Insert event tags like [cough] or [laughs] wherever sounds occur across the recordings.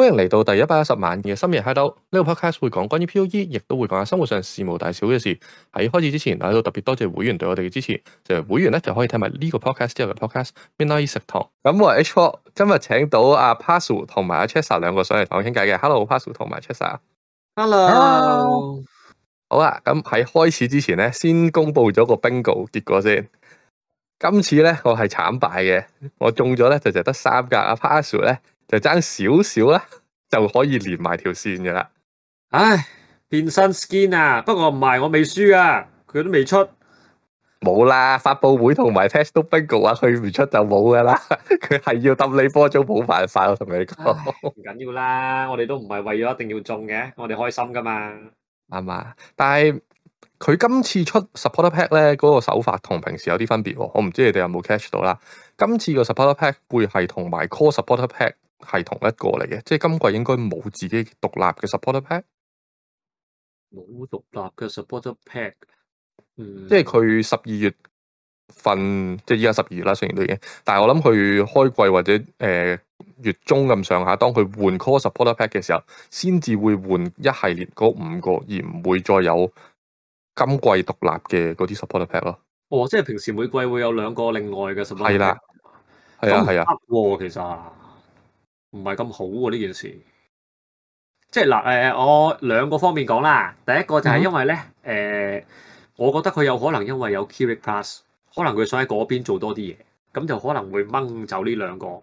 歡迎嚟到第一百一十萬嘅深夜，Hideout 呢個 podcast 會講關於 p o e 亦都會講下生活上事無大小嘅事。喺開始之前，大家都特別多謝會員對我哋嘅支持。就係會員咧就可以睇埋呢個 podcast 之後嘅 podcast。Minari 食堂。咁我係 H4 今日請到阿 Pazu 同埋阿 Chester 兩個上嚟同我傾偈嘅。Hello Pazu 同埋 Chester。Hello。Hello 好啦。咁喺開始之前咧，先公布咗個 bingo 結果先。今次咧，我係慘敗嘅。我中咗咧，就就得三格。阿、啊、Pazu 咧。就爭少少啦，就可以連埋條線嘅啦。唉，變身 skin 啊！不過唔係我未輸啊，佢都未出，冇啦。發布會同埋 test bingo 啊，去唔出就冇噶啦。佢 [laughs] 係要揼你波中冇辦法，我同你講。唔緊要啦，我哋都唔係為咗一定要中嘅，我哋開心噶嘛，啱嘛、嗯？但係佢今次出 supporter pack 咧，嗰、那個手法同平時有啲分別。我唔知你哋有冇 catch 到啦。今次個 supporter pack 會係同埋 call supporter pack。係同一個嚟嘅，即係今季應該冇自己獨立嘅 supporter pack。冇獨立嘅 supporter pack，嗯，即係佢十二月份，即係依家十二月啦，雖然都已經，但係我諗佢開季或者誒、呃、月中咁上下，當佢換 call supporter pack 嘅時候，先至會換一系列嗰五個，而唔會再有今季獨立嘅嗰啲 supporter pack 咯。哦，即係平時每季會有兩個另外嘅 supporter pack，係啦，係啊，係啊的，其實。唔係咁好喎呢件事、啊，即係嗱，誒、呃，我兩個方面講啦。第一個就係因為咧，誒、嗯呃，我覺得佢有可能因為有 Kirac Pass 可能佢想喺嗰邊做多啲嘢，咁就可能會掹走呢兩個。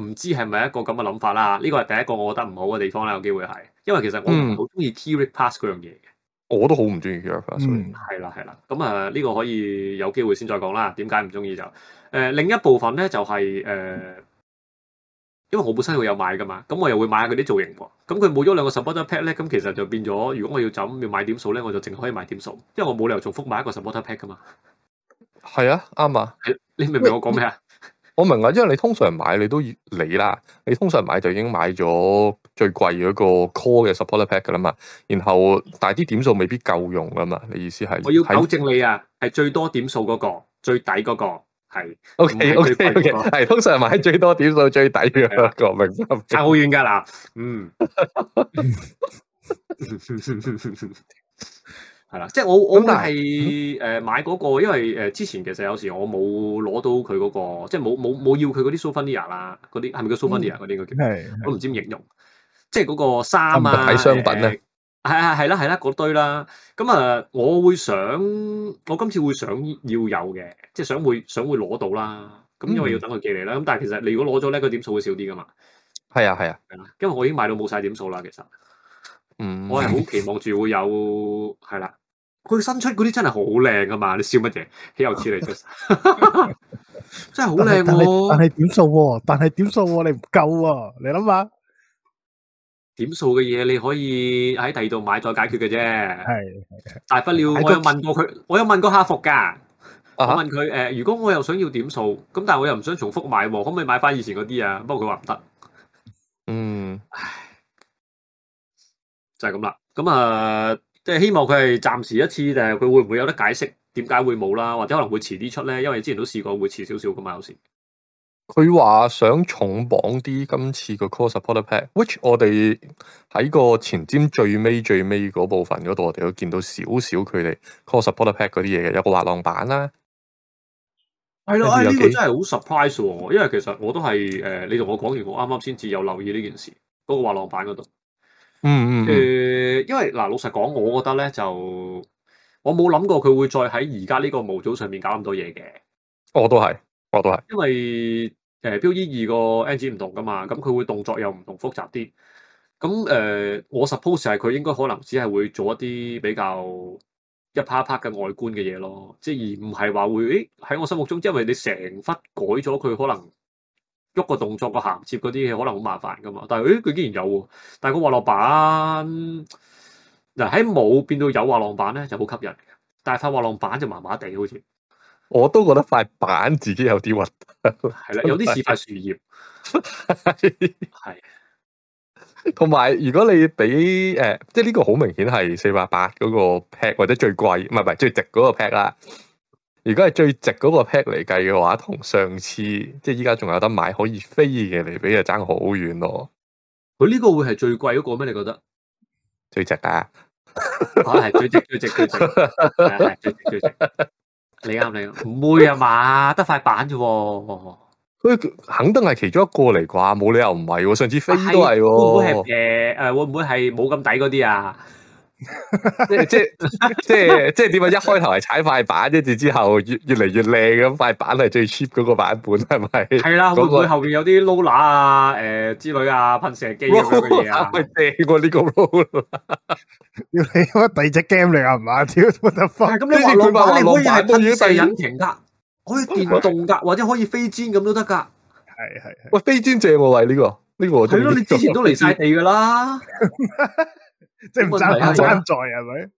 唔知係咪一個咁嘅諗法啦？呢、這個係第一個我覺得唔好嘅地方啦，有機會係，因為其實我唔好中意 Kirac Pass 嗰樣嘢嘅。我都好唔中意 Kirac Pass 係啦係啦。咁啊，呢、嗯這個可以有機會先再講啦。點解唔中意就誒、呃，另一部分咧就係、是、誒。呃因為我本身會有買噶嘛，咁我又會買嗰啲造型喎、啊。咁佢冇咗兩個 supporter pack 咧，咁其實就變咗。如果我要咁要買點數咧，我就淨可以買點數，因為我冇理由重複買一個 supporter pack 噶嘛。係啊，啱啊。你明唔明你我講咩啊？我明啊，因為你通常買你都你啦，你通常買就已經買咗最貴嗰個 core 嘅 supporter pack 噶啦嘛。然後大啲點數未必夠用噶嘛。你意思係？我要糾正你啊。係是最多點數嗰、那個最抵嗰、那個。係是，OK OK OK，係通常買最多點數最抵嘅一個差好遠噶啦。嗯，係啦，即係我但是我但係誒買嗰、那個，因為誒、呃、之前其實有時我冇攞到佢嗰、那個，即係冇冇冇要佢嗰啲 souvenir 啦，嗰啲係咪叫 souvenir 嗰啲應該叫，我唔知點形容，即係嗰個衫啊，呃、商品咧。係啊係啦係啦嗰堆啦，咁、嗯、啊我會想我今次會想要有嘅，即係想會想會攞到啦，咁因為要等佢寄嚟啦。咁但係其實你如果攞咗咧，佢點數會少啲噶嘛？係啊係啊，啊因為我已經買到冇晒點數啦，其實。嗯，我係好期望住會有係啦，佢、啊、新出嗰啲真係好靚噶嘛？你笑乜嘢？豈有此理！ [laughs] [laughs] 真係好靚，但係點數，但係點數，啊數啊，你唔夠啊？你諗下。點數嘅嘢你可以喺第二度買再解決嘅啫，係大的不了我又問過佢，我又問過客服噶，uh huh. 我問佢誒、呃，如果我又想要點數，咁但係我又唔想重複買，可唔可以買翻以前嗰啲啊？不過佢話唔得，嗯，唉就係咁啦。咁啊，即、呃、係希望佢係暫時一次，定係佢會唔會有得解釋點解會冇啦？或者可能會遲啲出咧？因為之前都試過會遲少少噶嘛，有時。佢話想重磅啲今次個 core supporter pack，which 我哋喺個前瞻最尾最尾嗰部分嗰度，我哋都見到少少佢哋 core supporter pack 嗰啲嘢嘅，有個滑浪板啦、啊，係咯的，呢、哎這個真係好 surprise，因為其實我都係誒、呃，你同我講完我啱啱先至有留意呢件事，嗰、那個滑浪板嗰度，嗯嗯，嗯，誒、呃，因為嗱、呃、老實講，我覺得咧就我冇諗過佢會再喺而家呢個模組上面搞咁多嘢嘅，我都係，我都係，因為。誒標、uh, E 二個 engine 唔同噶嘛，咁佢會動作又唔同複雜啲。咁誒、呃，我 suppose 係佢應該可能只係會做一啲比較一 part part 嘅外觀嘅嘢咯，即係而唔係話會誒喺我心目中，因為你成忽改咗佢，可能喐個動作個銜接嗰啲嘢可能好麻煩噶嘛。但係誒，佢竟然有、啊，但係個滑浪板嗱喺冇變到有滑浪板咧就好吸引，但係塊滑浪板就麻麻地好似。我都覺得塊板自己有啲核突係啦，的 [laughs] 有啲似塊樹葉，係。同埋，如果你俾誒，即係呢個好明顯係四百八嗰個 pack 或者最貴，唔係唔係最值嗰個 pack 啦。如果係最值嗰個 pack 嚟計嘅話，同上次即係依家仲有得買可以飛嘅嚟比，就爭好遠咯。佢呢個會係最貴嗰個咩？你覺得最值 [laughs] 啊？係最值最值最值最值。 [laughs] 你啱，你唔會啊嘛？得塊板啫喎，佢肯定係其中一個嚟啩，冇理由唔係喎。上次飛都係喎，啊 [laughs] 呃，會唔會係誒？誒會唔會係冇咁抵嗰啲啊？ [laughs] 即係即係即係即係點解？一開頭係踩塊板，跟住之後越越嚟越靚咁，塊板係最 cheap 嗰個版本係咪？係啦，佢唔會後邊有啲撈乸啊？誒之類啊，噴射機嗰、這個嘢 [laughs] 啊？正過呢個咯，要你乜第二隻 game 嚟啊？唔係，點得翻？咁你老版你老版噴射引擎噶，可以電動噶，或者可以飛磚咁都得噶。係係、啊，喂，飛磚借我位呢個呢個？係、這、咯、個，你之前都嚟晒地噶啦。 [laughs] 即係唔爭唔爭在係咪？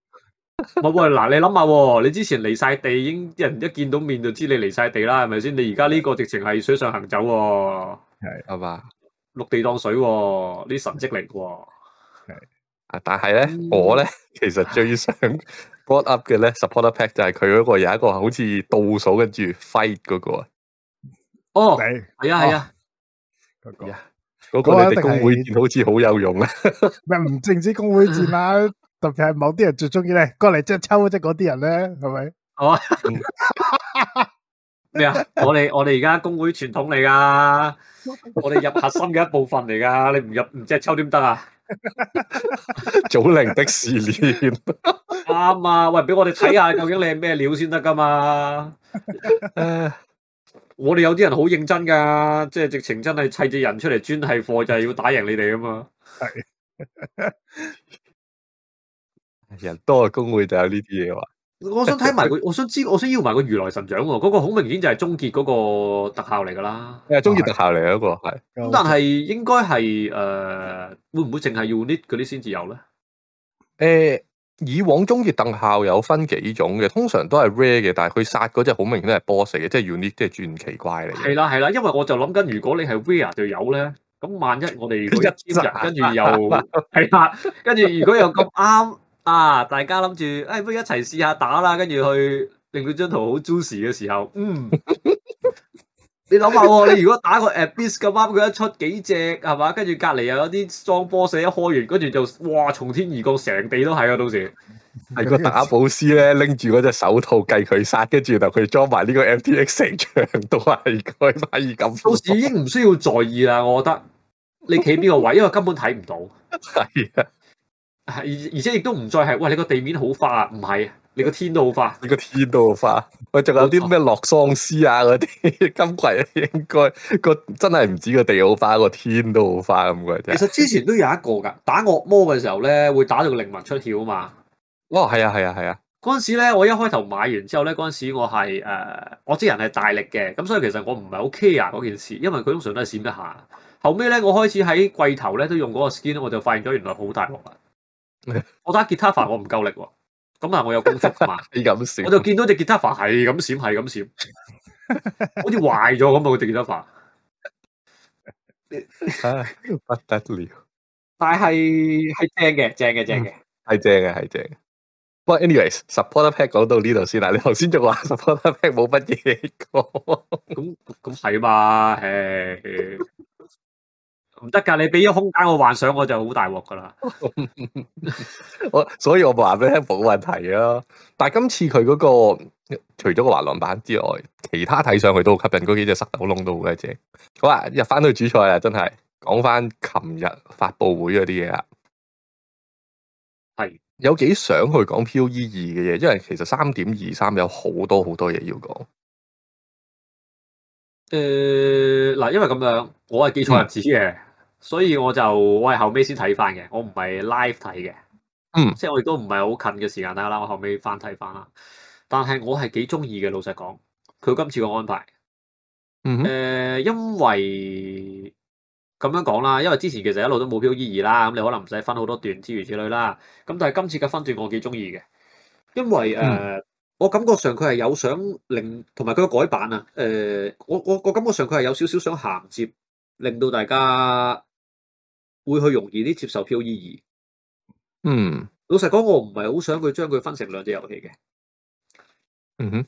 冇係嗱，你諗下喎，你之前離晒地，已經人一見到面就知你離晒地啦，係咪先？你而家呢個直情係水上行走喎，係係嘛？陸地當水喎，呢神跡嚟嘅。係啊，吧但係咧，我咧其實最想 board up 嘅咧，supporter pack 就係佢嗰個有一個好似倒數跟住揮嗰個。哦，係啊，係啊，嗰個、啊。嗰個你哋公會好似好有用啊！唔係唔淨止公會戰啦、啊，特別係某啲人最中意咧，過嚟即係抽即係嗰啲人咧，係咪？好啊！咩啊？我哋我哋而家公會傳統嚟噶，我哋入核心嘅一部分嚟噶，你唔入唔即係抽點得啊？祖靈 [laughs] [laughs] 的試煉啱啊！喂，俾我哋睇下究竟你係咩料先得噶嘛？ [laughs] 我哋有啲人好認真噶，即係直情真係砌隻人出嚟專係貨，就係要打贏你哋啊嘛！係 [laughs] 人多嘅公會就有呢啲嘢話。我想睇埋個， [laughs] 我想知，我想要埋個如來神掌喎。嗰、那個好明顯就係終結嗰個特效嚟噶啦。係、啊、的終結特效嚟嗰、那個係。咁但係應該係誒、呃，會唔會淨係要啲嗰啲先至有咧？誒。以往中意鄧校有分幾種嘅，通常都係 Rare 嘅，但係佢殺嗰隻好明顯都係 Boss 嚟嘅，即係 Unique，即係傳奇怪嚟嘅。係啦係啦，因為我就諗緊，如果你係 Rare 就有咧，咁萬一我哋一簽嘅，跟住又係啦，跟住如果又咁啱啊，大家諗住，哎，不如一齊試下打啦，跟住去令到張圖好 Juicy 嘅時候，嗯。 [laughs] [laughs] 你諗下，你如果打個誒 bis 咁啱，佢一出幾隻係嘛？跟住隔籬又有啲裝波射一開完，跟住就哇從天而降，成地都係啊！到時係 [laughs] 個打補師咧拎住嗰隻手套計佢殺，跟住就佢裝埋呢個 M T X 成場都係可以咁？ [laughs] 到咁，已經唔需要在意啦。我覺得你企邊個位，因為根本睇唔到，係 [laughs] 啊，係而且亦都唔再係喂，你個地面好花唔係。你個天都好花，你個天都好花，喂，仲有啲咩落喪屍啊嗰啲金貴，應該個真係唔止個地好花個天都好花咁鬼。其實之前都有一個噶，打惡魔嘅時候咧，會打到個靈魂出竅啊嘛。哦，係啊係啊係啊！嗰陣、啊啊、時咧，我一開頭買完之後咧，嗰陣時我係誒、呃，我啲人係大力嘅，咁所以其實我唔係 OK a 嗰件事，因為佢通常都係閃一下。後尾咧，我開始喺季頭咧都用嗰個 skin，我就發現咗原來好大鑊啊！ [laughs] 我打吉他范我唔夠力。咁啊！ [laughs] 我有功夫嘛？你咁閃，我就見到隻吉他發係咁閃，係咁閃，閃 [laughs] [laughs] 好似壞咗咁啊！隻吉他發，不得了。但係係正嘅，正嘅，正嘅，係 [laughs] 正嘅，係正嘅。But anyways，supporter pack 講到呢度先啦。你頭先仲話 supporter pack 冇乜嘢講，咁咁係嘛？誒、嗯。嗯嗯嗯 [laughs] 唔得噶，你俾咗空間我幻想，我就好大鑊噶啦。我所以我話俾你冇問題啊。但係今次佢嗰、那個除咗個滑浪板之外，其他睇上去都好吸引，嗰幾隻沙灘好濃到嘅啫。好啊，入翻去主菜啦，真係講翻琴日發佈會嗰啲嘢啦。係是有幾想去講 POE 二嘅嘢，因為其實三點二三有好多好多嘢要講。誒嗱、嗯，因為咁樣我係記錯日子嘅。所以我就我係後尾先睇翻嘅，我唔係 live 睇嘅，嗯，即係我亦都唔係好近嘅時間睇啦，我後尾翻睇翻啦。但係我係幾中意嘅，老實講，佢今次個安排，嗯哼、呃、因為咁樣講啦，因為之前其實一路都冇票意義啦，咁、嗯、你可能唔使分好多段之類之類啦。咁但係今次嘅分段我幾中意嘅，因為誒、呃嗯呃，我感覺上佢係有點點想令同埋佢嘅改版啊，誒，我我我感覺上佢係有少少想銜接，令到大家。會去容易啲接受 P.U.E. 二，嗯，老實講，我唔係好想佢將佢分成兩隻遊戲嘅，嗯哼，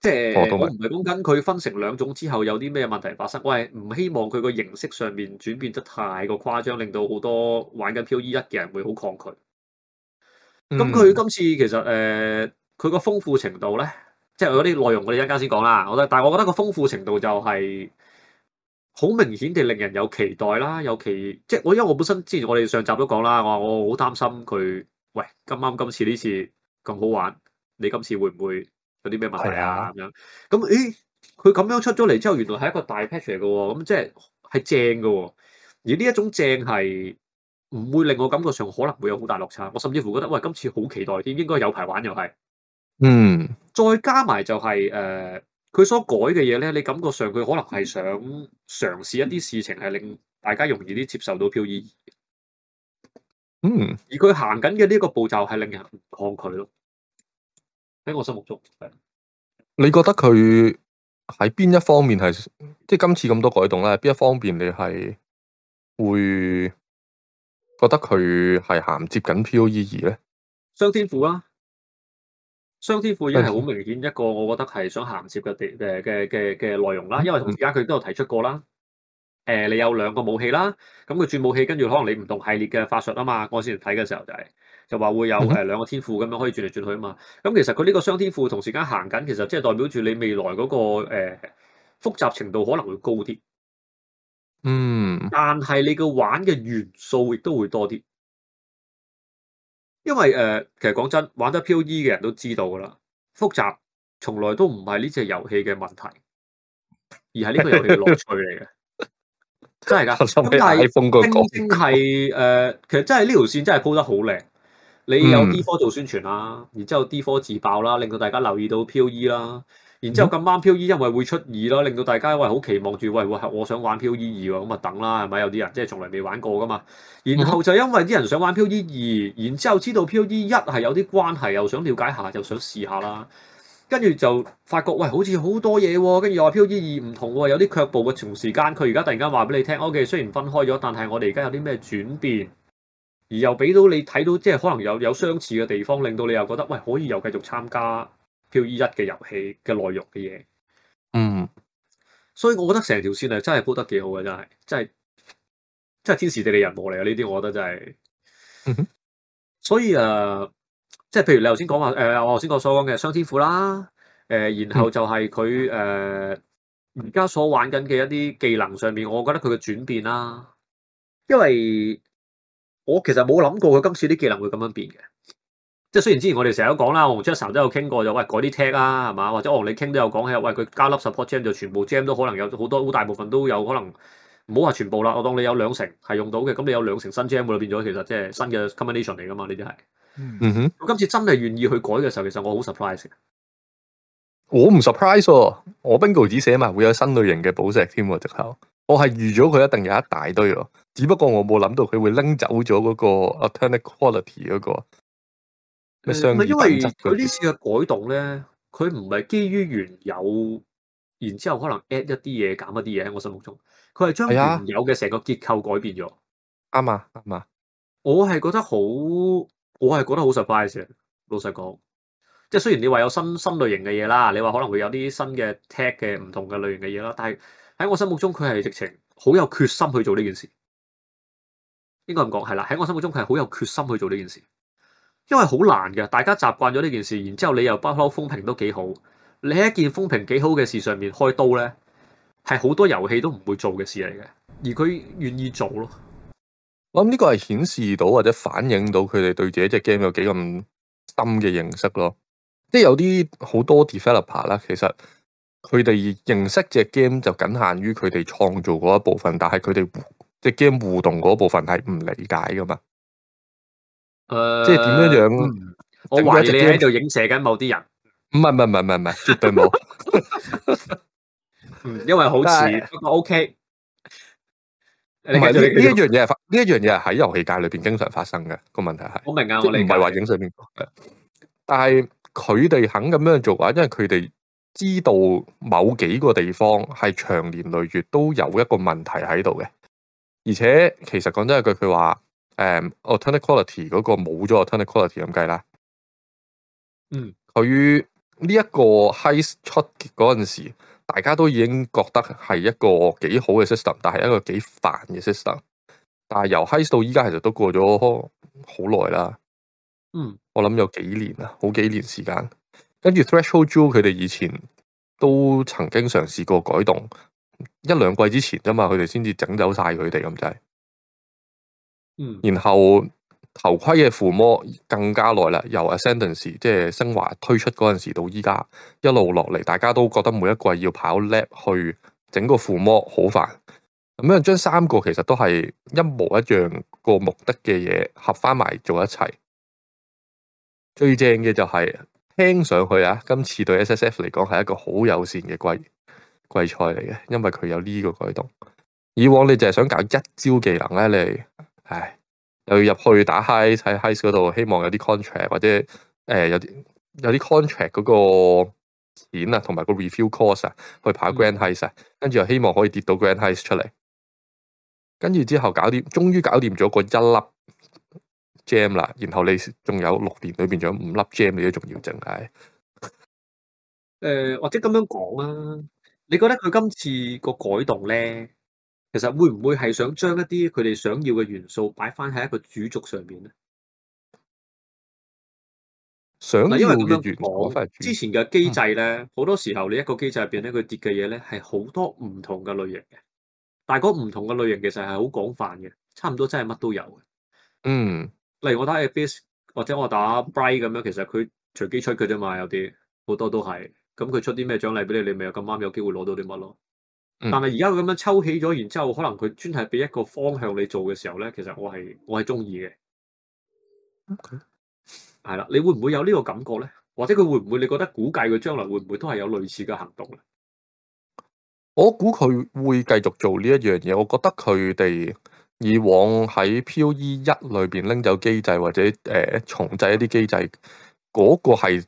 即係是我唔係講緊佢分成兩種之後有啲咩問題發生，我喂，唔希望佢個形式上面轉變得太過誇張，令到好多玩緊 P.U.E. 一嘅人會好抗拒。咁佢、嗯、今次其實誒，佢、呃、個豐富程度咧，即係嗰啲內容我哋一間先講啦，我覺得，但係我覺得個豐富程度就係、是。好明顯地令人有期待啦，有期即係我，因為我本身之前我哋上集都講啦，我話我好擔心佢。喂，今啱今次呢次咁好玩，你今次會唔會有啲咩問題啊？咁的樣咁誒，佢、欸、咁樣出咗嚟之後，原來係一個大 patch 嘅喎，咁即係係正嘅喎、哦。而呢一種正係唔會令我感覺上可能會有好大落差。我甚至乎覺得喂，今次好期待啲，應該有排玩又係。嗯，再加埋就係、是、誒。呃佢所改嘅嘢咧，你感覺上佢可能係想嘗試一啲事情，係令大家容易啲接受到 POE2。嗯，而佢行緊嘅呢個步驟係令人唔抗拒咯。喺我心目中，你覺得佢喺邊一方面係，即係今次咁多改動咧，邊一方面你係會覺得佢係銜接緊 POE2 咧？雙天賦啊！雙天賦已經係好明顯一個，我覺得係想行接嘅嘅嘅嘅內容啦。因為同而家佢都有提出過啦。誒、嗯呃，你有兩個武器啦，咁佢轉武器，跟住可能你唔同系列嘅法術啊嘛。我先前睇嘅時候就係、是、就話會有誒兩、嗯呃、個天賦咁樣可以轉嚟轉去啊嘛。咁其實佢呢個雙天賦同時間行緊，其實即係代表住你未來嗰、那個誒、呃、複雜程度可能會高啲。嗯，但係你嘅玩嘅元素亦都會多啲。因為誒、呃，其實講真，玩得 POE 嘅人都知道噶啦，複雜從來都唔係呢隻遊戲嘅問題，而係呢個遊戲嘅樂趣嚟嘅。 [laughs] 真係噶，咁但係，係誒、呃，其實真係呢條線真係鋪得好靚。你有 D4，嗯、做宣傳啦、啊，然之後 D4 自爆啦、啊，令到大家留意到 POE 啦。然之後咁啱 POE 因為會出二啦，令到大家喂，好期望住，喂會我想玩，POE2,POE2 喎，咁啊等啦，係咪有啲人即係從來未玩過噶嘛？然後就因為啲人想玩 POE2，然之後知道 POE1 係有啲關係，又想了解下，又想試下啦。跟住就發覺喂，好似好多嘢喎，啊。跟住又話 POE2 唔同喎，啊，有啲卻步嘅同時間，佢而家突然間話俾你聽，O K，雖然分開咗，但係我哋而家有啲咩轉變，而又俾到你睇到，即係可能有有相似嘅地方，令到你又覺得喂，可以又繼續參加。票 e 一嘅遊戲嘅內容嘅嘢，嗯，所以我覺得成條線係真係煲得幾好嘅，真係，真係，真係天時地利人和嚟嘅呢啲，我覺得真係，嗯、哼所以誒、啊，即係譬如你頭先講話誒，我頭先所講嘅雙天賦啦，誒、呃，然後就係佢誒而家所玩緊嘅一啲技能上面，我覺得佢嘅轉變啦，因為我其實冇諗過佢今次啲技能會咁樣變嘅。即係雖然之前我哋成日都講啦，我同 Chester 都有傾過就喂改啲 tag 啊，係嘛，或者我同你傾都有講起，喂佢加粒 support gem 就全部 gem 都可能有好多好大部分都有可能唔好話全部啦，我當你有兩成係用到嘅，咁你有兩成新 gem 就變咗其實即係新嘅 combination 嚟噶嘛，呢啲係嗯哼，我今次真係願意去改嘅時候，其實我好 surprise，我唔 surprise 喎，我 bingo 紙寫埋會有新類型嘅寶石添，啊，直頭我係預咗佢一定有一大堆咯，只不過我冇諗到佢會拎走咗嗰個 alternate quality 嗰個。唔係，因為佢呢次嘅改動咧，佢唔係基於原有，然之後可能 add 一啲嘢減一啲嘢喺我心目中。佢係將原有嘅成個結構改變咗。啱啊，啱啊。我係覺得好，我係覺得好 surprise 嘅。老實講，即係雖然你話有新新類型嘅嘢啦，你話可能會有啲新嘅 tag 嘅唔同嘅類型嘅嘢啦，但係喺我心目中佢係直情好有決心去做呢件事。應該咁講係啦。喺我心目中佢係好有決心去做呢件事。因為好難嘅，大家習慣咗呢件事，然之後你又不嬲風評都幾好，你喺一件風評幾好嘅事上面開刀咧，係好多遊戲都唔會做嘅事嚟嘅，而佢願意做咯。我諗呢個係顯示到或者反映到佢哋對自己隻 game 有幾咁深嘅認識咯，即係有啲好多 developer 啦，其實佢哋認識隻 game 就僅限於佢哋創造嗰一部分，但係佢哋隻 game 互動嗰部分係唔理解噶嘛。誒，即係點樣樣？我懷疑你喺度影射緊某啲人。唔係唔係唔係唔係，絕對冇。因為好似咁 OK。唔係呢一樣嘢係呢一樣嘢係喺遊戲界裏邊經常發生嘅個問題係。我明啊，我哋唔係話影射邊個嘅。但係佢哋肯咁樣做啊，因為佢哋知道某幾個地方係長年累月都有一個問題喺度嘅。而且其實講真一句佢話。誒、um，alternative quality 嗰個冇咗 alternative quality 咁計啦。嗯，佢呢一個 Heist 出嗰陣時，大家都已經覺得係一個幾好嘅 system，但係一個幾煩嘅 system。但係由 Heist 到依家，其實都過咗好耐啦。嗯，我諗有幾年啦，好幾年時間。跟住 threshold jewel，佢哋以前都曾經嘗試過改動一兩季之前啫嘛，佢哋先至整走晒佢哋咁滯。然後頭盔嘅附魔更加耐啦。由 Ascendancy 即係昇華推出嗰陣時到依家一路落嚟，大家都覺得每一季要跑 lab 去整個附魔好煩。咁樣將三個其實都係一模一樣個目的嘅嘢，合翻埋做一齊，最正嘅就係、是、聽上去啊，今次對 S S F 嚟講係一個好友善嘅季季賽嚟嘅，因為佢有呢個改動。以往你就係想搞一招技能咧，你。唉，又要入去打 Heist，喺 Heist 嗰度希望有啲 contract 或者誒、呃，有啲有啲 contract 嗰個錢啊，同埋個 reveal cost 啊，去跑 Grand Heist 啊，跟住又希望可以跌到 Grand Heist 出嚟，跟住之後搞掂，終於搞掂咗個一粒 gem 啦，然後你仲有六年裏邊仲有五粒 gem，你都仲要爭唉。誒、哎 [laughs] 呃，或者咁樣講啊，你覺得佢今次個改動咧？其實會唔會係想將一啲佢哋想要嘅元素擺翻喺一個主軸上面咧？想要因為咁樣講，之前嘅機制咧，嗯、好多時候你一個機制入邊咧，佢跌嘅嘢咧係好多唔同嘅類型嘅。但係嗰唔同嘅類型其實係好廣泛嘅，差唔多真係乜都有嘅。嗯，例如我打 Abyss 或者我打 Breach, 咁樣，其實佢隨機出佢啫嘛，有啲好多都係。咁佢出啲咩獎勵俾你，你咪有咁啱有機會攞到啲乜咯？但係而家佢咁樣抽起咗，然之後可能佢專係俾一個方向你做嘅時候咧，其實我係我係中意嘅。係啦 Okay.，你會唔會有呢個感覺咧？或者佢會唔會？你覺得估計佢將來會唔會都係有類似嘅行動咧？我估佢會繼續做呢一樣嘢。我覺得佢哋以往喺 POE 一裏邊拎走機制或者誒、呃、重製一啲機制，嗰、那個係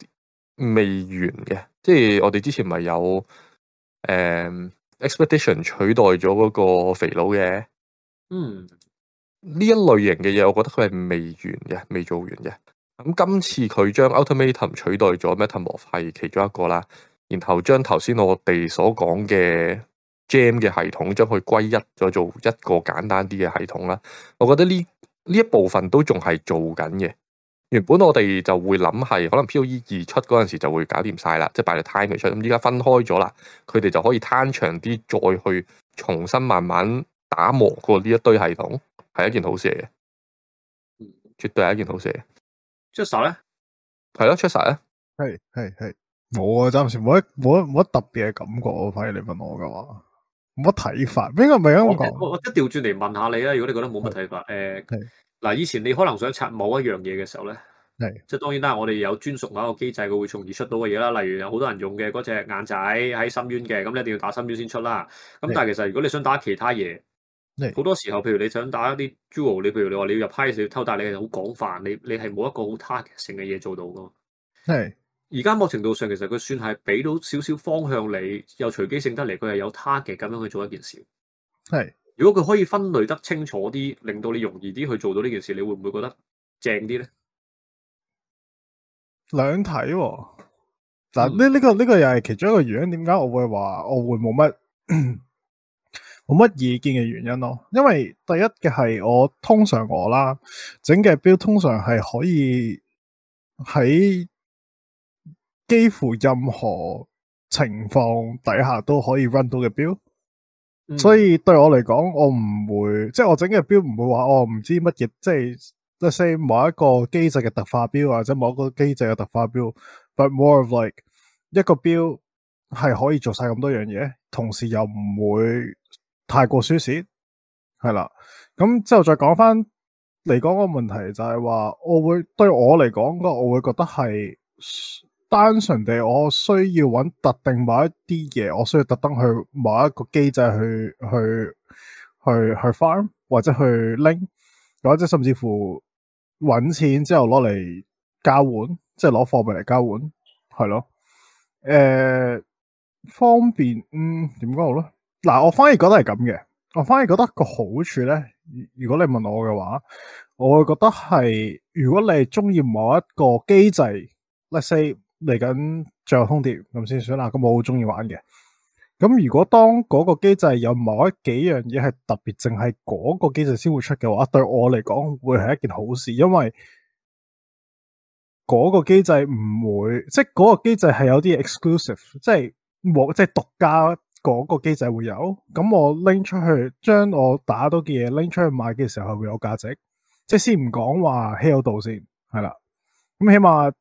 未完嘅。即係我哋之前咪有誒。呃 Expedition 取代咗嗰個肥佬嘅，嗯，呢一類型嘅嘢，我覺得佢係未完嘅，未做完嘅。咁今次佢將 Ultimatum 取代咗 Metamorph 係其中一個啦，然後將頭先我哋所講嘅 Gem 嘅系統，將佢歸一，再做一個簡單啲嘅系統啦。我覺得呢呢一部分都仲係做緊嘅。原本我哋就會諗係可能 PoE 二出嗰陣時就會搞掂晒啦，即係擺到 time 出咁。依家分開咗啦，佢哋就可以攤長啲再去重新慢慢打磨過呢一堆系統，係一件好事嘅。嗯，絕對係一件好事嘅。出晒咧？係咯，出晒咧。係係係，我暫時冇一冇冇乜特別嘅感覺。反而你問我嘅話，冇乜睇法。邊個唔係啊？我講我我調轉嚟問下你啊。如果你覺得冇乜睇法，誒。嗱，以前你可能想拆某一樣嘢嘅時候咧，係的，即係當然，都係我哋有專屬某一個機制，佢會從而出到嘅嘢啦。例如有好多人用嘅嗰隻眼仔喺深淵嘅，咁你一定要打深淵先出啦。咁的但係其實如果你想打其他嘢，好的多時候，譬如你想打一啲 Jewel，你譬如你話你要入 Heist 要偷，但係你係好廣泛，你你係冇一個好 target 性嘅嘢做到噶嘛。係的，而家某程度上其實佢算係俾到少少方向你，又隨機性得嚟，佢係有 target 咁樣去做一件事。係的。如果佢可以分類得清楚啲，令到你容易啲去做到呢件事，你會唔會覺得正啲咧？兩睇嗱、哦，呢呢、呢個呢、嗯、個又係其中一個原因。點解我會話我會冇乜冇乜意見嘅原因咯？因為第一嘅係我通常我啦整嘅表，通常係可以喺幾乎任何情況底下都可以 run 到嘅表。所以對我嚟講，我唔會即係我整嘅表唔會話我唔知乜嘢，即係 let's say 某一個機制嘅特化表或者某一個機制嘅特化表 [noise] ，but more of like 一個表係可以做晒咁多樣嘢，同時又唔會太過奢侈，係啦。咁之後再講翻嚟講個問題就係話， [noise] 我會對我嚟講個，我會覺得係。單純地我，我需要揾特定某一啲嘢，我需要特登去某一個機制去去去去 farm 或者去拎，或者甚至乎揾錢之後攞嚟交換，即係攞貨幣嚟交換，係咯？誒、呃，方便，嗯，點講好咧？嗱，我反而覺得係咁嘅，我反而覺得個好處咧，如果你問我嘅話，我會覺得係，如果你係中意某一個機制，let's say。例如嚟緊最後通牒咁先算啦，咁我好中意玩嘅。咁如果當嗰個機制有某一幾樣嘢係特別，淨係嗰個機制先會出嘅話，對我嚟講會係一件好事，因為嗰個機制唔會，即係嗰個機制係有啲 exclusive，即係我即係獨家嗰個機制會有。咁我拎出去，將我打到嘅嘢拎出去賣嘅時候，係會有價值。即係先唔講話稀有度先，係啦。咁起碼。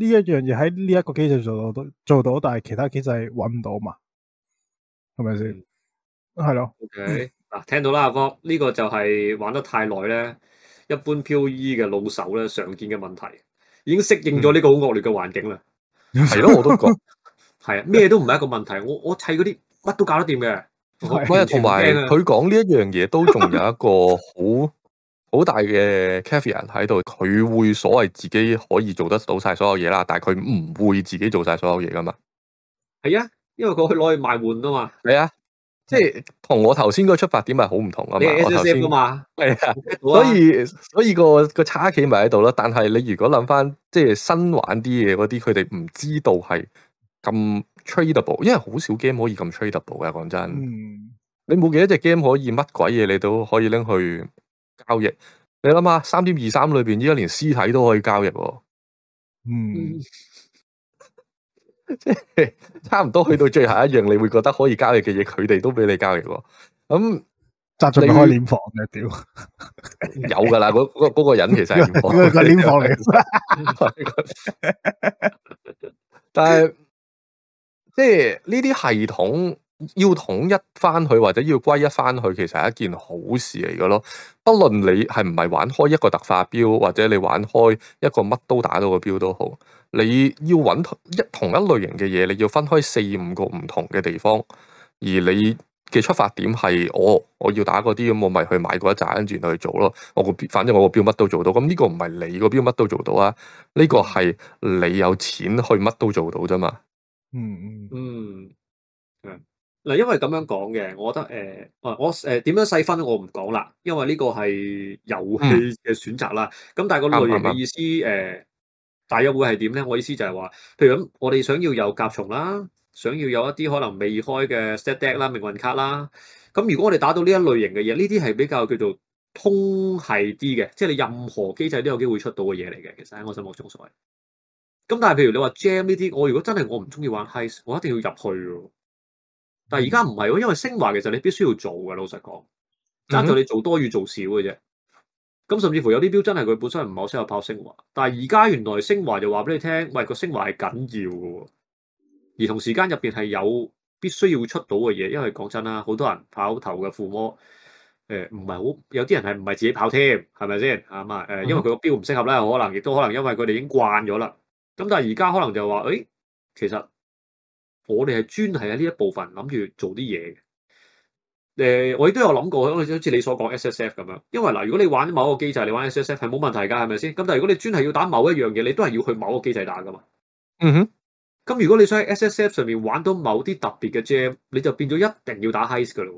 呢一樣嘢喺呢一個機制做到做到，但係其他機制揾唔到嘛？係咪先？係咯、嗯。嗱了，okay. 聽到啦阿方，呢、ok, 個就係玩得太耐咧，一般 POE 嘅老手咧，常見嘅問題已經適應咗呢個好惡劣嘅環境啦。係咯、嗯，我都覺係啊，咩 [laughs] 都唔係一個問題。我我睇嗰啲乜都搞得掂嘅。同埋佢講呢一樣嘢都仲有一個好。 [laughs] 好大嘅 caveat 喺度，佢會所謂自己可以做得到晒所有嘢啦，但係佢唔會自己做晒所有嘢噶嘛。係啊，因為佢可以攞去賣換啊嘛。係啊，即係是同我頭先個出發點係好唔同噶嘛。是我頭先噶嘛，係啊，所以所以，所以個個差企咪喺度啦。但係你如果諗翻即係新玩啲嘢嗰啲，佢哋唔知道係咁 tradeable，因為好少 game 可以咁 tradeable 噶。講真，嗯、你冇幾多隻 game 可以乜鬼嘢，你都可以拎去。交易，你諗下三點二三裏邊，依家連屍體都可以交易。嗯，即係 [laughs] 差唔多去到最後一樣，你會覺得可以交易嘅嘢，佢哋都俾你交易。咁砸咗個開殮房嘅屌， [laughs] [laughs] 有噶啦，嗰嗰、嗰個人其實係殮房嚟嘅。 [laughs] [laughs] 但係即係呢啲系統。要統一翻去或者要歸一翻去，其實係一件好事嚟嘅咯。不論你係唔係玩開一個特化標，或者你玩開一個乜都打到個標都好，你要揾一同一類型嘅嘢，你要分開四五個唔同嘅地方。而你嘅出發點係我、哦，我要打嗰啲咁，我咪、嗯、去買嗰一扎，跟住去做咯。我個反正我個標乜都做到，咁、嗯、呢、這個唔係你個標乜都做到啊？呢、這個係你有錢去乜都做到啫嘛、嗯。嗯嗯嗯。嗱，因為咁樣講嘅，我覺得誒、呃，我誒點、呃、樣細分我唔講啦，因為呢個係遊戲嘅選擇啦。咁、嗯、但係個類型嘅意思誒，大約、嗯嗯呃、會係點咧？我意思就係話，譬如咁，我哋想要有甲蟲啦，想要有一啲可能未開嘅 set deck 啦、命運卡啦。咁如果我哋打到呢一類型嘅嘢，呢啲係比較叫做通係啲嘅，即係你任何機制都有機會出到嘅嘢嚟嘅。其實喺我心目中所謂，咁但係譬如你話 jam 呢啲，我如果真係我唔中意玩 high，我一定要入去咯。但係而家唔係喎，因為升華其實你必須要做嘅，老實講，爭在、嗯、哼你做多與做少嘅啫。咁甚至乎有啲標真係佢本身唔係好適合跑升華，但係而家原來升華就話俾你聽，喂個升華係緊要嘅，而同時間入邊係有必須要出到嘅嘢。因為講真啦，好多人跑頭嘅附魔，誒唔係好有啲人係唔係自己跑添，係咪先啊？嘛、呃、因為佢個標唔適合啦，可能亦都可能因為佢哋已經慣咗啦。咁但係而家可能就話，誒、哎、其實。我哋係專係喺呢一部分諗住做啲嘢嘅，誒、呃，我亦都有諗過，好似你所講 SSF 咁樣。因為嗱，如果你玩某一個機制，你玩 SSF 係冇問題噶，係咪先？咁但係如果你專係要打某一樣嘢，你都係要去某個機制打噶嘛。嗯哼。咁如果你想喺 SSF 上面玩到某啲特別嘅 g e m 你就變咗一定要打 heise 噶啦。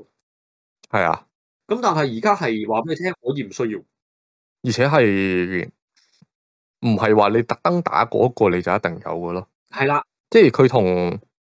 係啊。咁但係而家係話俾你聽，可以唔需要，而且係唔係話你特登打嗰個你就一定有嘅咯？係啦的，即係佢同。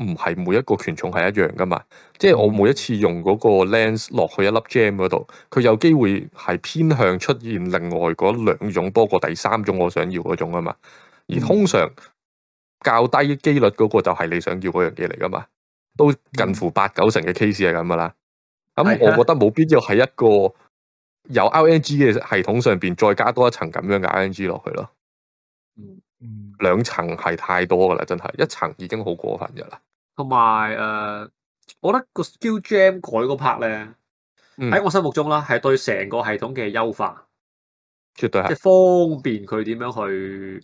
唔係每一個權重係一樣噶嘛，即係我每一次用嗰個 lens 落去一粒 gem 嗰度，佢有機會係偏向出現另外嗰兩種多過第三種我想要嗰種啊嘛，而通常較低嘅機率嗰個就係你想要嗰樣嘢嚟噶嘛，都近乎八九成嘅 case 係咁噶啦。咁我覺得冇必要喺一個有 RNG 嘅系統上邊再加多一層咁樣嘅 RNG 落去咯，兩層係太多噶啦，真係，一層已經好過分噶啦。同埋誒，我覺得個 Skill Gem 改嗰 part 咧，喺、嗯、我心目中啦，係對成個系統嘅優化，絕對係即係方便佢點樣去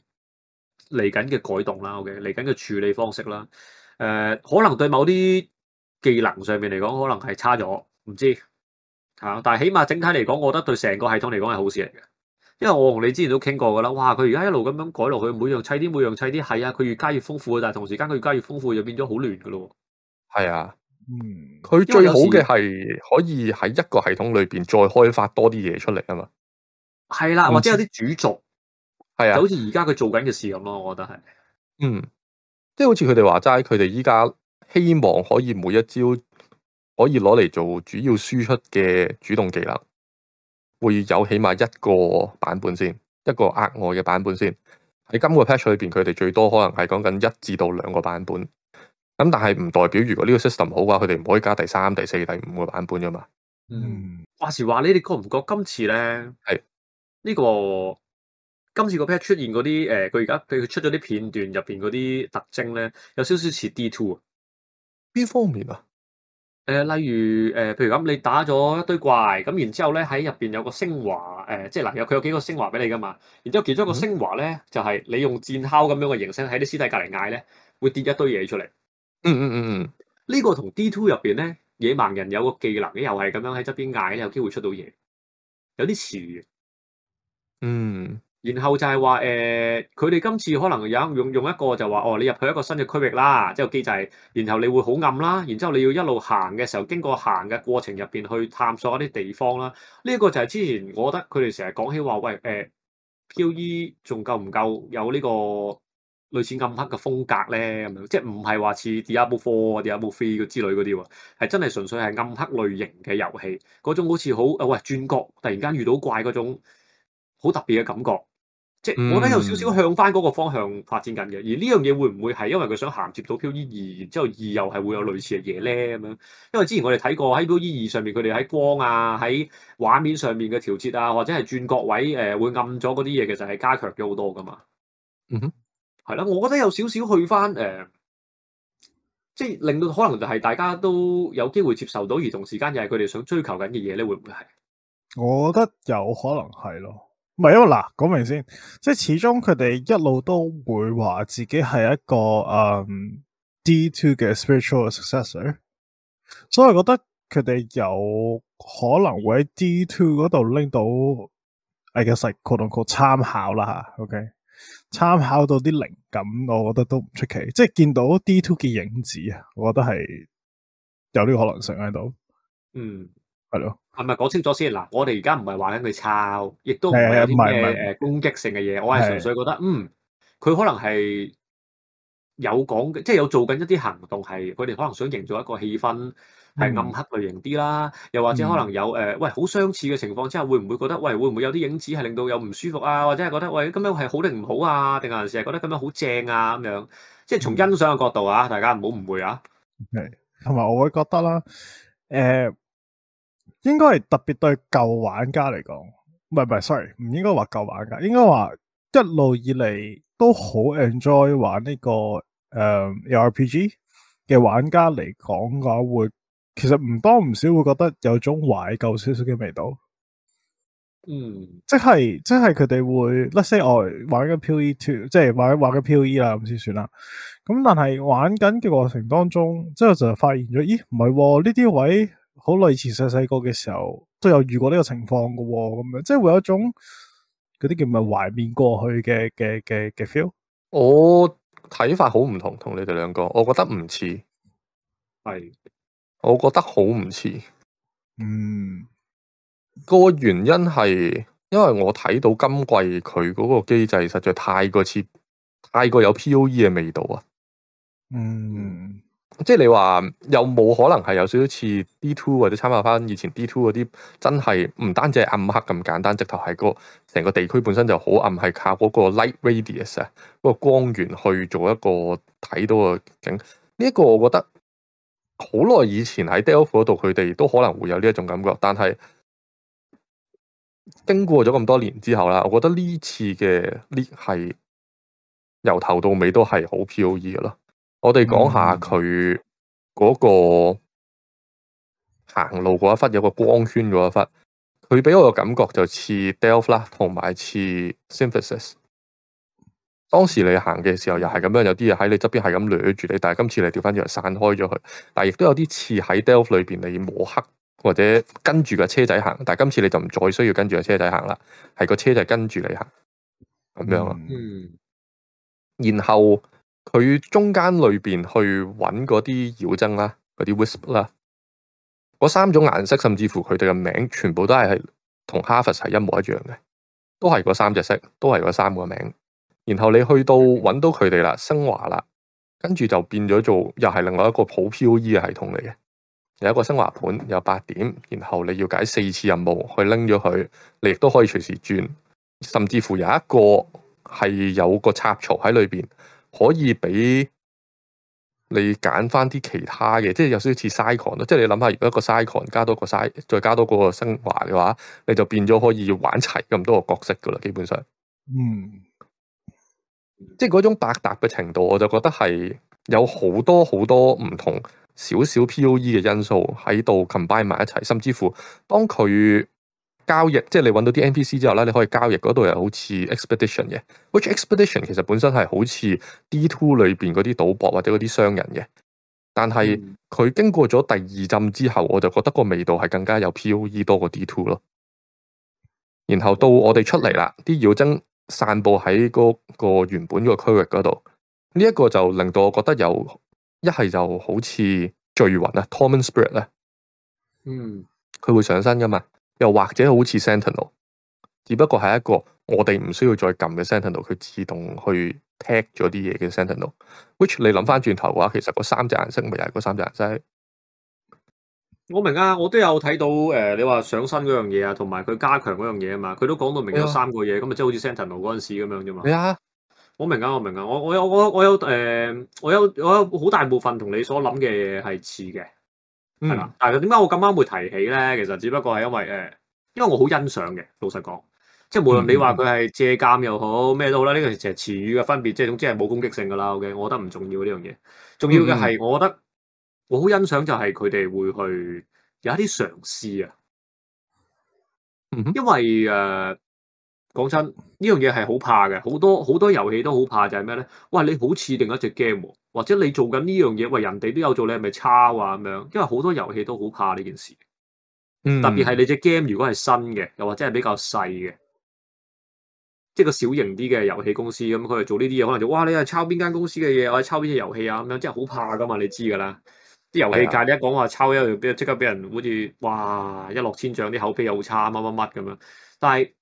嚟緊嘅改動啦。OK，嚟緊嘅處理方式啦。誒、呃，可能對某啲技能上面嚟講，可能係差咗，唔知嚇、啊。但係起碼整體嚟講，我覺得對成個系統嚟講係好事嚟嘅。因為我同你之前都傾過噶啦，哇！佢而家一路咁樣改落去，每樣砌啲，每樣砌啲，係啊，佢越加越豐富，但係同時間佢越加越豐富，越越豐富就變咗好亂噶咯，係啊，嗯，佢最好嘅係可以喺一個系統裏邊再開發多啲嘢出嚟啊嘛，係啦、啊，或者有啲主軸，係啊像，好似而家佢做緊嘅事咁咯，我覺得係，嗯，即、就、係、是、好似佢哋話齋，佢哋依家希望可以每一招可以攞嚟做主要輸出嘅主動技能。會有起碼一個版本先，一個額外嘅版本先。喺今個 patch 裏邊，佢哋最多可能係講緊一至到兩個版本。咁但係唔代表如果呢個 system 好嘅話，佢哋唔可以加第三、第四、第五個版本噶嘛？嗯，話時話你哋覺唔覺今次咧？係呢是、呢個今次個 patch 出現嗰啲誒，佢而家佢佢出咗啲片段入邊嗰啲特徵咧，有少少似 D two 啊，邊方面啊？誒、呃，例如誒、呃，譬如咁，你打咗一堆怪，咁然之後咧，喺入邊有個升華，誒、呃，即係嗱，有佢有幾個升華俾你噶嘛，然之後其中一個升華咧，就係、是、你用戰吼咁樣嘅形式喺啲屍體隔籬嗌咧，會跌一堆嘢出嚟。嗯。嗯嗯嗯嗯，個 D 呢個同 D2 入邊咧野蠻人有個技能嘅，又係咁樣喺側邊嗌咧，有機會出到嘢，有啲似嘅。嗯。然後就係話誒，佢、呃、哋今次可能有用用一個就話哦，你入去一個新嘅區域啦，即個機制。然後你會好暗啦，然之後你要一路行嘅時候，經過行嘅過程入邊去探索一啲地方啦。呢、這個就係之前我覺得佢哋成日講起話喂誒，POE 仲夠唔夠有呢個類似暗黑嘅風格咧？咁樣即唔係話似 Diablo Four、Diablo Three 之類嗰啲喎，係真係純粹係暗黑類型嘅遊戲，嗰種好似好喂轉角突然間遇到怪嗰種好特別嘅感覺。即係我覺得有少少向翻嗰個方向發展緊嘅，而呢樣嘢會唔會係因為佢想銜接到 POE2，然之後二又係會有類似嘅嘢咧咁樣？因為之前我哋睇過喺 POE2 上面，佢哋喺光啊、喺畫面上面嘅調節啊，或者係轉角位誒、呃、會暗咗嗰啲嘢，其實係加強咗好多噶嘛。嗯哼，係啦，我覺得有少少去翻誒、呃，即係令到可能就係大家都有機會接受到，而同時間又係佢哋想追求緊嘅嘢咧，會唔會係？我覺得有可能係咯。唔係，因為嗱，講明先，即係始終佢哋一路都會話自己係一個嗯、um, D2 嘅 spiritual successor，所以我覺得佢哋有可能會喺 D2 嗰度拎到，quote unquote 參考啦吓，OK，參考到啲靈感，我覺得都唔出奇，即係見到 D2 嘅影子啊，我覺得係有呢個可能性喺度，嗯，係咯。係咪講清楚先？嗱，我哋而家唔係話緊佢抄，亦都唔係有啲咩誒攻擊性嘅嘢。我係純粹覺得，嗯，佢可能係有講嘅，即係有做緊一啲行動，係佢哋可能想營造一個氣氛，係暗黑類型啲啦。又或者可能有誒，喂，好相似嘅情況之下，會唔會覺得，喂，會唔會有啲影子係令到有唔舒服啊？或者係覺得，喂，咁樣係好定唔好啊？定係成日覺得咁樣好正啊？咁樣，即係從欣賞嘅角度啊，大家唔好誤會啊。係，同埋我會覺得啦，誒。應該係特別對舊玩家嚟講，唔係唔係，sorry，唔應該話舊玩家，應該話一路以嚟都好 enjoy 玩呢、這個誒、呃、RPG 嘅玩家嚟講嘅話，會其實唔多唔少會覺得有種懷舊少少嘅味道。嗯，即係即係佢哋會，let say 我玩緊 POE 2，即係玩玩緊 POE 啦咁先算啦。咁但係玩緊嘅過程當中，之後就發現咗，咦唔係喎，呢啲位？好耐以前細細個嘅時候都有遇過呢個情況嘅、哦，咁樣即係會有一種嗰啲叫咩懷緬過去嘅嘅嘅嘅 feel。Fe 我睇法好唔同，同你哋兩個，我覺得唔似。係是，我覺得好唔似。嗯，個原因係因為我睇到今季佢嗰個機制實在太過似，太過有 POE 嘅味道啊。嗯。即係你話有冇可能係有少少似 D2 或者參考翻以前 D2 嗰啲真係唔單止係暗黑咁簡單，直頭係個成個地區本身就好暗，係靠嗰個 light radius 啊，嗰個光源去做一個睇到嘅景。呢一個我覺得好耐以前喺 Delve 嗰度，佢哋都可能會有呢一種感覺。但係經過咗咁多年之後啦，我覺得呢次嘅 League 係由頭到尾都係好 P.O.E 嘅咯。我哋講下佢嗰個行路嗰一忽，有個光圈嗰一忽，佢畀我嘅感覺就似 Delve 啦，同埋似 Synthesis。當時你行嘅時候又係咁樣，有啲嘢喺你側邊係咁掠住你，但係今次你掉翻轉散開咗佢。但係亦都有啲似喺 Delve 裏邊你摸黑或者跟住個車仔行，但係今次你就唔再需要跟住個車仔行啦，係個車仔跟住你行咁樣啊。嗯，然後。佢中間裏邊去揾嗰啲妖精啦，嗰啲 wisp 啦，嗰三種顏色，甚至乎佢哋嘅名全部都係同 Harvest 係一模一樣嘅，都係嗰三隻色，都係嗰三個名。然後你去到揾到佢哋啦，昇華啦，跟住就變咗做又係另外一個普飄衣嘅系統嚟嘅。有一個昇華盤有八點，然後你要解四次任務去拎咗佢，你亦都可以隨時轉，甚至乎有一個係有個插槽喺裏邊。可以俾你揀返啲其他嘅，即係有少少似 Scion 咯。即係你諗下，如果一個 Scion 加多個 Scion，再加多個昇華嘅話，你就變咗可以玩齊咁多個角色㗎喇。基本上，嗯，即係嗰種百搭嘅程度，我就覺得係有好多好多唔同少少 PoE 嘅因素喺度 combine 埋一齊，甚至乎當佢，交易即係你揾到啲 NPC 之後咧，你可以交易嗰度又好似 expedition 嘅 [noise] ，which expedition 其實本身係好似 D2 裏邊嗰啲賭博或者嗰啲商人嘅，但係佢經過咗第二浸之後，我就覺得個味道係更加有 POE 多過 D2 咯。然後到我哋出嚟啦，啲 [noise] 妖精散佈喺嗰個原本個區域嗰度，呢、這、一個就令到我覺得有一係就好似聚魂啊，Torment Spirit 咧，嗯，佢會上身㗎嘛。又或者好似 Sentinel，只不過係一個我哋唔需要再撳嘅 Sentinel，佢自動去 tag 咗啲嘢嘅 Sentinel。Which 你諗翻轉頭嘅話，其實嗰三隻顏色咪又係嗰三隻顏色。我明啊，我都有睇到誒、呃，你話上身嗰樣嘢啊，同埋佢加強嗰樣嘢啊嘛，佢都講到明咗三個嘢，咁咪即係好似 Sentinel 嗰陣時咁樣啫嘛。係啊，我明啊，我明啊，我我我我有誒，我有我有好大部分同你所諗嘅嘢係似嘅。係啦，但係點解我咁啱會提起咧？其實只不過係因為誒、呃，因為我好欣賞嘅，老實講，即係無論你話佢係借鑒又好咩都好啦，呢個其實係詞語嘅分別，即係總之係冇攻擊性噶啦。OK，我覺得唔重要呢樣嘢，重要嘅係，我覺得我好欣賞就係佢哋會去有一啲嘗試啊。因為誒。呃講真，呢樣嘢係好怕嘅，好多好多遊戲都好怕就，就係咩咧？喂，你好似另一隻 game、啊、或者你做緊呢樣嘢，喂、呃，人哋都有做，你係咪抄啊？咁樣，因為好多遊戲都好怕呢件事，嗯、特別係你隻 game 如果係新嘅，又或者係比較細嘅，即係個小型啲嘅遊戲公司咁，佢係做呢啲嘢，可能就哇，你又抄邊間公司嘅嘢，我係抄邊隻遊戲啊咁樣，即係好怕噶嘛，你知噶啦？啲遊戲界一講話的抄一樣，一又即刻俾人好似哇一落千丈，啲口碑又差，乜乜乜咁樣，但係。但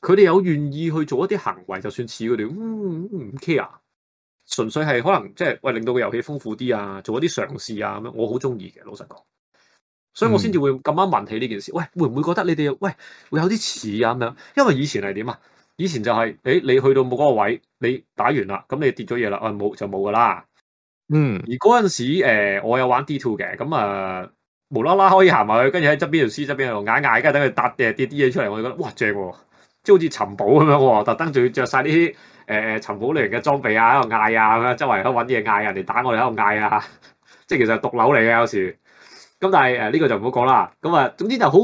佢哋有願意去做一啲行為，就算似佢哋唔 care，純粹係可能即係喂令到個遊戲豐富啲啊，做一啲嘗試啊咁樣，我好中意嘅，老實講，所以我先至會咁啱問起呢件事。喂，會唔會覺得你哋喂會有啲似啊咁樣？因為以前係點啊？以前就係誒，你去到冇嗰個位，你打完啦，咁你跌咗嘢啦，我冇就冇噶啦。嗯，而嗰陣時誒，我有玩 D two 嘅，咁啊無啦啦可以行埋去，跟住喺側邊條屍側邊度嗌嗌，跟住等佢搭地跌啲嘢出嚟，我就覺得哇正喎。好似尋寶咁樣喎，特登仲要着晒呢啲誒誒尋寶類型嘅裝備啊，喺度嗌啊，周圍喺度揾嘢嗌，人哋打我哋喺度嗌啊，即 [laughs] 係其實毒瘤嚟嘅有時。咁但係誒呢個就唔好講啦。咁啊，總之就好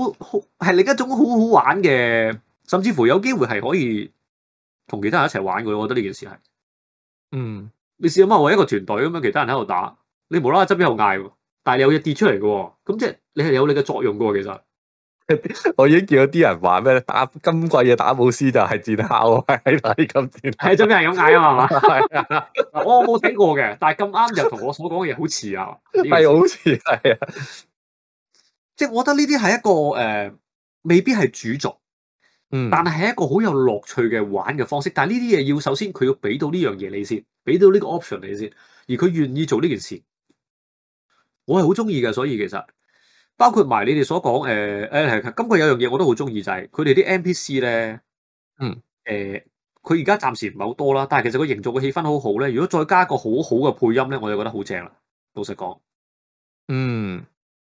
係另一種好好玩嘅，甚至乎有機會係可以同其他人一齊玩嘅。我覺得呢件事係，嗯，你試下嘛，我一個團隊咁樣，其他人喺度打，你無啦啦側邊度嗌喎，但係你有嘢跌出嚟嘅喎，咁即係你係有你嘅作用嘅喎，其實。我已經見到啲人話咩打今季嘅打寶師就係戰孝，係咁戰，係中邊係咁嗌啊嘛？係啊，我冇聽過嘅，但係咁啱就同我所講嘅嘢好似啊，係好似係啊，即係我覺得呢啲係一個誒、呃，未必係主軸，嗯，但係係一個好有樂趣嘅玩嘅方式。但係呢啲嘢要首先佢要俾到呢樣嘢你先，俾到呢個 option 你先，而佢願意做呢件事，我係好中意嘅，所以其實。包括埋你哋所講誒誒，今個有樣嘢，我都好中意就係佢哋啲 NPC 咧，嗯，誒、呃，佢而家暫時唔係好多啦，但係其實佢營造嘅氣氛好好咧。如果再加一個好好嘅配音咧，我就覺得好正啦。老實講，嗯，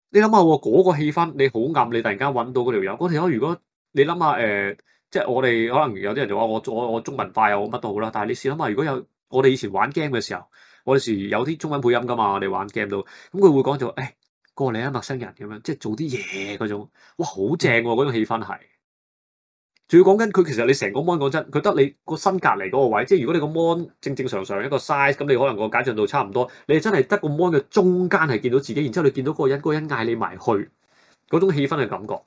你諗下嗰個氣氛，你好暗，你突然間揾到嗰條友，嗰條友，如果你諗下誒，即係我哋可能有啲人就話我我我中文化又我乜都好啦。但係你試諗下，如果有我哋以前玩 game 嘅時候，我哋時有啲中文配音噶嘛，我哋玩 game 到，咁佢會講就誒。哎過嚟啊！陌生人咁樣，即係做啲嘢嗰種，哇，好正嗰種氣氛係。仲要講緊佢，其實你成個 mon 講真，佢得你個身隔籬嗰個位，即係如果你個 mon 正正常常一個 size，咁你可能個解像度差唔多，你真係得個 mon 嘅中間係見到自己，然之後你見到嗰個人，嗰、嗰個人嗌你埋去嗰種氣氛嘅感覺。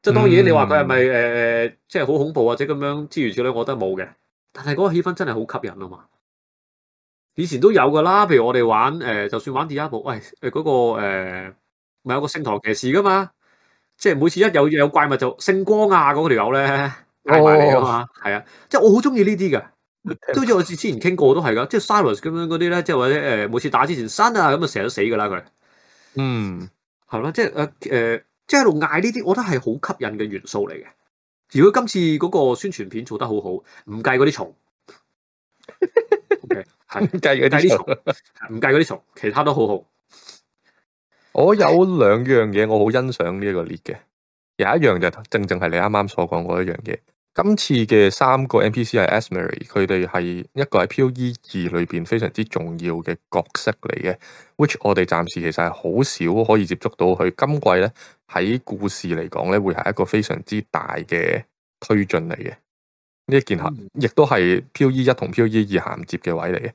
即係當然你話佢係咪誒，即係好恐怖或者咁樣諸如此類，我覺得冇嘅。但係嗰個氣氛真係好吸引啊嘛。以前都有噶啦，譬如我哋玩，誒、呃，就算玩第二部，喂，誒、呃，嗰、那個誒，咪、呃、有個聖堂騎士噶嘛，即係每次一有有怪物就聖光啊呢，嗰個條狗咧，嗌埋嚟啊嘛，係啊、哦，即係我好中意呢啲噶， [laughs] 都好似我之前傾過都係噶，即係 s i l e n c e 咁樣嗰啲咧，即係或者誒，每次打之前生啊咁啊，成日都死噶啦佢，嗯，係咯，即係誒誒，即係喺度嗌呢啲，我覺得係好吸引嘅元素嚟嘅。如果今次嗰個宣傳片做得好好，唔計嗰啲蟲。 [laughs] 唔計嗰啲蟲，唔計嗰啲蟲，其他都好好。 [laughs] 我有兩樣嘢，我好欣賞呢一個列嘅。有一樣就正正係你啱啱所講嗰一樣嘢。今次嘅三個 MPC 係 Asmari，佢哋係一個喺 p u e E 二裏邊非常之重要嘅角色嚟嘅。Which 我哋暫時其實係好少可以接觸到佢。今季咧喺故事嚟講咧，會係一個非常之大嘅推進嚟嘅。呢一件客亦都係、e ePOE1 同 POE2 銜接嘅位嚟嘅。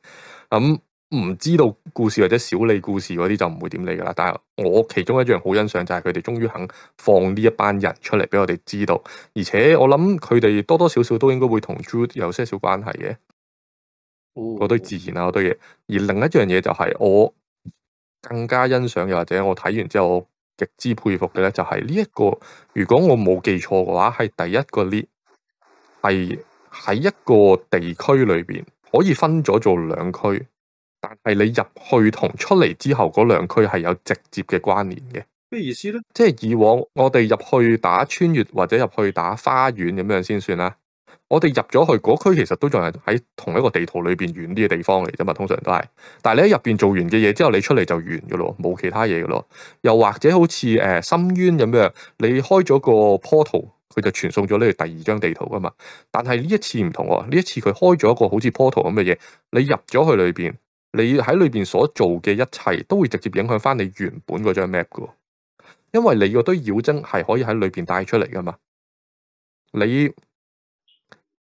咁唔知道故事或者小李故事嗰啲就唔會點理噶啦。但係我其中一樣好欣賞就係佢哋終於肯放呢一班人出嚟俾我哋知道，而且我諗佢哋多多少少都應該會同 Jude 有些少關係嘅。好多自然啊，好多嘢。而另一樣嘢就係我更加欣賞，嘅，或者我睇完之後我極之佩服嘅咧，就係呢一個。如果我冇記錯嘅話，係第一個呢。係喺一個地區裏邊可以分咗做兩區，但係你入去同出嚟，之後嗰兩區係有直接嘅關聯嘅。咩意思呢？即係以往我哋入去打穿越或者入去打花園咁樣先算啦。我哋入咗去嗰區其實都仲係喺同一個地圖裏邊遠啲嘅地方嚟啫嘛，通常都係。但係你喺入邊做完嘅嘢之後，你出嚟就完㗎咯，冇其他嘢㗎咯。又或者好似誒、呃、深淵咁樣，你開咗個坡圖佢就傳送咗呢第二張地圖噶嘛，但係呢一次唔同啊，呢一次佢開咗一個好似 portal 咁嘅嘢，你入咗去裏邊，你喺裏邊所做嘅一切都會直接影響翻你原本嗰張 map 噶，因為你嗰堆妖精係可以喺裏邊帶出嚟噶嘛。你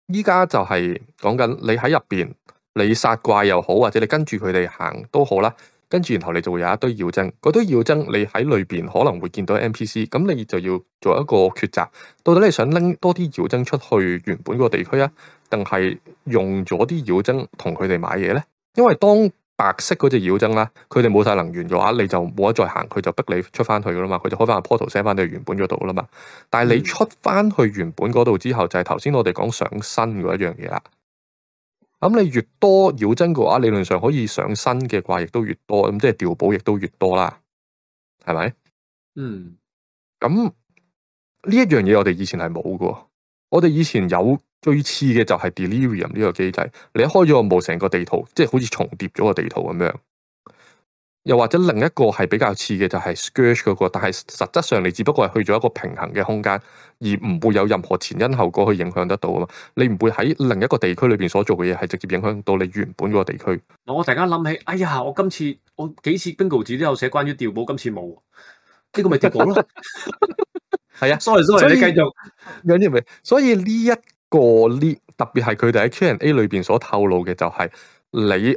依家就係講緊你喺入邊，你殺怪又好，或者你跟住佢哋行都好啦。跟住，然後你就會有一堆妖精。嗰堆妖精，你喺裏邊可能會見到 NPC。咁你就要做一個抉擇，到底你想拎多啲妖精出去原本嗰個地區啊，定係用咗啲妖精同佢哋買嘢呢？因為當白色嗰隻妖精咧，佢哋冇晒能源嘅話，你就冇得再行，佢就逼你出翻去噶啦嘛。佢就開翻個 portal send 翻到原本嗰度噶啦嘛。但係你出翻去原本嗰度之後，就係頭先我哋講上新嗰一樣嘢啦。咁你越多妖精嘅話，理論上可以上身嘅怪亦都越多，咁即係調補，亦都越多啦，係咪？嗯，咁呢一樣嘢我哋以前係冇嘅，我哋以前有最似嘅就係 Delirium 呢個機制，你一開咗個模，成個地圖，即係好似重疊咗個地圖咁樣。又或者另一個係比較似嘅就係 scratch 嗰、那個，但係實質上你只不過係去咗一個平衡嘅空間，而唔會有任何前因後果去影響得到啊嘛。你唔會喺另一個地區裏邊所做嘅嘢係直接影響到你原本嗰個地區。我突然間諗起，哎呀，我今次我幾次 bingo 紙都有寫關於掉寶，今次冇，呢、這個咪跌寶咯。係 [laughs] 啊，sorry sorry，以以你繼續。所以呢一、這個呢，特別係佢哋喺 Q&A 裏邊所透露嘅就係、是、你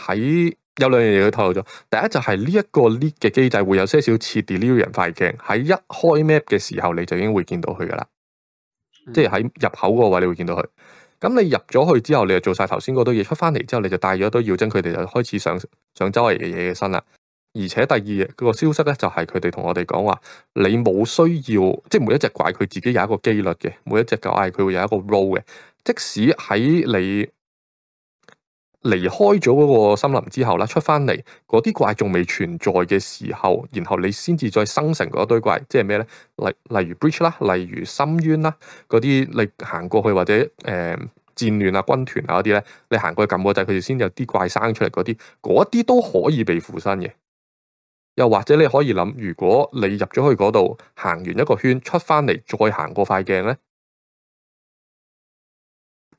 喺。有兩樣嘢佢透露咗，第一就係呢一個 lift 嘅機制會有些少似 delirium 快鏡，喺一開 map 嘅時候你就已經會見到佢噶啦，即係喺入口嗰個位你會見到佢。咁你入咗去之後，你就做晒頭先嗰堆嘢，出翻嚟之後，你就帶咗一堆妖精佢哋就開始上上周圍嘅嘢嘅身啦。而且第二嘢，佢個消息咧就係佢哋同我哋講話，你冇需要，即係每一隻怪佢自己有一個機率嘅，每一隻怪佢會有一個 roll 嘅，即使喺你離開咗嗰個森林之後啦，出翻嚟嗰啲怪仲未存在嘅時候，然後你先至再生成嗰堆怪，即係咩咧？例例如 Breach 啦，例如深淵啦，嗰啲你行過去或者誒、呃、戰亂啊、軍團啊嗰啲咧，你行過去撳個掣，佢哋先有啲怪生出嚟嗰啲，嗰啲都可以被附身嘅。又或者你可以諗，如果你入咗去嗰度，行完一個圈出翻嚟，再行過塊鏡咧，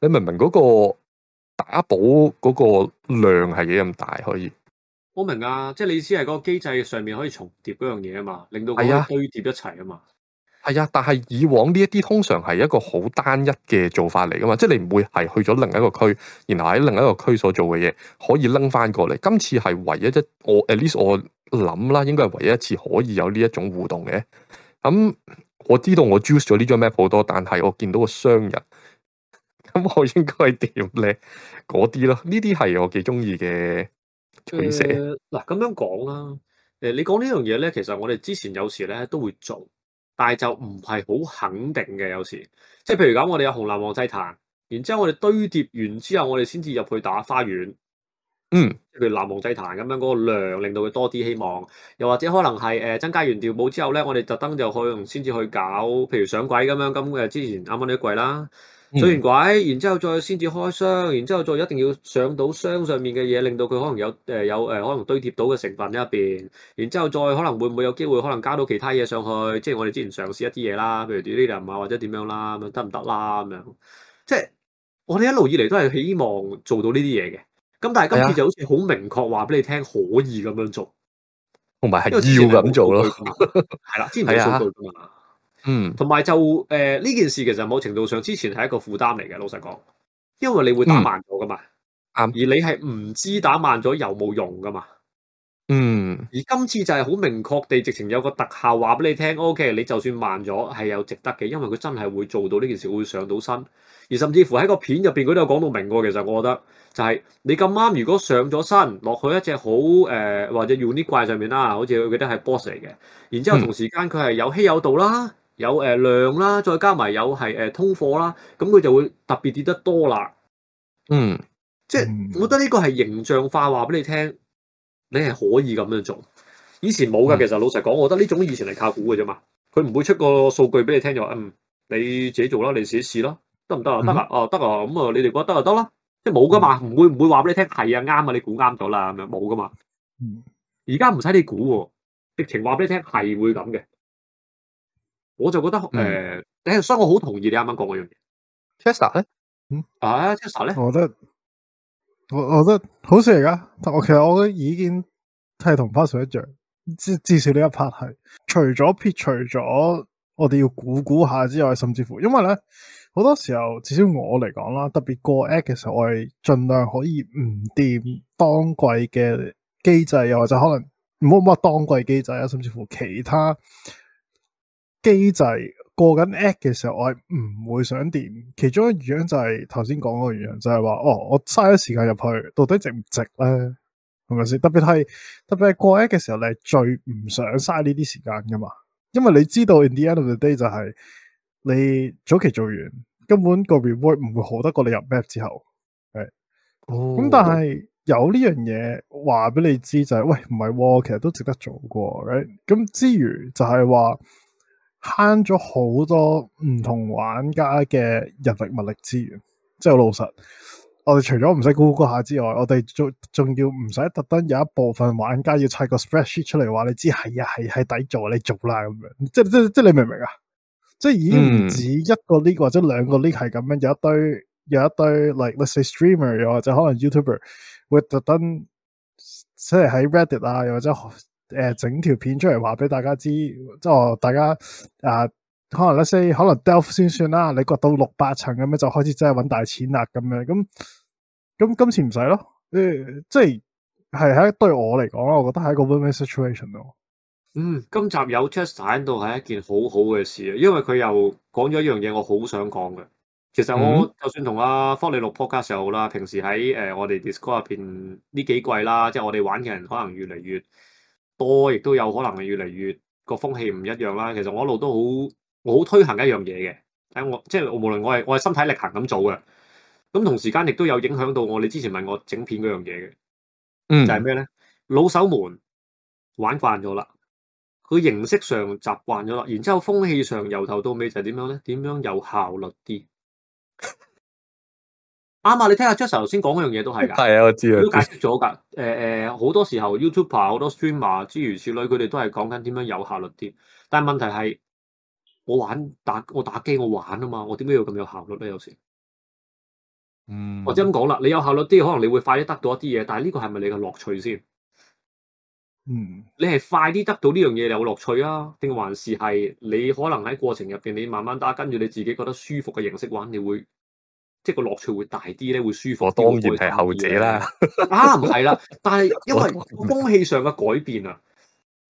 你明唔明嗰個？打補嗰個量係幾咁大？可以我明啊，即係你意思係嗰個機制上面可以重疊嗰樣嘢啊嘛，令到佢一堆疊一齊啊嘛。係啊，但係以往呢一啲通常係一個好單一嘅做法嚟噶嘛，即係你唔會係去咗另一個區，然後喺另一個區所做嘅嘢可以拎翻過嚟。今次係唯一一，我 at least 我諗啦，應該係唯一一次可以有呢一種互動嘅。咁、嗯、我知道我 juice 咗呢張 map 好多，但係我見到個商人。咁我應該點咧？嗰啲咯，呢啲係我幾中意嘅取捨。嗱，咁樣講啦，誒，你講呢樣嘢咧，其實我哋之前有時咧都會做，但係就唔係好肯定嘅。有時即係譬如咁，我哋有紅藍黃祭壇，然之後我哋堆疊完之後，我哋先至入去打花園。嗯，譬如藍黃祭壇咁樣嗰、那個量，令到佢多啲希望。又或者可能係誒增加完掉寶之後咧，我哋特登就去，先至去搞，譬如上鬼咁樣咁嘅。之前啱啱呢一季啦。嗯、做完鬼，然之後再先至開箱，然之後再一定要上到箱上面嘅嘢，令到佢可能有誒有誒可能堆疊到嘅成分，喺入邊，然之後再可能會唔會有機會可能加到其他嘢上去，即係我哋之前嘗試，試一啲嘢啦，譬如 delete 啊、這個、或者點樣啦咁樣得唔得啦咁樣，即係我哋一路以嚟都係希望做到呢啲嘢嘅，咁但係今次就好似好明確話俾你聽可以咁樣做，同埋係要咁做咯，係啦，呢啲唔係嗯，同埋就誒呢、呃、件事其實某程度上之前係一個負擔嚟嘅，老實講，因為你會打慢咗噶嘛，啱、嗯，而你係唔知打慢咗有冇用噶嘛，嗯，而今次就係好明確地直情有個特效話俾你聽，OK，你就算慢咗係有值得嘅，因為佢真係會做到呢件事會上到身，而甚至乎喺個片入邊佢都有講到明，其實我覺得就係你咁啱如果上咗身落去一隻好誒、呃、或者 Unique 怪上面啦，好似佢得係 Boss 嚟嘅，然之後同時間佢係有稀有度啦。嗯有誒量啦，再加埋有係誒通貨啦，咁佢就會特別跌得多啦。嗯，即係我覺得呢個係形象化話俾你聽，你係可以咁樣做。以前冇噶，其實老實講，我覺得呢種以前係靠估嘅啫嘛。佢唔會出個數據俾你聽就話嗯，你自己做啦，你試一試咯，得唔得啊？得啊，哦得啊，咁啊、嗯、你哋覺得又得啦，即係冇噶嘛，唔、嗯、會唔會話俾你聽係啊啱啊，你估啱咗啦咁樣冇噶嘛。而家唔使你估，直情話俾你聽係會咁嘅。我就覺得誒，誒、呃，所以我好同意你啱啱講嗰樣嘢。Chester 咧，嗯、uh,，啊，Chester 咧，我覺得，我我覺得，好似而家，我其實我嘅意見係同 Pazu 一樣，至至少呢一 part 係，除咗撇除咗我哋要估估下之外，甚至乎，因為咧好多時候，至少我嚟講啦，特別過 Act 嘅時候，我係盡量可以唔掂當季嘅機制，又或者可能唔好唔話當季機制啊，甚至乎其他。機制過緊 app 嘅時候，我唔會想點。其中一樣就係頭先講嗰個原因，就是，一樣就係話哦，我嘥咗時間入去，到底值唔值咧？係咪先？特別係特別係過 app 嘅時候，你係最唔想嘥呢啲時間噶嘛？因為你知道，in the end of the day 就係、是，你早期做完，根本個 reward 唔會好得過你入 app 之後，係。咁但係有呢樣嘢話俾你知就係、是，喂唔係、哦，其實都值得做過。咁之餘就係話。慳咗好多唔同玩家嘅人力物力資源，即係好老實。我哋除咗唔使估估下之外，我哋仲仲要唔使特登有一部分玩家要砌個 spreadsheet 出嚟話你知係啊係係抵做你做啦咁樣，即係即係即係你明唔明啊？即係已經唔止一個 link 或者兩個 link 係咁樣，有一堆有一堆，like let's say streamer 又或者可能 YouTuber 會特登即係喺 Reddit 啊又或者。誒，整條片出嚟話俾大家知，即係大家啊，可能咧，先可能屌先算啦。你掘到六八層咁樣就開始真係搵大錢啦，咁樣咁咁今次唔使咯，誒，即係係喺對我嚟講我覺得係一個 win-win situation 咯。嗯，今集有出產到係一件好好嘅事啊，因為佢又講咗一樣嘢，我好想講嘅。其實我就算同阿 f 里六 podcast 時候啦，平時喺誒我哋 Discord 入邊呢幾季啦，即係我哋玩嘅人可能越嚟越。多亦都有可能係越嚟越個風氣唔一樣啦。其實我一路都好我好推行一樣嘢嘅，喺我即係無論我係我係身體力行咁做嘅。咁同時間亦都有影響到我。你之前問我整片嗰樣嘢嘅，就是，嗯，就係咩咧？老手們玩慣咗啦，佢形式上習慣咗啦，然之後風氣上由頭到尾就係點樣咧？點樣有效率啲？ [laughs] 啱啊！你聽下 Chester 頭先講嗰樣嘢都係噶，係啊，我知啊，都解釋咗噶。誒、呃、誒，好多時候 YouTuber、好多 Streamer 諸如此類，佢哋都係講緊點樣有效率啲。但係問題係，我玩打我打機，我玩啊嘛，我點解要咁有效率咧？有時，嗯，我即咁講啦，你有效率啲，可能你會快啲得到一啲嘢。但係呢個係咪你嘅樂趣先？嗯，你係快啲得到呢樣嘢你有樂趣啊？定還是係你可能喺過程入邊，你慢慢打，跟住你自己覺得舒服嘅形式玩，你會？即係個樂趣會大啲咧，會舒服，當然係後者啦。 [laughs] 啊，唔係啦，但係因為風氣上嘅改變啊，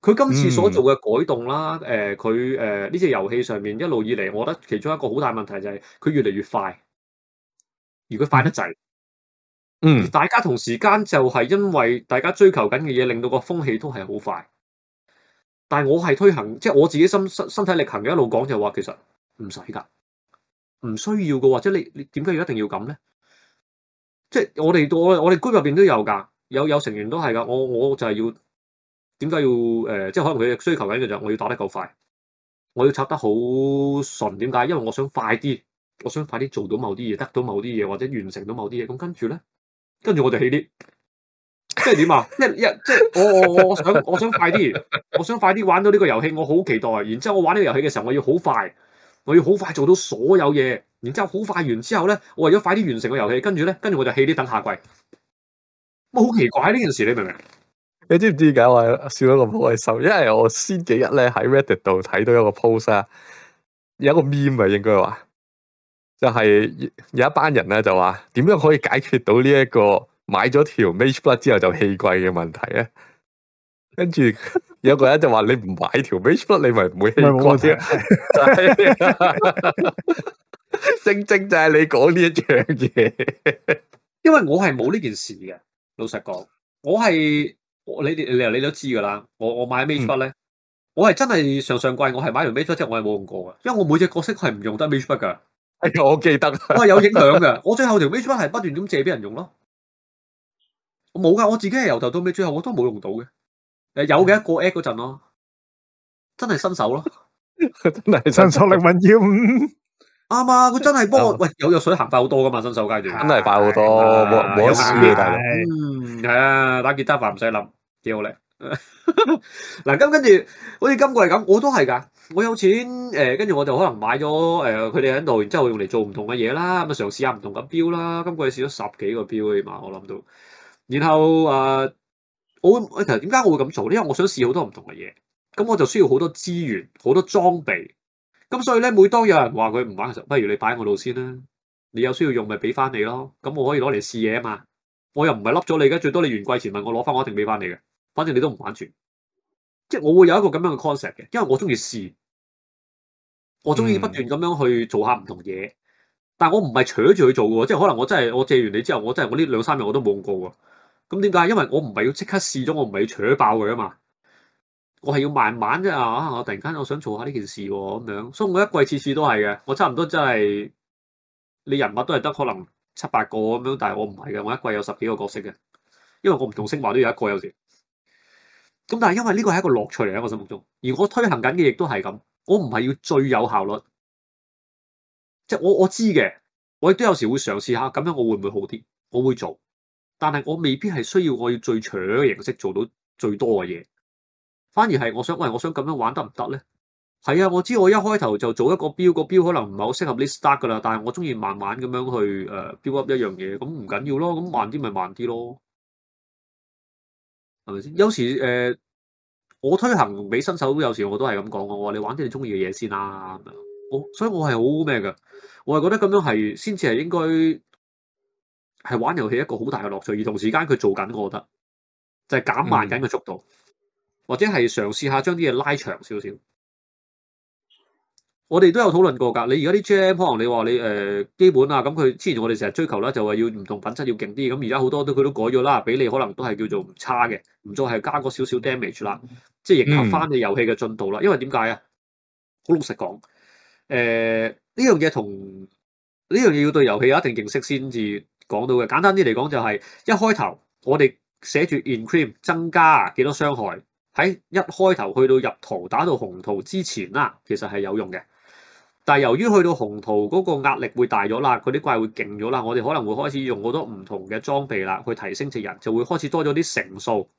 佢今次所做嘅改動啦，誒、嗯呃，佢誒呢隻遊戲上面一路以嚟，我覺得其中一個好大問題就係佢越嚟越快，而佢快得滯。嗯，而大家同時間就係因為大家追求緊嘅嘢，令到個風氣都係好快。但係我係推行，即、就、係、是、我自己身身身體力行嘅一路講，就話其實唔使噶。唔需要噶，或者你你點解要一定要咁咧？即係我哋我我哋 group 入邊都有噶，有有成員都係噶。我我就係要點解要誒、呃？即係可能佢嘅需求緊嘅就，我要打得夠快，我要插得好順。點解？因為我想快啲，我想快啲做到某啲嘢，得到某啲嘢，或者完成到某啲嘢。咁跟住咧，跟住我哋起啲，即係點啊？ [laughs] 即係一即係我我我想 [laughs] 我想快啲，我想快啲玩到呢個遊戲。我好期待。然之後我玩呢個遊戲嘅時候，我要好快。我要好快做到所有嘢，然之後好快完之後咧，我為咗快啲完成個遊戲，跟住咧，跟住我就棄啲等下季。好奇怪呢件事，你明唔明？你知唔知點解我笑得咁開心？因為我先幾日咧喺 Reddit 度睇到一個 post 有一個 meme 啊應該話，就係、是、有一班人咧就話，點樣可以解決到呢、這、一個買咗條 Mage Blood 之後就棄季嘅問題咧？跟住有個人就話你唔買條 Mageblood 你咪唔會用過添。 [laughs] [laughs] 正正就係你講呢一樣嘢，因為我係冇呢件事嘅，老實講，我係你你你，你都知噶啦，我我買 Mageblood 咧、嗯，我係真係上上季我係買條 Mageblood 之後我係冇用過嘅，因為我每隻角色係唔用得 Mageblood 噶，我記得，我係有影響噶， [laughs] 我最後條 Mageblood 係不斷咁借俾人用咯，我冇噶，我自己係由頭到尾最後我都冇用到嘅。誒，有嘅過 at 嗰陣咯，真係新手咯，真係新手力穩要五，啱啊！佢真係幫我喂，有藥水行快好多噶嘛，新手階段真係快好多，冇冇輸嘅大佬，係啊，打吉他牌唔使諗，幾好咧。嗱，咁跟住好似今季咁，我都係噶，我有錢誒，跟住我就可能買咗誒，佢哋喺度，然之後用嚟做唔同嘅嘢啦，咁啊嘗試下唔同嘅標啦。今季試咗十幾個標起碼，我諗到，然後誒。我其實點解我會咁做咧？因為我想試好多唔同嘅嘢，咁我就需要好多資源、好多裝備。咁所以咧，每當有人話佢唔玩嘅時候，不如你擺喺我度先啦。你有需要用咪俾翻你咯？咁我可以攞嚟試嘢啊嘛。我又唔係笠咗你嘅，最多你完季前問我攞翻，我一定俾翻你嘅。反正你都唔玩住，即係我會有一個咁樣嘅 concept 嘅，因為我中意試，我中意不斷咁樣去做下唔同嘢。嗯、但係我唔係扯住去做喎，即係可能我真係我借完你之後，我真係我呢兩三日我都冇過喎。咁點解？因為我唔係要即刻試咗，我唔係要扯爆佢啊嘛！我係要慢慢啫啊！我突然間我想做下呢件事喎，啊，咁樣，所以我一季次次都係嘅。我差唔多真係，你人物都係得可能七八個咁樣，但係我唔係嘅。我一季有十幾個角色嘅，因為我唔同昇華都有一個有時。咁但係因為呢個係一個樂趣嚟喺我心目中，而我推行緊嘅亦都係咁。我唔係要最有效率，即係我我知嘅，我亦都有時會嘗試下，咁樣我會唔會好啲？我會做。但係我未必係需要我要最搶嘅形式做到最多嘅嘢，反而係我想問，我想咁樣玩得唔得咧？係啊，我知我一開頭就做一個 build，個 build 可能唔係好適合 league start 噶啦。但係我中意慢慢咁樣去誒、呃、build up 一樣嘢，咁唔緊要咯。咁慢啲咪慢啲咯，係咪先？有時誒、呃，我推行俾新手，有時我都係咁講嘅。我話你玩啲你中意嘅嘢先啦，啊。我所以我係好咩嘅？我係覺得咁樣係先至係應該。係玩遊戲一個好大嘅樂趣，而同時間佢做緊，我覺得就係、是、減慢緊個速度，嗯、或者係嘗試下將啲嘢拉長少少。我哋都有討論過噶，你而家啲 Gem 可能你話你誒、呃、基本啊，咁佢之前我哋成日追求啦，就話、是、要唔同品質要勁啲，咁而家好多都佢都改咗啦，俾你可能都係叫做唔差嘅，唔再係加嗰少少 damage 啦，即係迎合翻你遊戲嘅進度啦。因為點解啊？好、嗯、老實講，誒、呃、呢樣嘢同呢樣嘢要對遊戲有一定認識先至。講到嘅簡單啲嚟講，就係一開頭我哋寫住 increase 增加幾多傷害喺一開頭去到入圖打到紅圖之前啦，其實係有用嘅。但係由於去到紅圖嗰個壓力會大咗啦，佢啲怪會勁咗啦，我哋可能會開始用好多唔同嘅裝備啦，去提升隻人就會開始多咗啲成數，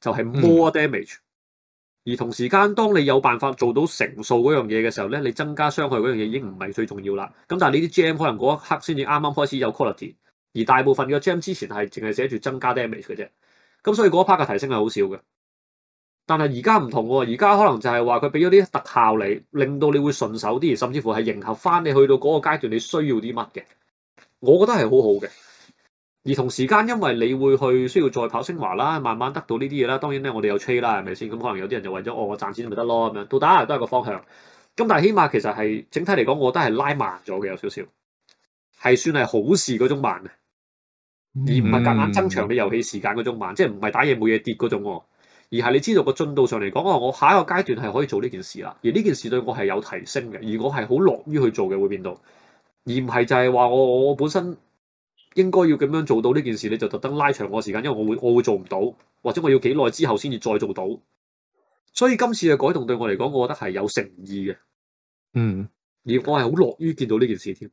就係 more damage。嗯、而同時間，當你有辦法做到成數嗰樣嘢嘅時候咧，你增加傷害嗰樣嘢已經唔係最重要啦。咁但係呢啲 gem 可能嗰一刻先至啱啱開始有 quality。而大部分嘅 gem 之前係淨係寫住增加 damage 嘅啫，咁所以嗰 part 嘅提升係好少嘅。但係而家唔同，哦，而家可能就係話佢俾咗啲特效嚟，令到你會順手啲，甚至乎係迎合翻你去到嗰個階段你需要啲乜嘅。我覺得係好好嘅。而同時間，因為你會去需要再跑升華啦，慢慢得到呢啲嘢啦。當然咧，我哋有 trade 啦，係咪先？咁可能有啲人就為咗哦，我賺錢咪得咯咁樣，到達都係個方向。咁但係起碼其實係整體嚟講，我覺得係拉慢咗嘅有少少，係算係好事嗰種慢啊。而唔係夾硬增長你遊戲時間嗰種慢，即係唔係打嘢冇嘢跌嗰種，而係你知道個進度上嚟講，我下一個階段係可以做呢件事啦。而呢件事對我係有提升嘅，而我係好樂於去做嘅，會變到。而唔係就係話我我本身應該要咁樣做到呢件事，你就特登拉長我時間，因為我會我會做唔到，或者我要幾耐之後先至再做到。所以今次嘅改動對我嚟講，我覺得係有誠意嘅。嗯，而我係好樂於見到呢件事添。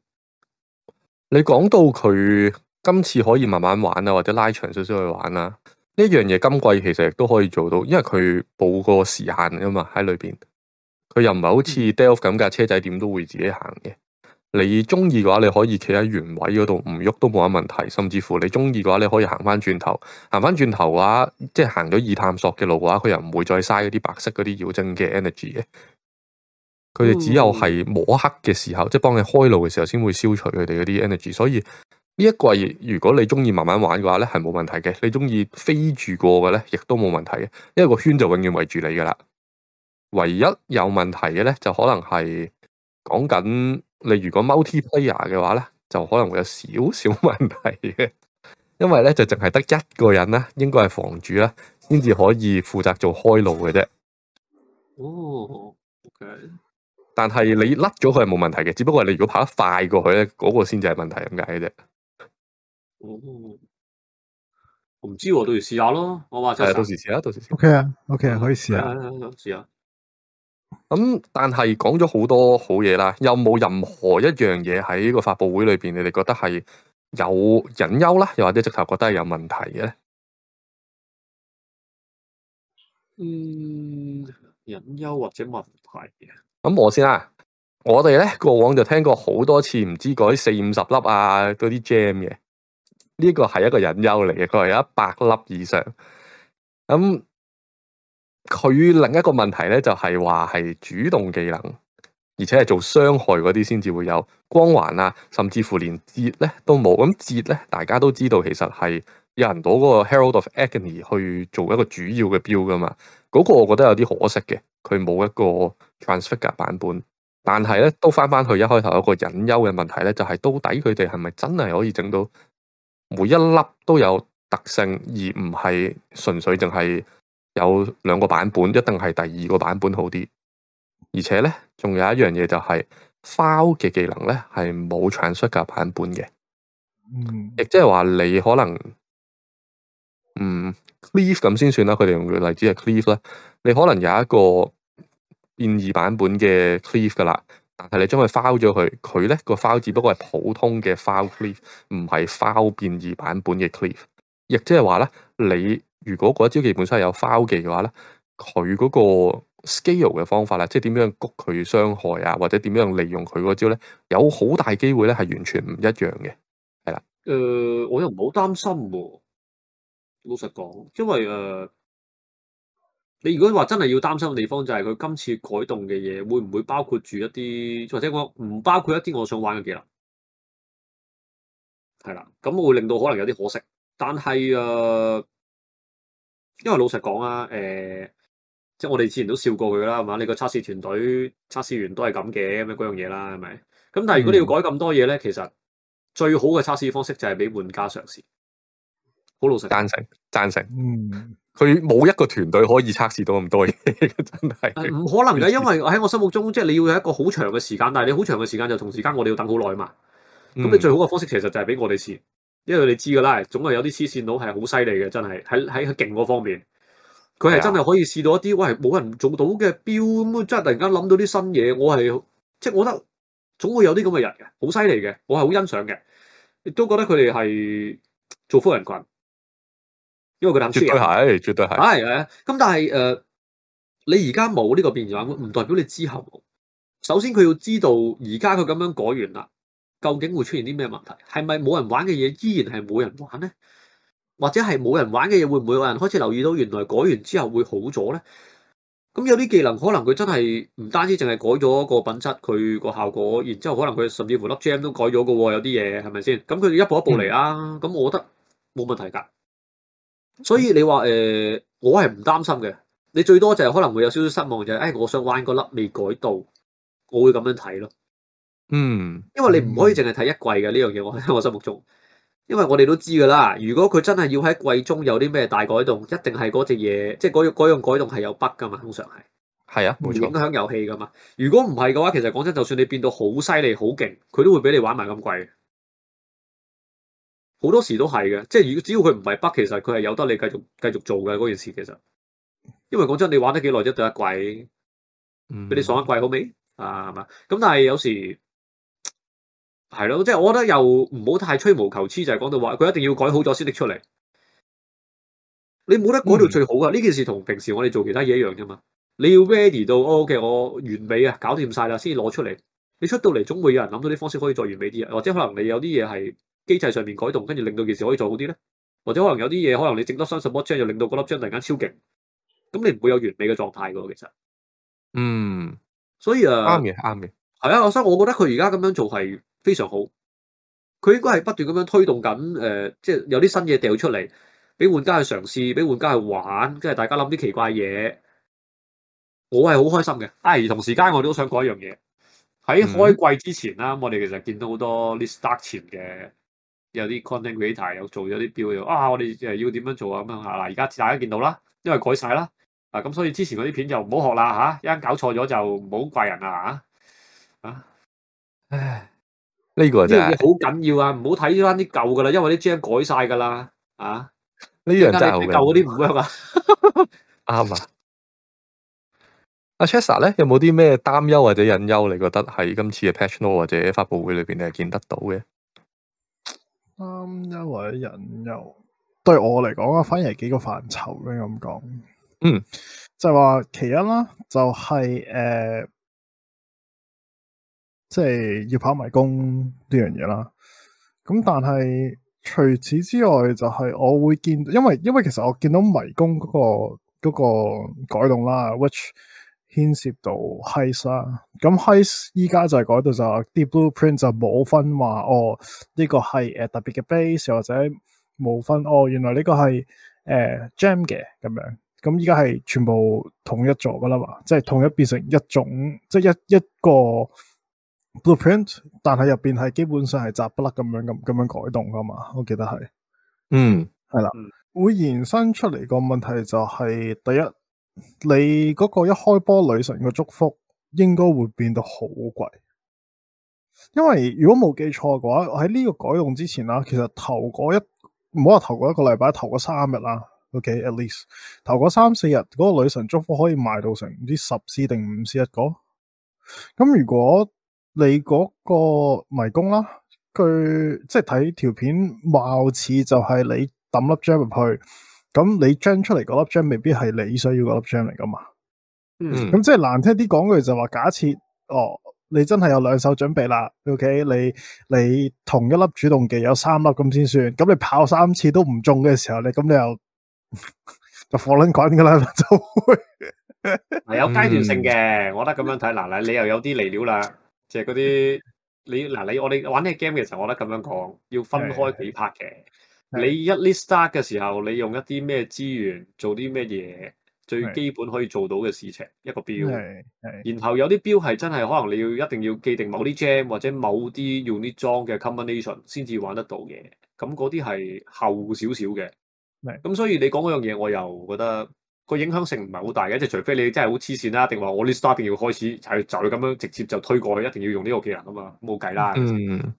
你講到佢。今次可以慢慢玩啊，或者拉長少少去玩啦。呢樣嘢今季其實亦都可以做到，因為佢冇個時限啊嘛，喺裏邊佢又唔係好似 Delve 咁架車仔，點都會自己行嘅。你中意嘅話，你可以企喺原位嗰度唔喐都冇乜問題。甚至乎你中意嘅話，你可以行翻轉頭，行翻轉頭嘅話，即係行咗已探索嘅路嘅話，佢又唔會再嘥嗰啲白色嗰啲妖精嘅 energy 嘅。佢哋只有係摸黑嘅時候，嗯、即係幫你開路嘅時候，先會消除佢哋嗰啲 energy。所以。呢一季如果你中意慢慢玩嘅話咧，係冇問題嘅。你中意飛住過嘅咧，亦都冇問題嘅。因為個圈就永遠圍住你噶啦。唯一有問題嘅咧，就可能係講緊你如果 multiplayer 嘅話咧，就可能會有少少問題嘅。因為咧就淨係得一個人咧，應該係房主啦，先至可以負責做開路嘅啫。哦，OK，但係你甩咗佢係冇問題嘅，只不過你如果跑得快過去咧，嗰、嗰個先至係問題咁解嘅啫。哦、 [noise] 我唔知，到時試下咯。我話就係到時試啦，到時。O K 啊，O K 啊，可以試下，嗯、試下。咁但係講咗好多好嘢啦，有冇任何一樣嘢喺呢個發布會裏邊？你哋覺得係有隱憂啦，又或者直頭覺得係有問題嘅咧？嗯，隱憂或者問題嘅咁我先啦。我哋咧過往就聽過好多次，唔知嗰啲四五十粒啊，嗰啲 Gem 嘅。呢個係一個隱憂嚟嘅，佢係一百粒以上。咁、嗯、佢另一個問題咧，就係話係主動技能，而且係做傷害嗰啲先至會有光環啊，甚至乎連節咧都冇。咁節咧，大家都知道，其實係有人到嗰個 Herald of Agony 去做一個主要嘅標噶嘛。嗰、那個我覺得有啲可惜嘅，佢冇一個 Transfigure 版本。但係咧都翻翻去一開頭一個隱憂嘅問題咧，就係、是、到底佢哋係咪真係可以整到？每一粒都有特性，而唔係純粹淨係有兩個版本，一定係第二個版本好啲。而且咧，仲有一樣嘢就係，Vaal 嘅技能咧係冇傳輸嘅版本嘅。嗯，亦即係話你可能，嗯，cleave 咁先算啦。佢哋用嘅例子係 cleave 啦，你可能有一個變異版本嘅 cleave 噶啦。但係你將佢拋咗佢，佢咧、個拋只不過係普通嘅拋 cleave，唔係拋變異版本嘅 cleave，亦即係話咧，你如果嗰一招技本身係有拋技嘅話咧，佢嗰個 scale 嘅方法啦，即係點樣谷佢傷害啊，或者點樣利用佢嗰招咧，有好大機會咧係完全唔一樣嘅，係啦。誒、呃，我又唔好擔心喎、啊，老實講，因為誒。呃你如果話真係要擔心嘅地方就係、是、佢今次改動嘅嘢會唔會包括住一啲或者講唔包括一啲我想玩嘅技能？係啦，咁會令到可能有啲可惜。但係誒、呃，因為老實講啊，誒、呃，即係我哋之前都笑過佢啦，係嘛？你個測試團隊測試員都係咁嘅咁樣樣嘢啦，係咪？咁但係如果你要改咁多嘢咧，嗯、其實最好嘅測試方式就係俾玩家嘗試。好老實，贊成，贊成，嗯。佢冇一個團隊可以測試到咁多嘢，真係唔可能啦。因為喺我心目中，即係你要有一個好長嘅時間，但係你好長嘅時間就同時間我哋要等好耐嘛。咁、嗯、你最好嘅方式其實就係俾我哋試，因為你知㗎啦，總係有啲黐線佬係好犀利嘅，真係喺喺勁嗰方面，佢係真係可以試到一啲、啊、喂，冇人做到嘅標即係突然間諗到啲新嘢。我係即係我覺得總會有啲咁嘅人嘅，好犀利嘅，我係好欣賞嘅，亦都覺得佢哋係造福人群。因為佢諗住，絕對係，絕對係，係咧。咁但係誒，你而家冇呢個變異，唔代表你之後冇。首先佢要知道，而家佢咁樣改完啦，究竟會出現啲咩問題？係咪冇人玩嘅嘢依然係冇人玩咧？或者係冇人玩嘅嘢會唔會有人開始留意到？原來改完之後會好咗咧？咁有啲技能可能佢真係唔單止淨係改咗個品質，佢個效果，然之後可能佢甚至乎粒 gem 都改咗噶。有啲嘢係咪先？咁佢一步一步嚟啊。咁、嗯、我覺得冇問題噶。所以你話誒、呃，我係唔擔心嘅。你最多就係可能會有少少失望，就係、是、誒，我想玩嗰粒未改到，我會咁樣睇咯。嗯，因為你唔可以淨係睇一季嘅呢樣嘢，我喺我心目中。因為我哋都知噶啦，如果佢真係要喺季中有啲咩大改動，一定係嗰隻嘢，即係嗰嗰樣改動係有 bug 噶嘛。通常係，係啊，冇錯，唔影響遊戲噶嘛。如果唔係嘅話，其實講真，就算你變到好犀利、好勁，佢都會俾你玩埋咁貴。好多時都係嘅，即係如果只要佢唔係 bug，其實佢係有得你繼續繼續做嘅嗰件事。其實，因為講真，你玩得幾耐一隊一季，俾、嗯、你爽一季好未啊？係嘛？咁但係有時係咯，即係我覺得又唔好太吹毛求疵，就係、是、講到話佢一定要改好咗先拎出嚟。你冇得改到最好噶，呢、嗯、件事同平時我哋做其他嘢一樣啫嘛。你要 ready 到、哦、okay，我完美啊，搞掂晒啦，先至攞出嚟。你出到嚟總會有人諗到啲方式可以再完美啲啊，或者可能你有啲嘢係。機制上面改動，跟住令到件事可以做好啲咧，或者可能有啲嘢，可能你整多新十麼張，就令到嗰粒張突然間超勁，咁你唔會有完美嘅狀態嘅喎，其實，嗯，所以誒，啱嘅，啱嘅，係啊，所以我覺得佢而家咁樣做係非常好，佢應該係不斷咁樣推動緊，誒、呃，即係有啲新嘢掉出嚟，俾玩家去嘗試，俾玩家去玩，跟住大家諗啲奇怪嘢，我係好開心嘅。唉，同時間我哋都想講一樣嘢，喺開季之前啦，嗯、我哋其實見到好多啲 league start 前嘅。有啲 content creator 有做咗啲表要啊，我哋誒要點樣做啊？咁樣吓嗱，而家大家見到啦，因為改晒啦啊，咁所以之前嗰啲片就唔好學啦吓，啊，一陣搞錯咗就唔好怪人啦吓啊！唉，呢、這個真係好緊要啊！唔好睇翻啲舊噶啦，因為啲 Gem 改晒噶啦啊！就是，呢樣真係好舊。舊嗰啲唔 work 嘛。啱啊！阿 Chester 咧，有冇啲咩擔憂或者隱憂？你覺得喺今次嘅 patch note 或者發布會裏邊，你係見得到嘅？三、um, 一位人又對我嚟講啊，反而係幾個範疇咁講。嗯，就話其一啦、就是呃，就係誒，即係要跑迷宮呢樣嘢啦。咁但係除此之外，就係我會見到，因為因為其實我見到迷宮嗰、那個、那個改動啦，which。牽涉到 Heist 啦咁 Heist 依家就係改到就話、是、啲 blueprint 就冇分話哦呢、這個係誒、呃、特別嘅 base，或者冇分哦原來呢個係誒 gem 嘅咁樣，咁依家係全部統一咗噶啦嘛，即係統一變成一種即係一一個 blueprint，但係入邊係基本上係雜不甩咁樣咁咁樣改動噶嘛，我記得係，嗯係、mm hmm. 啦，會延伸出嚟個問題就係、是、第一。你嗰個一開波女神嘅祝福應該會變到好貴，因為如果冇記錯嘅話，喺呢個改動之前啦，其實頭嗰一唔好話頭一個禮拜，頭嗰三日啦，OK，at least 頭嗰三四日嗰個女神祝福可以賣到成唔知十 C 定五 C 一個。咁如果你嗰個迷宮啦，佢即係睇條片，貌似就係你抌粒 Gem 入去。咁、嗯、你將出嚟嗰粒章未必係你需要嗰粒章嚟噶嘛？嗯，咁即係難聽啲講句話就話，假設哦，你真係有兩手準備啦，OK，你你同一粒主動技有三粒咁先算，咁你跑三次都唔中嘅時候你咁你又 [laughs] 就火輪滾噶啦，就 [laughs] 係有階段性嘅。我覺得咁樣睇嗱嗱，嗯、你又有啲離料啦，即係嗰啲你嗱你我哋玩呢個 game 嘅時候，我覺得咁樣講要分開幾拍嘅。你一啲 start 嘅時候，你用一啲咩資源做啲咩嘢？最基本可以做到嘅事情一個標，係。然後有啲標係真係可能你要一定要記定某啲 gem 或者某啲 unique 裝嘅 combination 先至玩得到嘅。咁嗰啲係後少少嘅。咁的所以你講嗰樣嘢，我又覺得個影響性唔係好大嘅，即係除非你真係好黐線啦，定話我啲 start 要開始就咁樣直接就推過去，一定要用呢個技能噶嘛，冇計啦。嗯。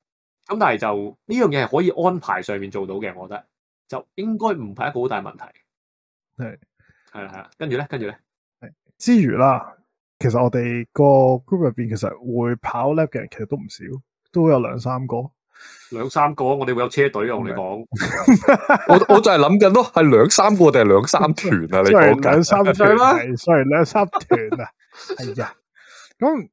咁但係就呢樣嘢係可以安排上面做到嘅，我覺得就應該唔係一個好大問題。係係啊係啊，跟住咧，跟住咧，之餘啦，其實我哋個 group 入邊，其實會跑 lab 嘅人其實都唔少，都有兩三個。兩三個，我哋會有車隊啊！ [laughs] 我哋講，我我就係諗緊咯，係兩三個定係兩三團啊？你講緊兩三隊咩？sorry，兩三團啊？係啊， [laughs] 咁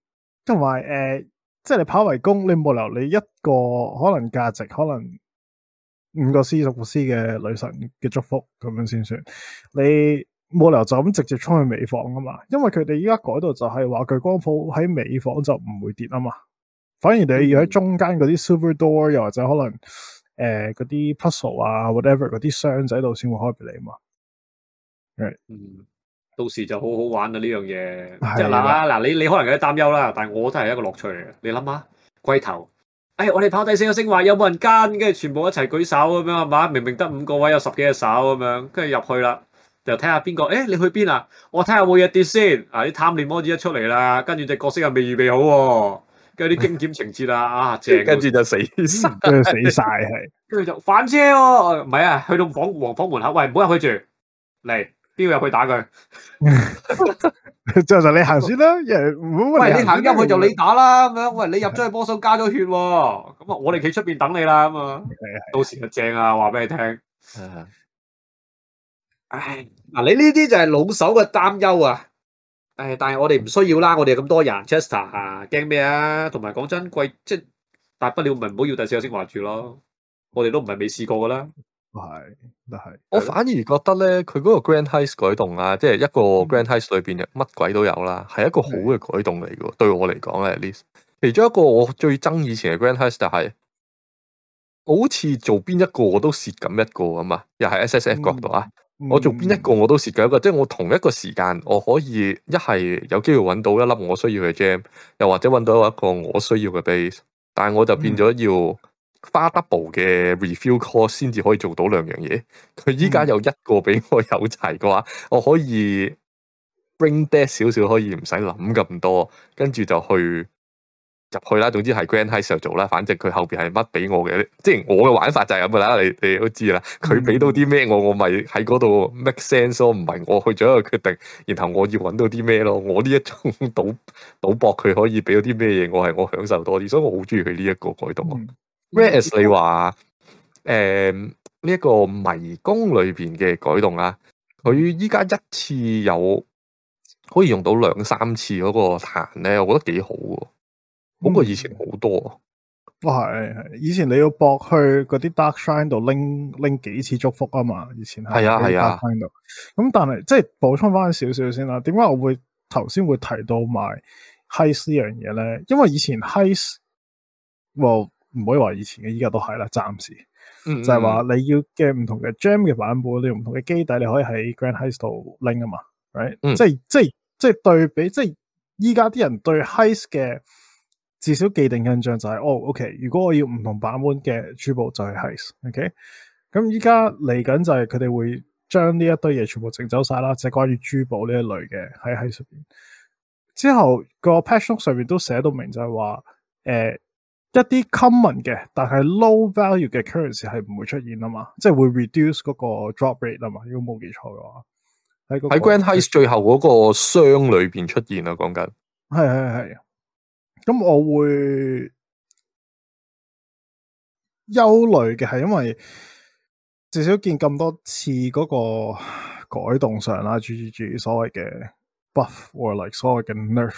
同埋誒。即係你跑圍攻，你冇留你一個可能價值，可能五個師六個師嘅女神嘅祝福咁樣先算。你冇留就咁直接衝去美房啊嘛？因為佢哋依家改到就係話佢光譜喺美房就唔會跌啊嘛。反而你要喺中間嗰啲 super door，又或者可能誒嗰、呃、啲 puzzle 啊 whatever 嗰啲箱仔度先會開俾你啊嘛。Right. [music] 到時就好好玩啦呢樣嘢，即係嗱嗱，你你可能有啲擔憂啦，但係我都係一個樂趣嘅。你諗下，龜頭，哎，我哋跑第四個昇華有冇人跟，跟住全部一齊舉手咁樣係嘛？明明得五個位，有十幾隻手咁樣，跟住入去啦，又睇下邊個？誒、哎，你去邊啊？我睇下冇嘢跌先。啊，啲貪戀魔子一出嚟啦，跟住隻角色又未預備好，跟住啲驚險情節啦， [laughs] 啊，正，跟住就死，死晒， [laughs] 係跟住就反車哦。唔、啊、係啊，去到房皇房,房,房門口，喂，唔好入去住嚟。飆入去打佢，就就你行先啦。喂，你行入去就你打啦咁樣。喂，你入咗去幫手加咗血，咁啊，我哋企出邊等你啦。咁啊，到時就正啊，話俾你聽。唉，嗱，你呢啲就係老手嘅擔憂啊。唉，但係我哋唔需要啦。我哋咁多人，Chester 啊，驚咩啊？同埋講真，貴即係大不了咪唔好要第四個昇華住咯。我哋都唔係未試過噶啦。係，都係。我反而覺得咧，佢嗰個 grand heist 改動啊，即係一個 grand heist 裏邊乜鬼都有啦，係一個好嘅改動嚟嘅。的對我嚟講咧，at least 其中一個我最憎以前嘅 grand heist 就係、是，好似做邊一個我都蝕緊一個啊嘛。又係 S S F 角度啊，嗯、我做邊一個我都蝕緊一個，嗯、即係我同一個時間我可以一係有機會揾到一粒我需要嘅 gem，又或者揾到一個我需要嘅 base，但係我就變咗要。嗯花 double 嘅 refill cost 先至可以做到兩樣嘢，佢依家有一個俾我有齊嘅話，我可以 bring down 少少，可以唔使諗咁多，跟住就去入去啦。總之係 Grand Heist 做啦，反正佢後邊係乜俾我嘅，即係我嘅玩法就係咁啦。你你都知啦，佢俾到啲咩我，我咪喺嗰度 make sense 咯。唔係我去做一個決定，然後我要揾到啲咩咯。我呢一種賭賭博，佢可以俾到啲咩嘢，我係我享受多啲，所以我好中意佢呢一個改動啊。嗯 Ray，你話誒呢一個迷宮裏邊嘅改動啊，佢依家一次有可以用到兩三次嗰個彈咧，我覺得幾好嘅，好過以前好多。都係、嗯、以前你要博去嗰啲 Dark Shrine 度拎拎幾次祝福啊嘛，以前係啊係啊。咁但係即係補充翻少少先啦。點解我會頭先會提到賣 Heist 呢樣嘢咧？因為以前 Heist 唔可以話以前嘅，依家都係啦。暫時、嗯、就係話你要嘅唔同嘅 Gem 嘅版本，嗯、你要唔同嘅基底，你可以喺 Grand Heist 度拎啊嘛 r、right? 嗯、即係即係即係對比，即係依家啲人對 Heist 嘅至少既定印象就係、是、哦，OK。如果我要唔同版本嘅珠寶、okay?，就係 Heist，OK。咁依家嚟緊就係佢哋會將呢一堆嘢全部整走晒啦，即係關於珠寶呢一類嘅喺 Heist 上邊。之後、個 patch note 上面都寫到明就，就係話誒。一啲 common 嘅，但係 low value 嘅 currency 係唔會出現啊嘛，即係會 reduce 嗰個 drop rate 啊嘛，如果冇記錯嘅話喺、那個、在 Grand Heist 我最後個箱裏邊出現啊，講緊係係係，咁我會憂慮嘅係因為至少見咁多次個改動上啦，注意注意所謂嘅 buff 或者所謂嘅 nerf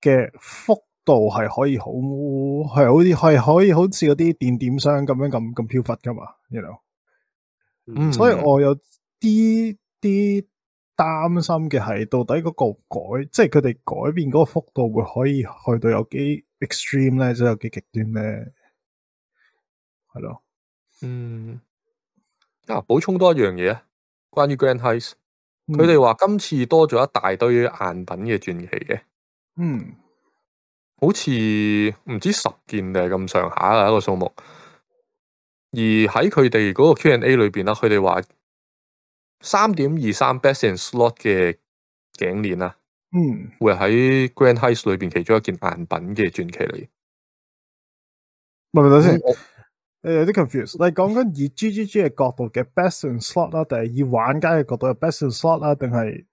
嘅 f 度係可，可以好般般，係好似係可以好似嗰啲點點商咁樣咁咁飄忽噶嘛？你 know，所以，我有啲啲擔心嘅係，到底嗰個改，即係佢哋改變嗰個幅度會可以去到有幾 extreme 咧，即係有幾極端咧，係咯？嗯，啊，補充多一樣嘢啊，關於 Grand Heist，佢哋話今次多咗一大堆贗品嘅傳奇嘅，嗯。好似唔知十件定係咁上下嘅一個數目，而喺佢哋嗰個 Q&A 裏邊啦，佢哋話三點二三 Best in Slot 嘅頸鏈啦，嗯，會喺 Grand Heist 裏邊其中一件贋品嘅傳奇嚟。咪咪先，誒我有啲 confused。你講緊以 G G G 嘅角度嘅 Best in Slot 啦，定係以玩家嘅角度嘅 Best in Slot 啦，定係？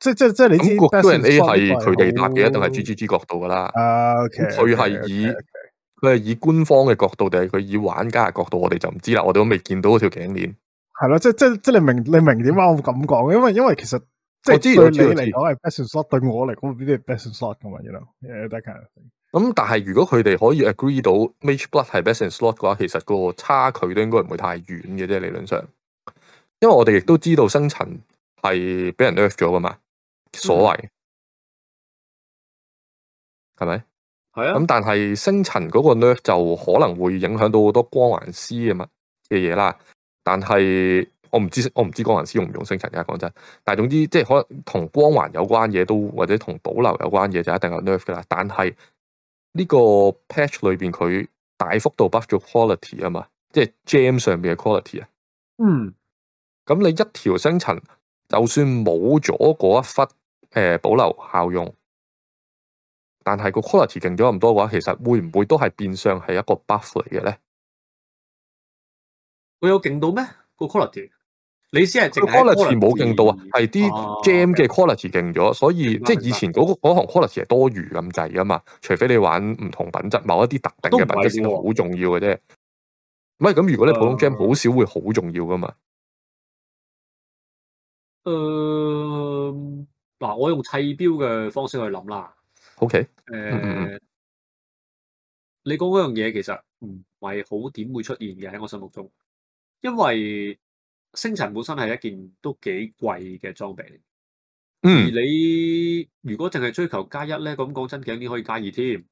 即即即你咁，G A 係佢哋拍嘅，一定係 G G G 角度噶啦。啊，OK，佢係以佢係以官方嘅角度，定係佢以玩家嘅角度，我哋就唔知啦。我哋都未見到嗰條頸鏈。係咯，即即即你明你明點解我咁講？因為因為其實即之對你嚟講係 best slot，對我嚟講未必係 best slot 咁樣樣。咁但係如果佢哋可以 agree 到 Mageblood 係 best slot 嘅話，其實個差距都應該唔會太遠嘅啫。理論上，因為我哋亦都知道星塵係俾人 lift 咗噶嘛。所謂係咪？係啊、嗯。咁吧、嗯、但係星塵嗰個 Nerf 就可能會影響到好多光環師啊嘛嘅嘢啦。但係我唔知我唔知光環師用唔用星塵而家講真。但係總之即係可能同光環有關嘢都或者同保留有關嘢就一定係 Nerf 㗎啦。但係呢個 patch 裏邊佢大幅度 buff 咗 quality 啊嘛，即係 gem 上邊嘅 quality 啊。嗯。咁、嗯嗯、你一條星塵就算冇咗嗰一忽。誒、呃，保留效用，但係個 quality 勁咗咁多嘅話，其實會唔會都係變相係一個 buff 嚟嘅咧？會有勁到咩？個 quality？你先係 quality 冇勁到啊，係啲 gem 嘅 quality 勁咗，所以白即係以前嗰行 quality 係多餘咁滯噶嘛。除非你玩唔同品質某一啲特定嘅品質先好重要嘅啫。唔係咁，如果你普通 gem 好少，會好重要噶嘛嗯？嗯。嗱、啊，我用砌標嘅方式去諗啦。O K，誒，嗯、你講嗰樣嘢其實唔係好點會出現嘅喺我心目中，因為星塵本身係一件都幾貴嘅裝備嚟。嗯，你如果淨係追求加一咧，咁講真頸鏈可以加二添。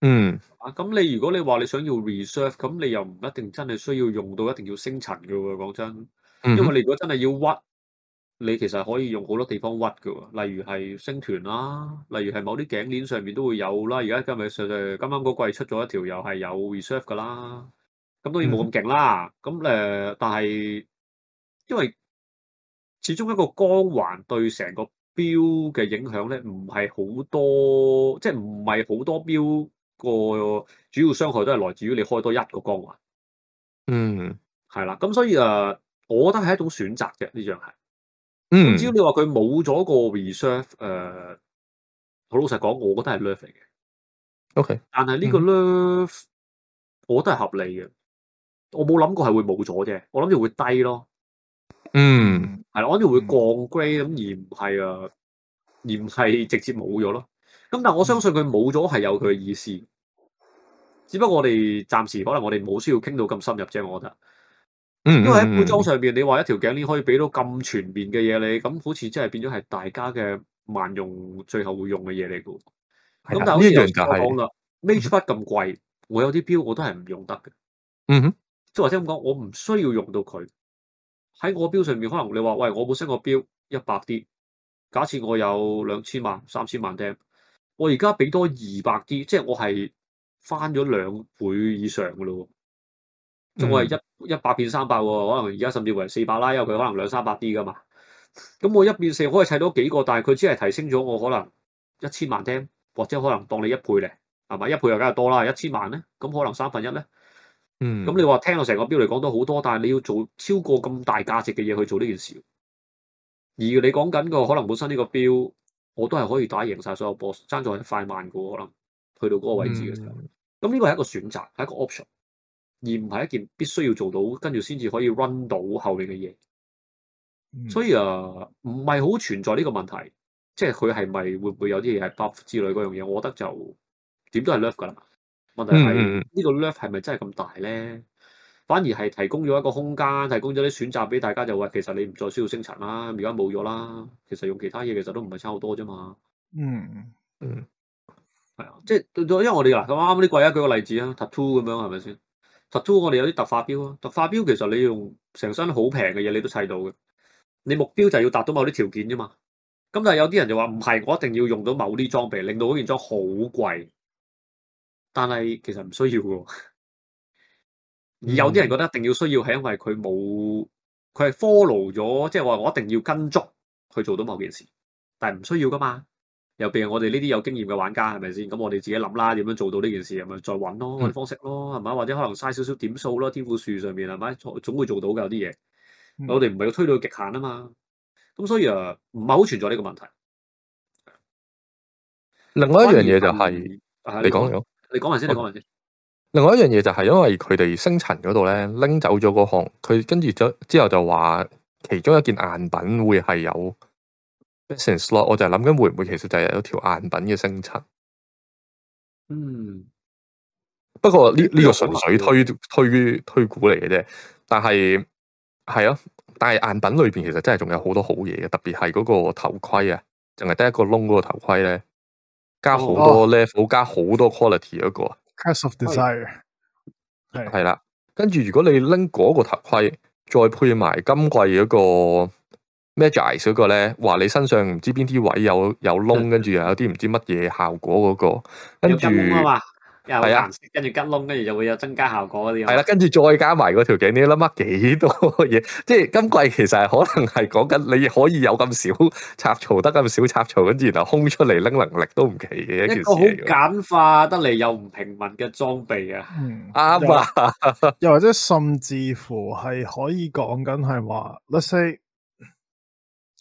嗯，啊，咁你如果你話你想要 reserve，咁你又唔一定真係需要用到一定要星塵嘅喎。講真，因為你如果真係要屈。你其實可以用好多地方屈㗎喎，例如係星團啦，例如係某啲頸鏈上面都會有啦。而家今日上，誒，今啱嗰季出咗一條又係有 reserve 嘅啦。咁當然冇咁勁啦。咁誒、嗯，但係因為始終一個光環對成個標嘅影響咧，唔係好多，即係唔係好多標個主要傷害都係來自於你開多一個光環。嗯，係啦。咁所以誒，我覺得係一種選擇嘅呢樣係。嗯、只要你話佢冇咗個 reserve，誒、呃，好老實講，我覺得係 nerf 嚟嘅。OK，但係呢個 nerf，、er 嗯、我覺得係合理嘅。我冇諗過係會冇咗啫，我諗住會低咯。嗯，係啦，我諗住會降 grade，咁、嗯、而唔係誒，而唔係直接冇咗咯。咁但係我相信佢冇咗係有佢意思，只不過我哋暫時可能我哋冇需要傾到咁深入啫，我覺得。因為喺配裝上邊，你話一條頸鏈可以俾到咁全面嘅嘢，你咁好似即係變咗係大家嘅萬用，最後會用嘅嘢嚟嘅。咁的但係好似、就是、我講啦，Mageblood 咁貴，我有啲表我都係唔用得嘅。嗯哼，即係或者咁講，我唔需要用到佢喺我表上面，可能你話喂，我冇升過表一百啲，D，假設我有兩千萬、三千萬點，我而家俾多二百啲，即係我係翻咗兩倍以上嘅咯。仲係、嗯、一一百變三百喎，可能而家甚至為四百啦，因為佢可能兩三百啲噶嘛。咁我一變四可以砌到幾個，但係佢只係提升咗我可能一千萬聽，或者可能當你一倍咧，係咪一倍又梗係多啦？一千萬咧，咁可能三分一咧。嗯。咁、嗯嗯、你話聽到成個標嚟講都好多，但係你要做超過咁大價值嘅嘢去做呢件事。而你講緊個可能本身呢個標，我都係可以打贏晒所有波，爭咗喺快慢個可能去到嗰個位置嘅時候。咁呢個係一個選擇，係一個 option。而唔係一件必須要做到，跟住先至可以 run 到後面嘅嘢，所以啊，唔係好存在呢個問題，即係佢係咪會唔會有啲嘢係 buff 之類嗰樣嘢？我覺得就點都係 left 噶啦。問題係、嗯嗯、呢個 left 係咪真係咁大咧？反而係提供咗一個空間，提供咗啲選擇俾大家。就話其實你唔再需要星塵啦，而家冇咗啦。其實用其他嘢，其實都唔係差好多啫嘛。嗯嗯，係啊， [laughs] 即係因為我哋嗱咁啱呢個一舉個例子啊，tattoo 咁樣係咪先？特我哋有啲特化標啊，特化標其實你用成身好平嘅嘢你都砌到嘅，你目標就係要達到某啲條件啫嘛。咁但係有啲人就話唔係，我一定要用到某啲裝備，令到嗰件裝好貴，但係其實唔需要嘅。而有啲人覺得一定要需要，係因為佢冇，佢係 follow 咗，即係話我一定要跟足去做到某件事，但係唔需要噶嘛。又譬如我哋呢啲有經驗嘅玩家係咪先？咁我哋自己諗啦，點樣做到呢件事係咪再揾咯，揾方式咯，係咪、嗯？或者可能嘥少少點數咯，天賦樹上面係咪？總會做到㗎，有啲嘢。嗯、我哋唔係要推到極限啊嘛。咁所以啊，唔係好存在呢個問題。另外一樣嘢就係、是啊，你講嚟講，你講完先，你講完先。我說另外一樣嘢就係因為佢哋星塵嗰度咧拎走咗嗰項，佢跟住之後就話，其中一件硬品會係有。Business Slot，我就諗緊會唔會其實就係有條硬品嘅星層。嗯，不過呢呢、這個這個純粹推推推股嚟嘅啫。但係係啊，但係硬品裏邊其實真係仲有好多好嘢嘅，特別係嗰個頭盔啊，淨係得一個窿嗰個頭盔咧，加好多 level，加好多 quality 嗰個。Curse of Desire 係啦，跟住的如果你拎嗰個頭盔，再配埋今季嗰、那個。m a g i 嗰個咧，話你身上唔知邊啲位有有窿，跟住又有啲唔知乜嘢效果嗰、那個，跟住嘛？係啊的，跟住吉窿，跟住就會有增加效果嗰啲。係啦，跟住再加埋嗰條頸，你諗乜幾多嘢？即係今季其實係可能係講緊，你可以有咁少插槽，得咁少插槽，跟住然後空出嚟拎能力都唔奇嘅、這個、一件事。簡化得嚟又唔平民嘅裝備啊，啱啊！又或者甚至乎係可以講緊係話，那些。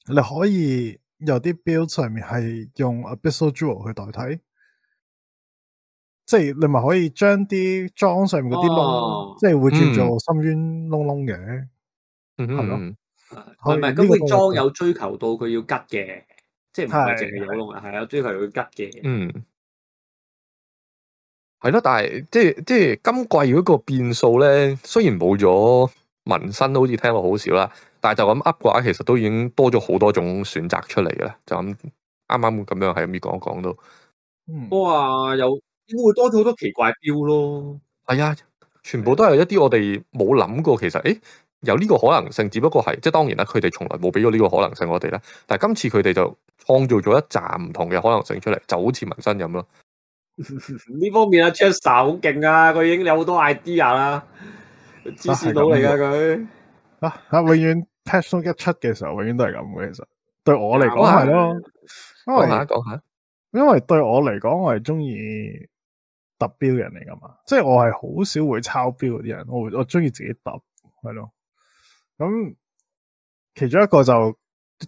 你可以有啲 build 上面係用 Abyssal Jewel 去代替，哦、即係你咪可以將啲裝上面嗰啲窿，即係會叫做深淵窿窿嘅，係咯。係咪？咁，佢裝有追求到佢要吉嘅，即係唔係淨係有窿，係啊追求要吉嘅。嗯，係咯，但係即係即係今季嗰個變數咧，雖然冇咗紋身，都好似聽落好少啦。但係就咁 up 嘅話，其實都已經多咗好多種選擇出嚟嘅啦。就咁啱啱咁樣係咁講講到，我話點解會多咗好多奇怪標咯。係啊、哎，全部都係一啲我哋冇諗過，其實誒有呢個可能性。只不過係即係當然啦，佢哋從來冇俾過呢個可能性我哋啦。但係今次佢哋就創造咗一紮唔同嘅可能性出嚟，就好似紋身咁咯。呢 [laughs] 方面啊 Chester 好勁啊，佢已經有好多 idea 啦，支持到嚟噶佢。啊啊！永遠 patch s 都 [laughs] 一出嘅時候，永遠都係咁嘅。其實對我嚟講係咯，講下講下，下因為對我嚟講，我係中意揼標人嚟噶嘛，即係我係好少會抄標嗰啲人，我我中意自己揼係咯。咁其中一個就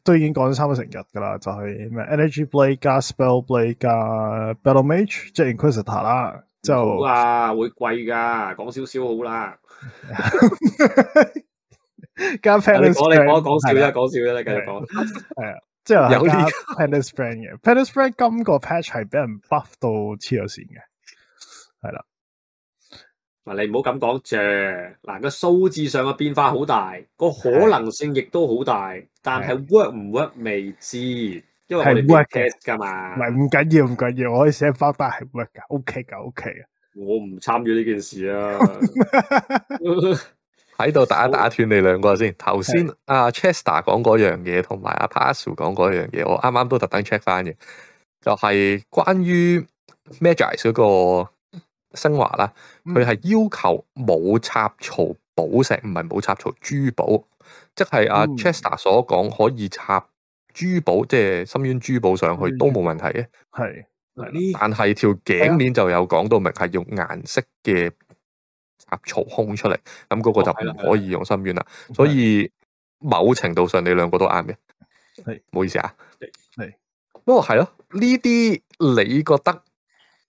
都已經講咗三個成日噶啦，就係、是、咩 energy blade 加 spell blade 加 battle mage 即係 inquisitor 啦，就啊會貴噶，講少少好啦。 [laughs] 家 fans，我你唔好講笑啫，講笑啫，繼續講。係啊，即係有啲 fans friend 嘅 fans friend，今個 patch 係俾人 buff 到黐咗線嘅，係啦。嗱，你唔好咁講啫。嗱， [laughs] 個數字上嘅變化好大，個可能性亦都好大，的但係 work 唔 work 未知，因為係 work 嘅嘛。唔緊要，唔緊要，我可以寫翻，但係 work 嘅。O K，OK 啊，OK，我唔參與呢件事啊。 [laughs] [laughs] 喺度打一打斷你兩個先。頭先阿 Chester 講嗰樣嘢，同埋阿 Pazu 講嗰樣嘢，我啱啱都特登 check 翻嘅，就係、是、關於 Magic 嗰個生話啦。佢係要求冇插槽寶石，唔係冇插槽珠寶，即係阿 Chester 所講可以插珠寶，即係深淵珠寶上去都冇問題嘅。係，但係條頸鏈就有講到明係用顏色嘅。夾槽空出嚟，咁、那、嗰個就唔可以用心遠啦。哦、所以某程度上，你兩個都啱嘅。係的，唔好意思啊。係，不過係咯，呢啲、哦、你覺得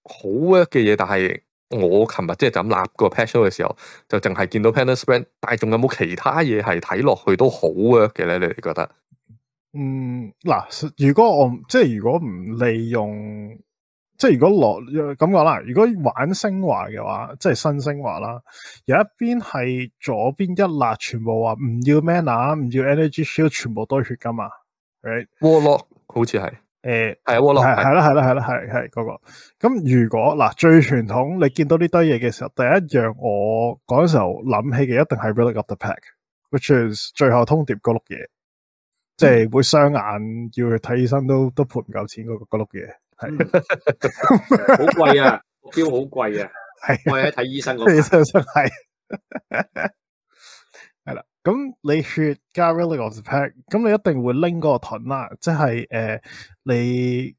好嘅嘢，但係我琴日即係就咁、是、立個 patrol 嘅時候，就淨係見到 panel spread，r 但係仲有冇其他嘢係睇落去都好嘅咧？你哋覺得？嗯，嗱，如果我即係如果唔利用。即係如果落咁講啦，如果玩升華嘅話，即係新升華啦，有一邊係左邊一辣，全部話唔要 mana 唔要 energy shield，全部都係血金啊，right？Warlock 好似係，誒係 Warlock，係係啦係啦係啦係係嗰個。咁如果嗱最傳統，你見到呢堆嘢嘅時候，第一樣我嗰時候諗起嘅一定係 Rolling up the pack，which is 最後通牒嗰碌嘢，即係會雙眼要去睇醫生，都都賠唔夠錢個嗰碌嘢。好貴啊，標好貴啊，係、啊，我喺睇醫生嗰度，真係係啦。咁 [laughs] 你血加 relic of pack，咁你一定會拎嗰個盾啦，即係誒、呃，你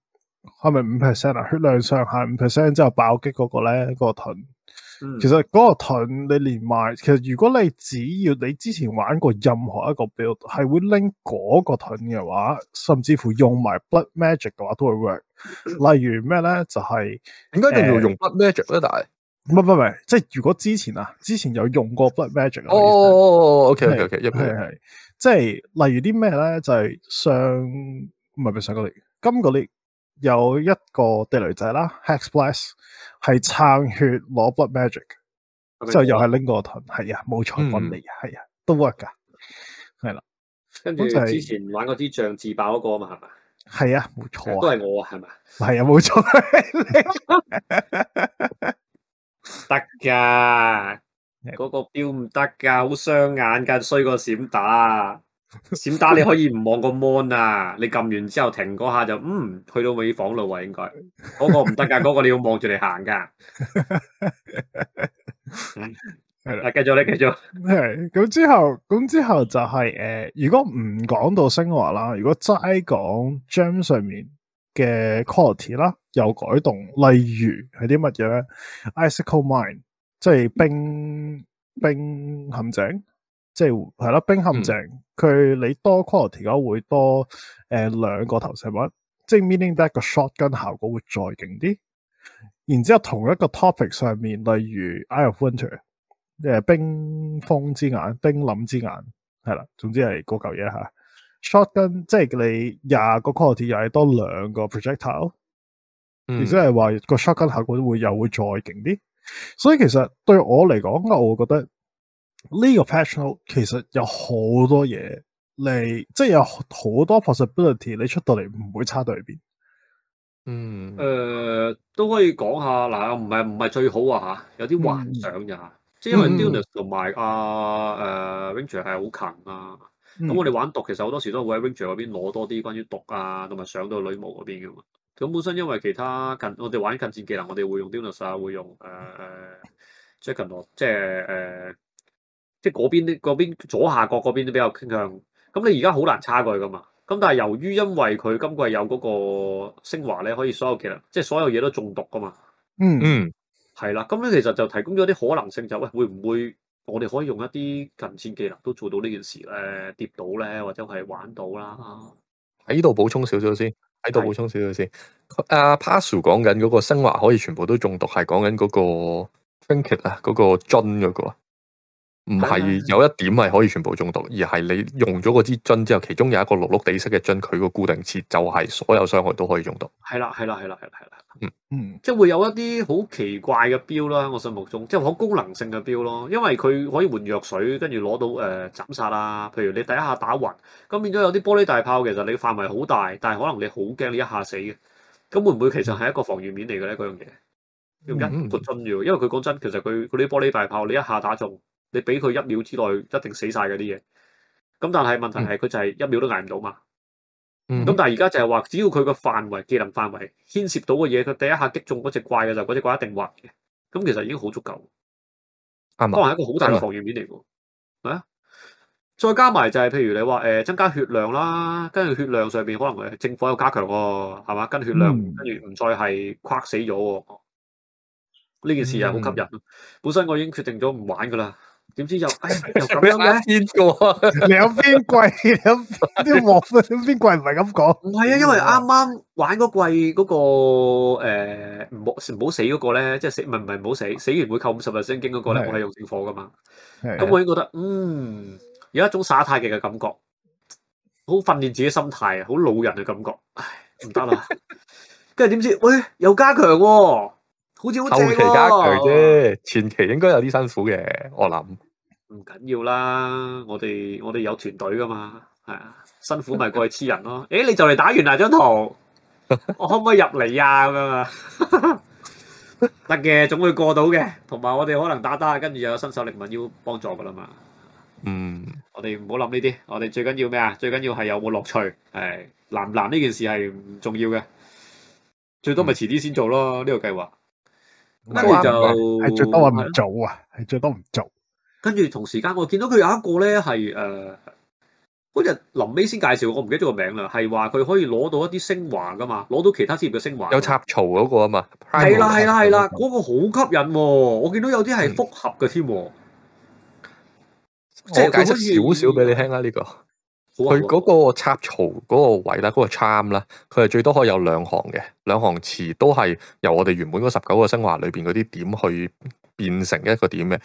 係咪五 percent 啊？血量上限五 percent 之後爆擊，爆擊嗰個咧，個盾。嗯、其實嗰個盾你連埋，其實如果你只要你之前玩過任何一個 build，係會拎嗰個盾嘅話，甚至乎用埋 Blood Magic 嘅話都會 work。例如咩咧，就係點解一定要用 Blood Magic 咧，欸，但係唔係唔係，即係如果之前啊，之前有用過 Blood Magic 哦。哦，ok ok ok，係係係，即係例如啲咩咧，就係、是、上唔係唔上個例，今個例。有一個地雷仔啦，hex blast 係撐血攞 blood magic，之後又係拎個盾，係啊，冇錯穩嚟啊，係、嗯、啊，都 work 噶，係啦、啊。跟住之前玩嗰啲仗自爆嗰、那個啊嘛，係嘛？係啊，冇錯、啊啊、錯，都係我啊，係嘛？係啊，冇錯，得噶，嗰個標唔得噶，好傷眼噶，衰過閃打。閃打你可以唔望個 mon 啊！你撳完之後停嗰下就嗯去到尾房路啊，應該嗰、那個唔得噶，嗰 [laughs] 個你要望住你行噶。係啦、 [laughs] 嗯，繼續咧，繼續係咁 [laughs] 之後，咁之後就係、是、誒、呃，如果唔講到升華啦，如果齋講 gem 上面嘅 quality 啦，有改動，例如係啲乜嘢咧？Icicle Mine 即係冰冰陷阱。即係係咯，冰陷阱佢你多 quality 嘅話會多誒兩、呃、個投射物，即係 meaning that 個 shotgun 效果會再勁啲。然之後同一個 topic 上面，例如 Winter,、呃 Eye of Winter 誒冰封之眼、冰凛之眼，係啦，總之係嗰嚿嘢吓。shotgun 即係你廿個 quality 又係多兩個 projectile 而且係、嗯、話個 shotgun 效果會又會再勁啲。所以其實對我嚟講，我會覺得。呢個 professional 其實有好多嘢，你即係有好多 possibility，你出到嚟唔會差到去邊。嗯，誒、呃、都可以講下嗱，唔係唔係最好啊吓，有啲幻想咋，即係、嗯、因為 Dennis 同埋阿、啊、誒、呃、Ranger 係好近啊，咁、嗯、我哋玩毒其實好多時都係會喺 Ranger 嗰邊攞多啲關於毒啊，同埋上到女巫嗰邊噶嘛。咁本身因為其他近我哋玩近戰技能，我哋會用 Dennis 啊，會用誒 Jacken 羅，即係誒。即係嗰邊啲，嗰邊左下角嗰邊都比較傾向。咁你而家好難差過去噶嘛？咁但係由於因為佢今季有嗰個昇華咧，可以所有技能，即係所有嘢都中毒噶嘛？嗯嗯，係、嗯、啦。咁咧其實就提供咗啲可能性，就是，就、欸、喂會唔會我哋可以用一啲近戰技能都做到呢件事呢？誒、呃，跌到咧，或者係玩到啦。喺度補充少少先，喺度補充少少先。阿 Pazu 講緊嗰個昇華可以全部都中毒，係講緊嗰個 Trinket 啊，嗰個樽嗰個。唔係有一點係可以全部中毒，而係你用咗嗰支樽之後，其中有一個綠綠地式嘅樽，佢個固定切就係所有傷害都可以中毒。係啦，係啦，係啦，係啦，係啦。嗯，即係會有一啲好奇怪嘅標啦，我心目中即係好功能性嘅標咯，因為佢可以換藥水，跟住攞到誒斬殺啦。譬如你第一下打暈，咁變咗有啲玻璃大炮，其實你範圍好大，但係可能你好驚你一下死嘅。咁會唔會其實係一個防御面嚟嘅咧？嗰樣嘢要一個樽要，嗯、因為佢講真，其實佢啲玻璃大炮你一下打中。你俾佢一秒之內一定死晒嗰啲嘢，咁但係問題係佢就係一秒都挨唔到嘛。咁、嗯、但係而家就係話，只要佢個範圍技能範圍牽涉到嘅嘢，佢第一下擊中嗰隻怪嘅時候，嗰隻怪一定滑嘅。咁其實已經好足夠，當然係一個好大嘅防禦面嚟嘅。係啊、嗯，嗯、再加埋就係譬如你話誒、呃、增加血量啦，跟住血量上邊可能政府有加強喎，係嘛？跟血量跟住唔再係垮死咗。呢、嗯嗯、件事啊好吸引，本身我已經決定咗唔玩噶啦。點知就哎，又咁樣嘅邊個？兩邊貴， [laughs] 兩啲王邊貴唔係咁講。唔係啊，因為啱啱玩嗰季嗰個誒唔好唔好死嗰、嗰個咧，即係死唔係唔係唔好死，死完會扣五十日星經嗰個咧，的我係用正火噶嘛。咁的我已經覺得嗯，有一種耍太極嘅感覺，好訓練自己心態啊，好老人嘅感覺。唉，唔得啦。跟住點知，喂、哎，又加強。好似、啊、後期加強啫，前期應該有啲辛苦嘅，我諗唔緊要啦。我哋我哋有團隊噶嘛，係、哎、啊，辛苦咪過去黐人咯。誒、 [laughs] 欸，你就嚟打完嗱張、啊、圖，我可唔可以入嚟啊？咁啊，得 [laughs] 嘅， [laughs] 總會過到嘅。同埋我哋可能打打，跟住又有新手力民要幫助噶啦嘛。嗯，我哋唔好諗呢啲，我哋最緊要咩啊？最緊要係有冇樂趣。誒、哎，難唔難呢件事係唔重要嘅，最多咪遲啲先做咯呢、這個計劃。嗯跟住就係最多話唔做啊，係最多唔做。跟住同時間我見到佢有一個咧係誒，嗰日臨尾先介紹，我唔記得咗個名啦。係話佢可以攞到一啲升華㗎嘛，攞到其他職業嘅升華。有插槽嗰個啊嘛，係啦係啦係啦，嗰個好吸引喎。我見到有啲係複合嘅添喎，嗯、即係我解釋少少俾你聽啦，呢個。佢嗰個插槽嗰個位咧，嗰、嗰個 charm 啦，佢係最多可以有兩行嘅，兩行詞都係由我哋原本嗰十九個昇華裏邊嗰啲點去變成一個點嘅。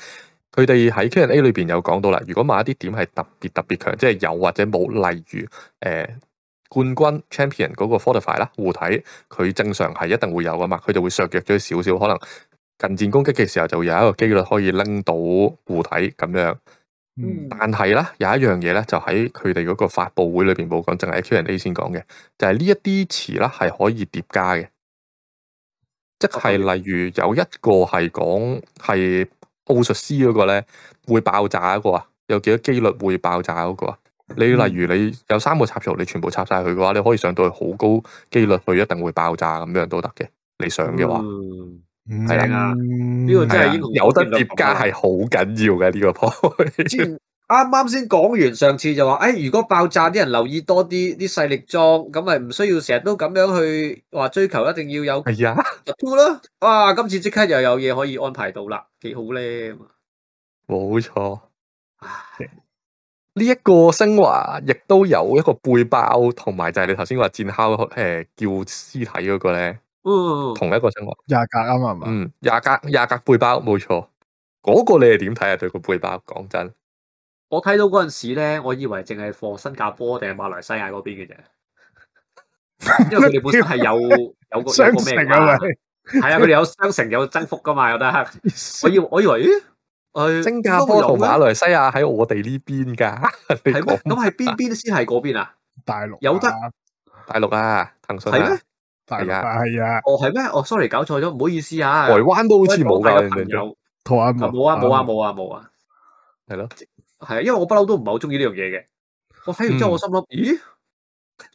佢哋喺 Q&A 裏邊有講到啦，如果某一啲點係特別特別強，即係有或者冇，例如誒、呃、冠軍 champion 嗰個 fortify 啦護體，佢正常係一定會有噶嘛，佢就會削弱咗少少，可能近戰攻擊嘅時候就有一個機率可以拎到護體咁樣。嗯、但係咧有一樣嘢咧，就喺佢哋嗰個發佈會裏邊冇講，淨係 Q&A 先講嘅，就係呢一啲詞咧係可以疊加嘅，即係例如有一個係講係奧術師嗰個咧會爆炸嗰個啊，有幾多機率會爆炸嗰個啊？你例如你有三個插槽，你全部插晒佢嘅話，你可以上到去好高機率去一定會爆炸咁樣都得嘅，你上嘅話。嗯係啦，呢、嗯、個真係有得疊加係好緊要嘅呢個 point。 [laughs] 之前啱啱先講完，上次就話，誒、哎，如果爆炸啲人留意多啲啲勢力裝，咁咪唔需要成日都咁樣去話追求一定要有係啊，two 哇，今次即刻又有嘢可以安排到啦，幾好咧。冇錯，呢一、這個昇華亦都有一個背包，同埋就係你頭先話戰烤誒、呃、叫屍體嗰、那個咧。嗯，同一個升落廿格啊嘛，嗯，廿格廿格背包冇錯，嗰、那個你係點睇啊？對個背包講真，我睇到嗰陣時咧，我以為淨係放新加坡定係馬來西亞嗰邊嘅啫，因為佢哋本身係有 [laughs] 有，有個有個咩係啊，佢哋、啊 [laughs] 啊、有商城有增幅噶嘛，有得，我要我以為誒，為新加坡同馬來西亞喺我哋呢邊噶，咁係邊邊先係嗰邊啊？大陸有得大陸啊，騰訊得係啊，係啊。哦，係咩？哦、oh,，sorry，搞錯咗，唔好意思啊。台灣都好似冇嘅，有台灣。冇啊，冇啊，冇啊，冇啊。係咯、嗯，係啊，因為我不嬲都唔係好中意呢樣嘢嘅。我睇完之後，我心諗，咦，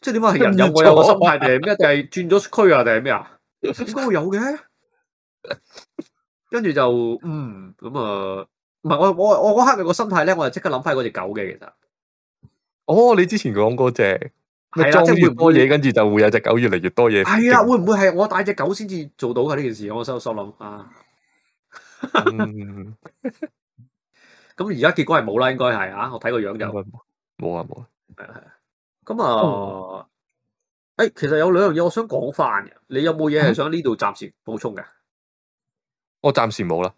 即係點解係人有冇有個心態定係咩？定係轉咗區啊？定係咩啊？應該會有嘅。跟住就，嗯，咁、嗯、啊，唔係我我我嗰刻嘅個心態咧，我就即刻諗翻嗰隻狗嘅其實。哦，你之前講嗰隻。係啊，即係越多嘢，跟住就會有隻狗越嚟越多嘢。係啊的，越越的會唔會係我帶隻狗先至做到嘅呢、嗯、件事？我喺度想諗啊。咁而家結果係冇啦，應該係啊。我睇個樣就冇啊，冇啊。係啊，係啊。咁啊，誒，嗯嗯、其實有兩樣嘢我想講翻嘅。你有冇嘢係想呢度暫時補充嘅？我暫時冇啦。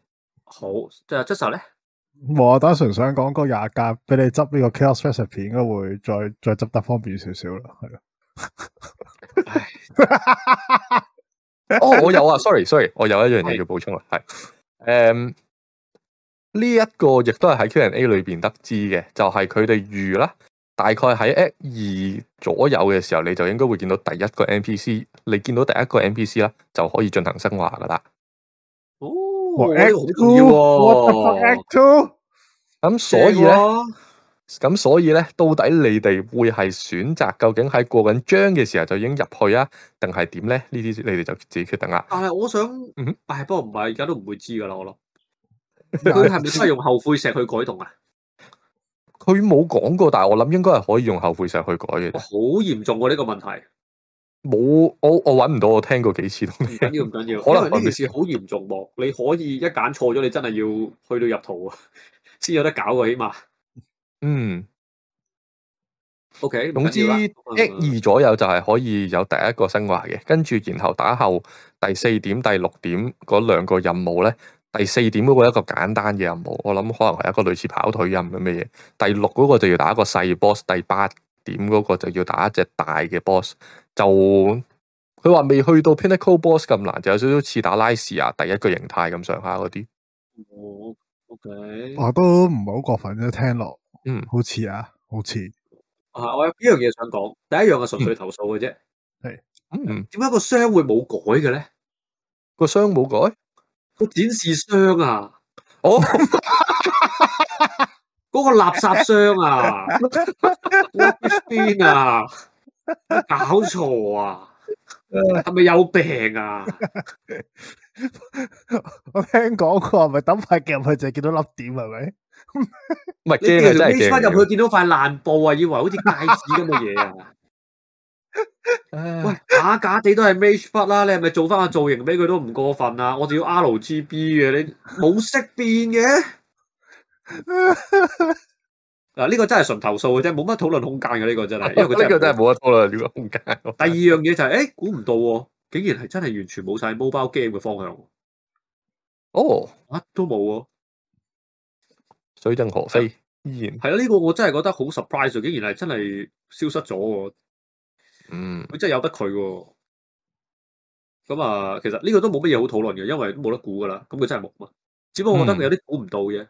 好，即係出 a s 咧。我單純想講個廿格，俾你執呢個 chaos recipe，應該會再再執得方便少少啦，係啊。哦，我有啊，sorry sorry，我有一樣嘢要補充啦，係誒呢一個亦都係喺 Q and A 裏邊得知嘅，就係佢哋預啦，大概喺 X 二左右嘅時候，你就應該會見到第一個 NPC，你見到第一個 NPC 啦，就可以進行升華噶啦。act two？咁所以咧，咁所以咧，到底你哋會係選擇，究竟喺過緊章嘅時候就已經入去啊，定係點咧？呢啲你哋就自己決定啦。但係我想，嗯哼，但係不過唔係，而家都唔會知噶啦，我諗。佢係咪都係用後悔石去改動啊？佢冇講過，但係我諗應該係可以用後悔石去改嘅。好、啊這個、嚴重，我呢個問題。冇，我我揾唔到。我聽過幾次都唔緊要，唔緊要。可能件事好嚴重喎。 [laughs] 你可以一揀錯咗，你真係要去到入圖啊，先有得搞嘅，起碼嗯。O Okay , K，總之一二左右就係可以有第一個升華嘅。跟住、嗯、然後打後第四點、第六點嗰兩個任務咧，第四點嗰個一個簡單嘅任務，我諗可能係一個類似跑腿任務嘅嘢。第六嗰個就要打一個細 boss，第八點嗰個就要打一隻大嘅 boss。就佢話未去到 Pinnacle Boss 咁難，就有少少似打拉士啊，第一個形態咁上下嗰啲。哦，OK。我都唔係好過分啫，聽落，嗯，好似啊，好似。啊，我有幾樣嘢想講。第一樣係純粹投訴嘅啫。係、嗯。點解個箱會冇改嘅咧？個箱冇改？個展示箱啊？哦，嗰個垃圾箱啊？邊 [laughs] 啊？搞錯啊！係咪 [laughs] 有病啊？ [laughs] 我聽講過，係咪等塊鏡入去就見到粒點係咪？唔係， [laughs] [laughs] 你原來用 magic 入去見到塊爛布啊，以為好似戒指咁嘅嘢啊！ [laughs] [laughs] 喂，假假地都係 magic 啦，你係咪做翻個造型俾佢都唔過分啊？我仲要 RGB 嘅、啊，你冇識變嘅。 [laughs] [laughs] 嗱，呢個真係純投訴嘅啫，冇、這、乜、個、討論空間嘅，呢個真係，因為佢真係冇 [laughs] 得討論空間。第二樣嘢就係、是，誒，估唔到、啊，竟然係真係完全冇晒 mobile game 嘅方向。哦，乜都冇啊！Oh, 啊水靜河飛。啊、依然係咯。呢、啊這個我真係覺得好 surprise，啊、竟然係真係消失咗、啊嗯啊。嗯，佢真係有得佢嘅。咁啊，其實呢個都冇乜嘢好討論嘅，因為都冇得估噶啦。咁佢真係冇嘛？只不過我覺得佢有啲估唔到嘅。嗯。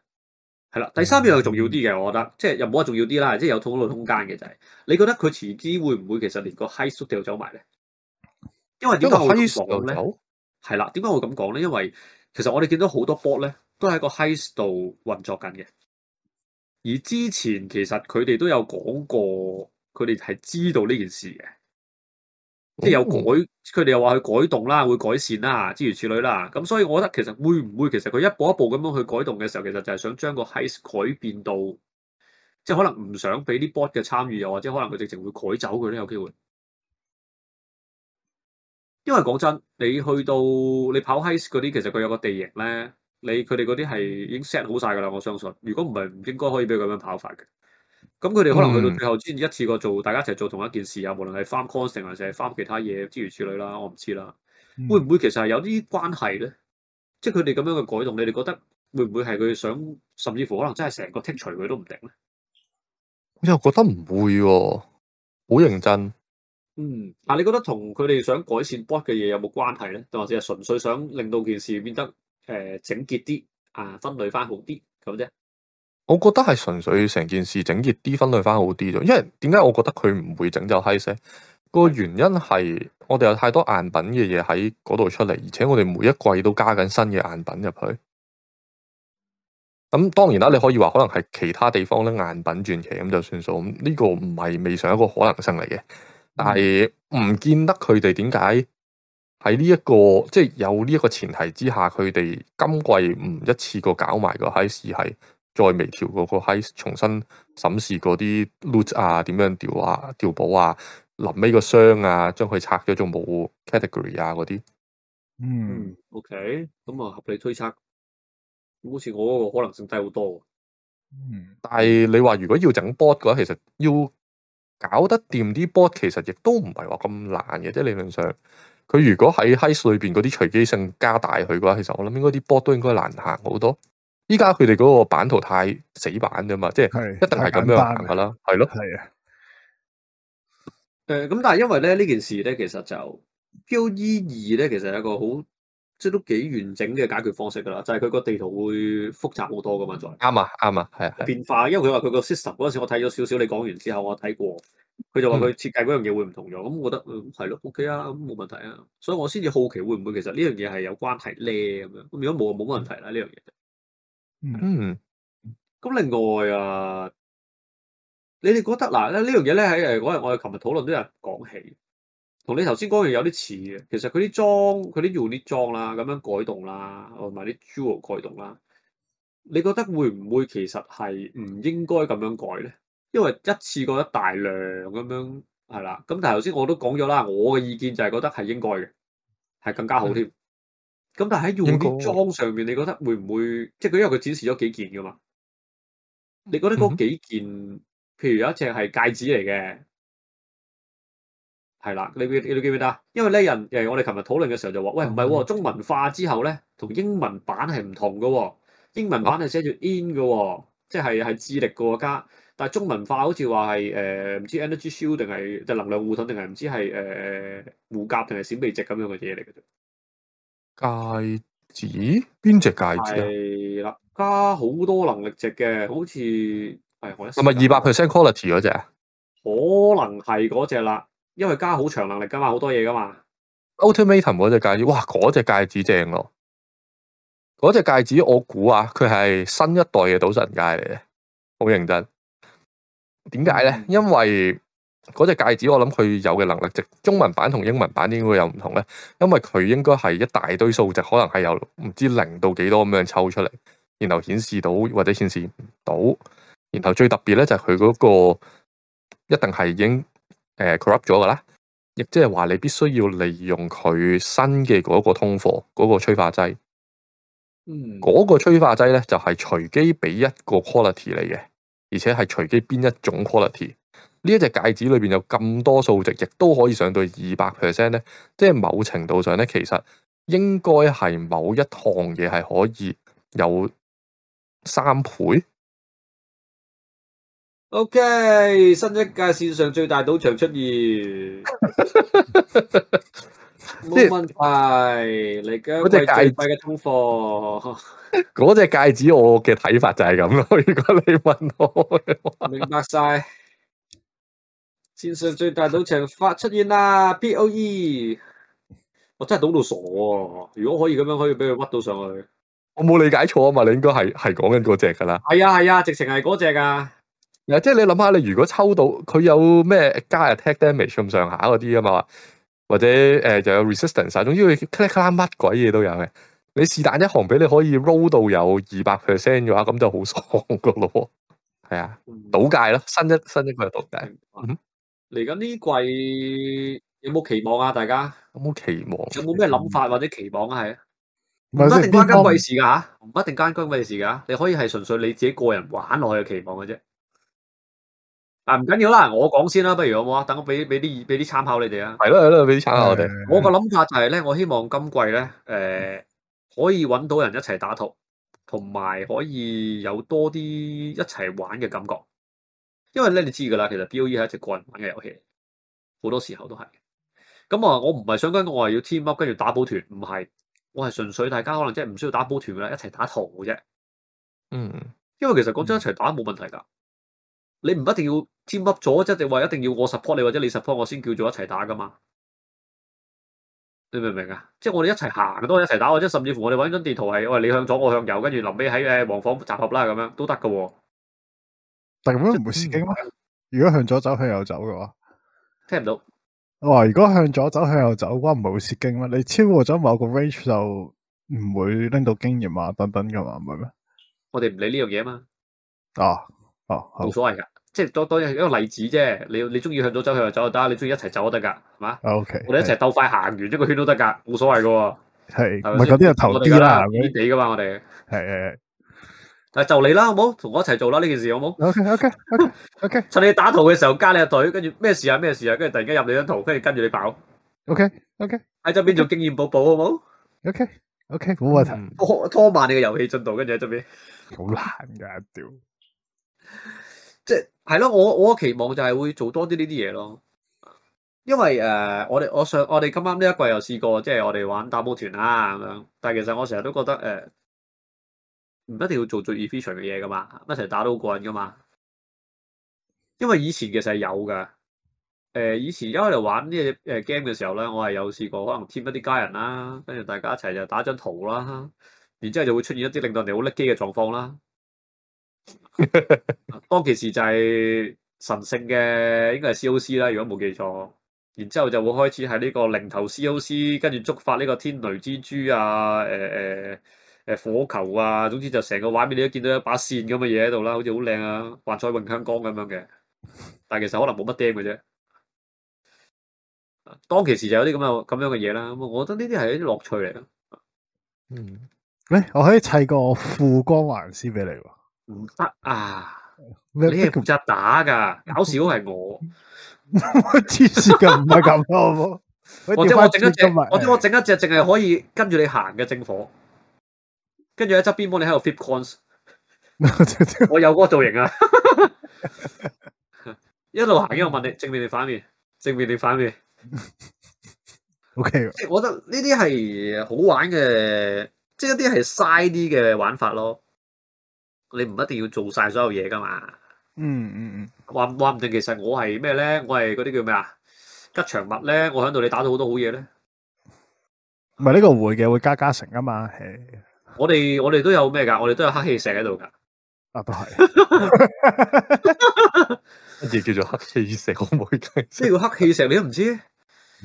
係啦，第三樣係重要啲嘅，我覺得，即係又唔好話重要啲啦，即係有討論空間嘅就係、是，你覺得佢遲啲會唔會其實連個 Heist 都掉走埋咧？因為點解會咁講咧？係啦，點解會咁講咧？因為其實我哋見到好多 bot 咧，都喺個 Heist 度運作緊嘅，而之前其實佢哋都有講過，佢哋係知道呢件事嘅。即係有改，佢哋又話去改動啦，會改善啦，諸如此類啦。咁所以我覺得其實會唔會，其實佢一步一步咁樣去改動嘅時候，其實就係想將個 Heist 改變到，即係可能唔想俾啲 bot 嘅參與，又或者可能佢直情會改走佢咧，有機會。因為講真，你去到你跑 Heist 嗰啲，其實佢有個地形咧，你佢哋嗰啲係已經 set 好晒噶啦。我相信，如果唔係，唔應該可以俾佢咁樣跑法嘅。咁佢哋可能去到最後，先一次過做，大家一齊做同一件事啊，無論係翻 consing 還是係翻其他嘢，諸如此類啦，我唔知啦。會唔會其實係有啲關係咧？嗯、即係佢哋咁樣嘅改動，你哋覺得會唔會係佢想，甚至乎可能真係成個剔除佢都唔定咧？我又覺得唔會喎、哦，好認真。嗯，嗱，你覺得同佢哋想改善 bot 嘅嘢有冇關係咧？定或者係純粹想令到件事變得誒、呃、整潔啲啊，分類翻好啲咁啫？我覺得係純粹成件事整潔啲，分類返好啲咗。因為點解我覺得佢唔會整就嗨呢？個原因係我哋有太多硬品嘅嘢喺嗰度出嚟，而且我哋每一季都加緊新嘅硬品入去。咁當然啦，你可以話可能係其他地方咧硬品轉期咁就算數。呢個唔係未嘗一個可能性嚟嘅，但係唔、嗯、見得佢哋點解喺呢一個即係、就是、有呢一個前提之下，佢哋今季唔一次過搞埋個嗨市係。再微調嗰、那個 Heist，重新審視嗰啲 loot 啊，點樣調啊，調補啊，臨尾個箱啊，將佢拆咗、啊，仲冇 category 啊嗰啲。嗯、嗯，OK，咁、嗯、啊合理推測。好似我嗰個可能性低好多、啊嗯。嗯。但係你話如果要整 bot 嘅話，其實要搞得掂啲 bot，其實亦都唔係話咁難嘅，即係理論上，佢如果喺 Heist 裏邊嗰啲隨機性加大佢嘅話，其實我諗應該啲 bot 都應該難行好多。依家佢哋嗰個版圖太死板噶嘛，即係一定係咁樣行噶啦，係咯。係啊的。誒，咁、 [noise] 嗯、但係因為咧呢件事咧，其實就 POE 二咧，其實係一個好即係都幾完整嘅解決方式噶啦，就係佢個地圖會複雜好多噶嘛。再啱啊，啱啊，係啊。啊啊變化，因為佢話佢個 system 嗰陣時，我睇咗少少。你講完之後，我睇過佢就話佢設計嗰樣嘢會唔同咗。咁、嗯嗯、我覺得誒係咯，OK 啊，咁冇問題啊。所以我先至好奇會唔會其實呢樣嘢係有關係咧咁樣。咁如果冇冇問題咧、啊、呢樣嘢。嗯，咁另外啊，你哋覺得嗱咧呢樣嘢咧喺誒日我哋琴日討論都有講起，同你頭先講嘢有啲似嘅。其實佢啲裝，佢啲 uni 裝啦，咁樣改動啦，同埋啲 jewel 改動啦，你覺得會唔會其實係唔應該咁樣改咧？嗯、因為一次過一大量咁樣係啦。咁但係頭先我都講咗啦，我嘅意見就係覺得係應該嘅，係更加好添。咁但係喺用啲裝上面，你覺得會唔會即係佢因為佢展示咗幾件噶嘛？你覺得嗰幾件，嗯、哼譬如有一隻係戒指嚟嘅，係啦，你你你記唔記得？因為咧人誒，我哋琴日討論嘅時候就話，喂唔係喎，中文化之後咧，同英文版係唔同嘅喎、哦，英文版係寫住 in 嘅喎、哦，即係係智力國家。」但係中文化好似話係誒唔知 energy shield 定係就能量護盾定係唔知係誒護甲定係閃避值咁樣嘅嘢嚟嘅啫。戒指？邊隻戒指係啦，加好多能力值嘅，好似係係咪二百 percent quality 嗰隻啊？可能係嗰隻啦，因為加好長能力噶嘛，好多嘢噶嘛。Automation 嗰隻戒指，哇，嗰隻戒指正咯，嗰隻戒指我估啊，佢係新一代嘅賭神戒嚟嘅，好認真。點解咧？嗯、因為嗰隻戒指，我諗佢有嘅能力值，中文版同英文版應該有唔同咧，因為佢應該係一大堆數值，可能係有唔知零到幾多咁樣抽出嚟，然後顯示到或者顯示唔到，然後最特別咧就係佢嗰個一定係已經誒、呃、corrupt 咗噶啦，亦即係話你必須要利用佢新嘅嗰個通貨嗰、嗰個催化劑，嗯，嗰個催化劑咧就係隨機俾一個 quality 嚟嘅，而且係隨機邊一種 quality。呢一隻戒指裏邊有咁多數值，亦都可以上到二百 percent 咧。即係某程度上咧，其實應該係某一項嘢係可以有三倍。OK，新一屆線上最大賭場出現，冇 [laughs] 問題嚟緊。嗰隻戒指嘅通貨，嗰隻戒， [laughs] [laughs] 戒指我嘅睇法就係咁咯。 [laughs] 如果你問我， [laughs] 明白晒。線上最大賭場發出現啦 POE 我真係賭到傻啊！如果可以咁樣，可以俾佢屈到上去。我冇理解錯啊嘛，你應該係係講緊嗰隻噶啦。係啊係啊，直情係嗰隻啊！嗱、啊啊，即係你諗下，你如果抽到佢有咩加 attack damage 咁上下嗰啲啊嘛，或者誒又、呃、有 resistance 啊，總之佢 click 啦乜鬼嘢都有嘅。你是但一行俾你可以 roll 到有二百 percent 嘅話，咁就好爽噶咯，係啊賭戒咯，新一新一個係賭戒。嗯嚟緊呢季有冇期望啊？大家有冇期望？有冇咩諗法或者期望啊？係唔是一定邊關今季事噶吓，唔一定關今季事噶，你可以係純粹你自己個人玩落去嘅期望嘅啫。但唔緊要啦，我講先啦，不如我等我俾俾啲俾啲參考你哋啊。係咯係咯，俾啲參考我哋、呃。我個諗法就係、是、咧，我希望今季咧，誒、呃，可以搵到人一齊打圖，同埋可以有多啲一齊玩嘅感覺。因為咧你知㗎啦，其實 POE 係一隻個人玩嘅遊戲，好多時候都係。咁、嗯、啊，我唔係想跟我話要 team up，跟住打補團，唔係，我係純粹大家可能即係唔需要打補團㗎啦，一齊打圖嘅啫。嗯，因為其實講真一齊打冇問題㗎，你唔一定要 team up 咗，即係話一定要我 support 你或者你 support 我先叫做一齊打㗎嘛。你明唔明啊？即係我哋一齊行都係一齊打，或者甚至乎我哋搵張地圖係，喂、哎、你向左我向右，跟住臨尾喺誒黃房集合啦，咁樣都得㗎喎。但咁樣唔會蝕經咩？如果向左走向右走嘅話，聽唔到。哇！如果向左走向右走嘅話，唔係會蝕經咩？你超過咗某個 range 就唔會拎到經驗啊，等等嘅嘛，唔係咩？我哋唔理呢樣嘢啊嘛。哦，啊，冇所謂噶，即係多多一個例子啫。你你中意向左走向右走就得，你中意一齊走都得噶，係嘛？OK，我哋一齊鬥快行完一個圈都得噶，冇所謂噶。係唔係有啲嘅投資啦？咁樣嘅嘛，我哋係係誒，就嚟啦，好冇？同我一齊做啦，呢件事好冇？OK，OK，OK，OK。Okay, okay, okay, okay. [laughs] 趁你打圖嘅時候加你個隊，跟住咩事啊？咩事啊？跟住突然間入你張圖，跟住跟住你跑。OK，OK。喺側邊 Okay. 做經驗寶寶好冇？OK，OK，好問題 Okay, okay.。我拖慢你嘅遊戲進度，跟住喺側邊。好難噶，屌！即係係咯，我我，我期望就係會做多啲呢啲嘢咯。因為誒、呃，我哋我上我哋今晚呢一季又試過，即係我哋玩打寶團啊咁樣。但係其實我成日都覺得誒。呃呃唔一定要做最 efficient 嘅嘢噶嘛，一齊打都好過癮噶嘛。因為以前其實係有噶，誒、呃，以前一開嚟玩呢隻誒 game 嘅時候咧，我係有試過可能添一啲家人啦，跟住大家一齊就打張圖啦，然之後就會出現一啲令到你好甩機嘅狀況啦。 [laughs] 當其時就係神聖嘅，應該係 COC 啦，如果冇記錯。然之後就會開始喺呢個零頭 COC，跟住觸發呢個天雷蜘蛛啊，誒、呃、誒。呃誒，火球啊，總之就成個畫面你都見到一把扇咁嘅嘢喺度啦，好似好靚啊，幻彩詠香江咁樣嘅。但係其實可能冇乜釘嘅啫。當其時就有啲咁啊，咁樣嘅嘢啦。咁我覺得呢啲係一啲樂趣嚟咯。嗯，喂，我可以砌個副光環先俾你喎。唔得啊！你係負責打噶，麼搞笑係我。黐線噶唔係咁多。或者我整一隻，或者我整一隻，淨係可以跟住你行嘅正火。跟住喺側邊幫你喺度 flip coins, [laughs] 我有嗰個造型啊！ [laughs] 一路行一路問你正面你反面？正面你反面？OK，我覺得呢啲係好玩嘅，即係一啲係嘥啲嘅玩法咯。你唔一定要做晒所有嘢噶嘛？嗯嗯嗯，話話唔定其實我係咩咧？我係嗰啲叫咩啊？吉祥物咧？我喺度你打到好多好嘢咧？唔係呢個會嘅，會加加成啊嘛？我哋我哋都有咩噶？我哋都有黑氣石喺度噶。啊，都係。乜嘢叫做黑氣石？可唔可以？即係個黑氣石，你都唔知。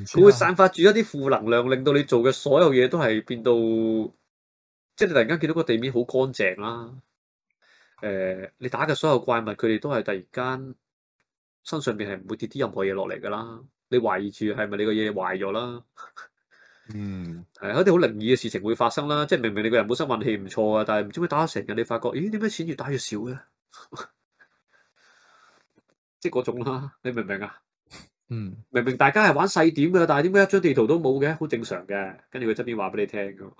佢會散發住一啲負能量，令到你做嘅所有嘢都係變到，即係你突然間見到個地面好乾淨啦。誒，你打嘅所有怪物，佢哋都係突然間身上面係唔會跌啲任何嘢落嚟噶啦。你懷疑住係咪你個嘢壞咗啦？嗯，係啊，一啲好靈異嘅事情會發生啦，即係明明你個人本身運氣唔錯啊，但係唔知點解打到成日你發覺，咦，點解錢越打越，越少嘅？ [laughs] 即係嗰種啦，你明唔明啊？嗯，明明大家係玩細點嘅，但係點解一張地圖都冇嘅？好正常嘅，跟住佢側邊話俾你聽㗎。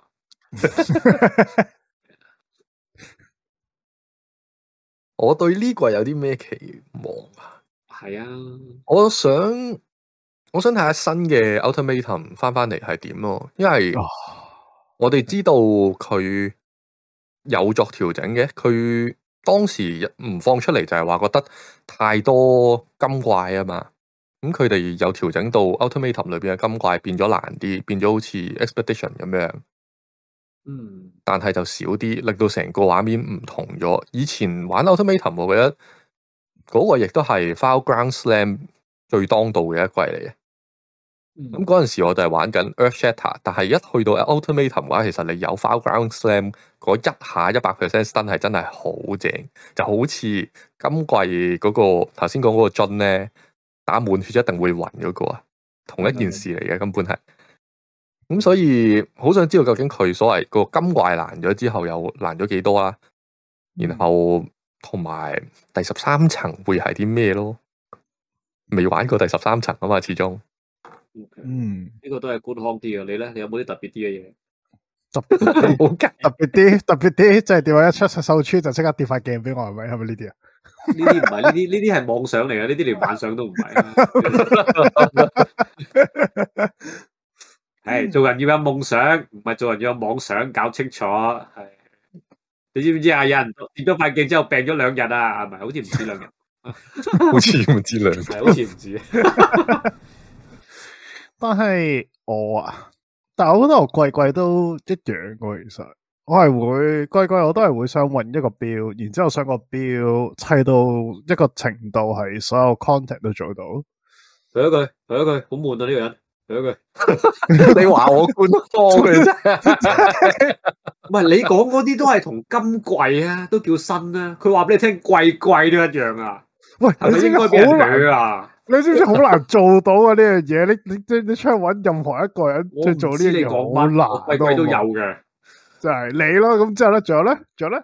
我對呢季有啲咩期望啊？係啊，我想。我想睇下新嘅 Ultimatum 翻返嚟係點咯，因為我哋知道佢有作調整嘅，佢當時唔放出嚟就係話覺得太多金怪啊嘛，咁佢哋有調整到 Ultimatum、um、裏邊嘅金怪變咗難啲，變咗好似 Expedition 咁樣，嗯，但係就少啲，令到成個畫面唔同咗。以前玩 Ultimatum，我、um、覺得嗰、那個亦都係 File Ground Slam 最當道嘅一季嚟嘅。咁嗰陣時，我哋係玩緊 Earth Shatter，但係一去到 Ultimatum 嘅話，其實你有 Vaal Ground Slam 嗰一下一百 percent stun，真係真係好正，就好似金怪嗰、那個頭先講嗰個樽咧，打滿血一定會暈嗰、那個啊，同一件事嚟嘅，的根本係。咁所以好想知道究竟佢所謂個金怪難咗之後，又難咗幾多啦、啊？然後同埋第十三層會係啲咩咯？未玩過第十三層啊嘛，始終。Okay. 嗯，呢個都係官方啲嘅，你咧有冇啲特別啲嘅嘢？特冇計，特別啲特別啲，即係電話一出十手村就即刻跌塊鏡俾我，係咪？係咪呢啲啊？呢啲唔係呢啲，呢啲係妄想嚟嘅，呢啲連幻想都唔係，啊。係 [laughs] [laughs] [laughs] 做人要有夢想，唔係做人要有妄想，搞清楚係。你知唔知啊？有人跌咗塊鏡之後病咗兩日啊？係咪？好似唔止兩日， [laughs] 好似唔止兩，日？好似唔止。但係我啊，但係我覺得我季季都一樣嘅，其實我係會季季我都係會想搵一個表，然之後上個表砌到一個程度係所有 content 都做到。第一句第一句，好悶啊呢個人第一句，你話我官多？嚟咋？唔係你講嗰啲都係同今季啊，都叫新啦、啊。佢話俾你聽，季季都一樣啊。喂，係咪應該俾人啊！ [laughs] [laughs] 你知唔知好難做到啊？呢樣嘢，你你即你出去揾任何一個人即去做呢樣嘢，好難。季季都有嘅，就係你咯。咁之後咧，仲有咧，仲有咧，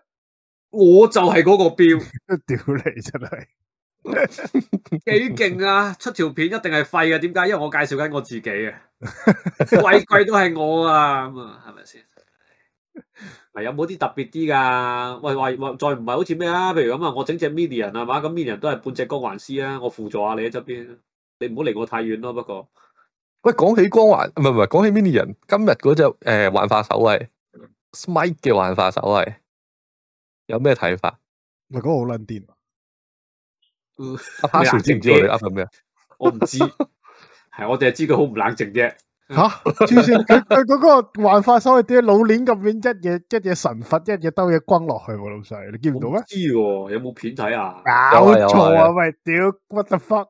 我就係嗰個標。屌你 [laughs] 真係，幾勁啊！出條片一定係廢啊！點解？因為我介紹緊我自己啊！季 [laughs] 季都係我啊，咁 [laughs] 啊、嗯，係咪先？有冇啲特別啲㗎？喂，話再唔係好似咩啊？譬如咁啊，我整隻 mini 人啊嘛，咁 mini 人都係半隻光環師啊，我輔助下你喺側邊，你唔好離我太遠咯。不過，喂，講起光環唔係唔係講起 mini 人，今日嗰隻誒幻化守衛，Smite 嘅幻化守衛有咩睇法？唔係講好撚癲啊！阿 Pazu 知唔知你 [laughs] 我哋噏緊咩？我唔知，係我淨係知佢好唔冷靜啫。吓，佢嗰個玩法所謂啲老練咁樣一嘢，一嘢一嘢神佛，一嘢兜嘢轟落去，啊，老細你見唔到咩？知有冇片睇啊？搞錯啊！錯啊啊喂，屌 what the fuck？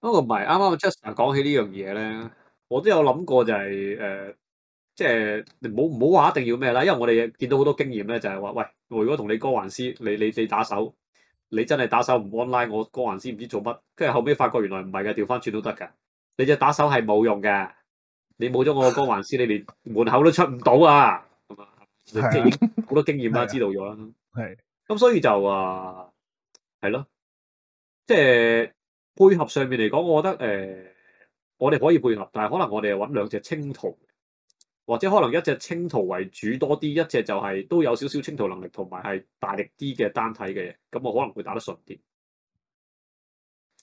不過唔係，啱啱 Chester 講起呢樣嘢咧，我都有諗過就係、是、誒、呃，即係你唔好唔好話一定要咩啦，因為我哋見到好多經驗咧、就是，就係話喂，我如果同你哥還師，你你你打手，你真係打手唔 online，我哥還師唔知做乜，跟住後尾發覺原來唔係嘅，調翻轉都得嘅，你隻打手係冇用嘅。你冇咗我個光環師，你連門口都出唔到啊！咁啊， [laughs] 即好多經驗啦， [laughs] 知道咗啦。係，咁所以就啊，係咯，即、就、係、是呃、配合上面嚟講，我覺得誒、呃，我哋可以配合，但係可能我哋揾兩隻清圖，或者可能一隻清圖為主多啲，一隻就係、是、都有少少清圖能力同埋係大力啲嘅單體嘅，咁我可能會打得順啲。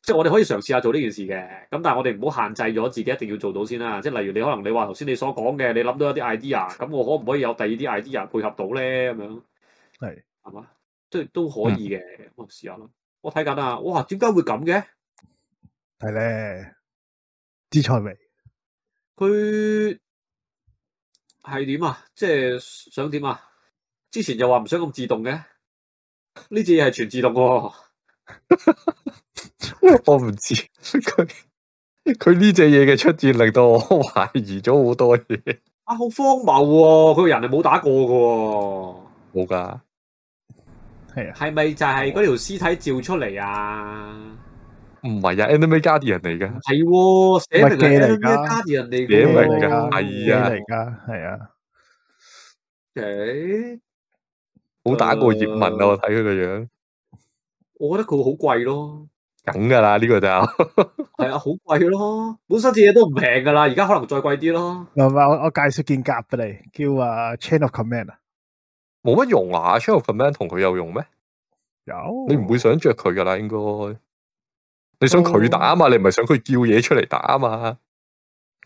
即係我哋可以嘗試下做呢件事嘅，咁但係我哋唔好限制咗自己一定要做到先啦。即係例如你可能你話頭先你所講嘅，你諗到一啲 idea，咁我可唔可以有第二啲 idea 配合到咧？咁樣係，係嘛，即係都，都可以嘅，嗯、我試下咯。我睇緊啊，哇，點解會咁嘅？係咧，知菜未，佢係點啊？即係想點啊？之前又話唔想咁自動嘅，呢隻嘢係全自動喎。 [laughs] [laughs] 我唔知佢佢呢隻嘢嘅出現令到我懷疑咗好多嘢。啊，好荒謬喎，啊！佢個人係冇打過嘅，冇噶係啊？係咪就係嗰條屍體照出嚟啊？唔係啊，Animate Guardian 嚟嘅係寫明嚟噶，Guardian 嚟嘅嚟噶，係啊嚟噶，係啊。誒，冇打過葉問啊！Uh, 我睇佢個樣，我覺得佢好貴咯。梗噶啦，呢個就係 [laughs] 啊，好貴咯。本身啲嘢都唔平噶啦，而家可能再貴啲咯。唔係我我介紹件甲俾你，叫啊 Chain of Command 啊，冇乜用啊。Chain of Command 同佢有用咩？有？你唔會想着佢噶啦，應該。你想佢打嘛？哦、你唔係想佢叫嘢出嚟打嘛？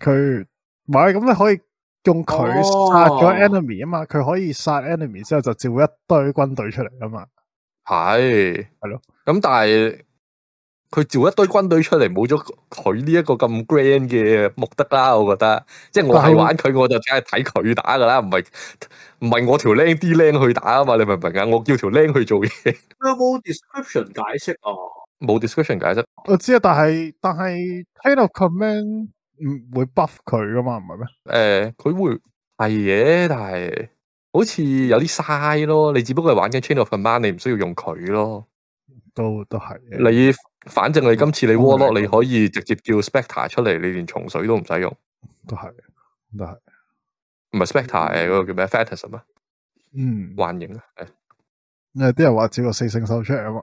佢唔係咁，你可以用佢殺咗 enemy 啊嘛。佢可以殺 enemy 之後就召一堆軍隊出嚟啊嘛。係係咯，咁但係。佢召一堆軍隊出嚟，冇咗佢呢一個咁 grand 嘅目的啦。我覺得，即係我係玩佢，我就梗係睇佢打噶啦，唔係唔係我條靚啲靚去打啊嘛？你明唔明啊？我叫條靚去做嘢。 [laughs] 有冇 description 解釋啊？冇 description 解釋。我知啊，但係但係 chain of command 唔會 buff 佢噶嘛？唔係咩？誒、呃，佢會係嘅，但係好似有啲嘥咯。你只不過係玩緊 chain of command，你唔需要用佢咯。都都係、呃、你。反正你今次你 Warlock 你可以直接叫 Spectre 出嚟，你連重水都唔使用，用。都係，都係。唔係 Spectre 誒、嗯，嗰個叫咩 Phantasm 啊？嗯，幻影，啊。誒，啲人話照個四星獸出嚟啊嘛。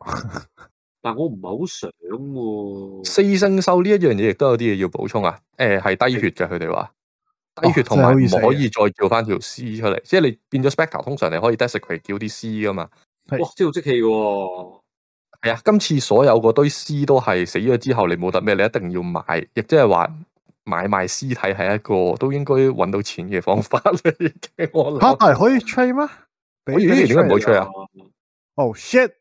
[laughs] 但我唔係好想、啊。四星獸呢一樣嘢亦都有啲嘢要補充啊。誒、欸，係低血嘅，佢哋話低血同埋唔可以再叫翻條 C 出嚟，即係你變咗 Spectre，通常你可以 Desecrate 叫啲 C 噶嘛。哇是，真係好激氣嘅。係啊，今次所有個堆屍都係死咗之後，你冇得咩？你一定要買，亦即係話買賣屍體係一個都應該揾到錢嘅方法啦。吓，係可以 trade 咩？我呢點解唔好 trade 啊？哦、oh, shit，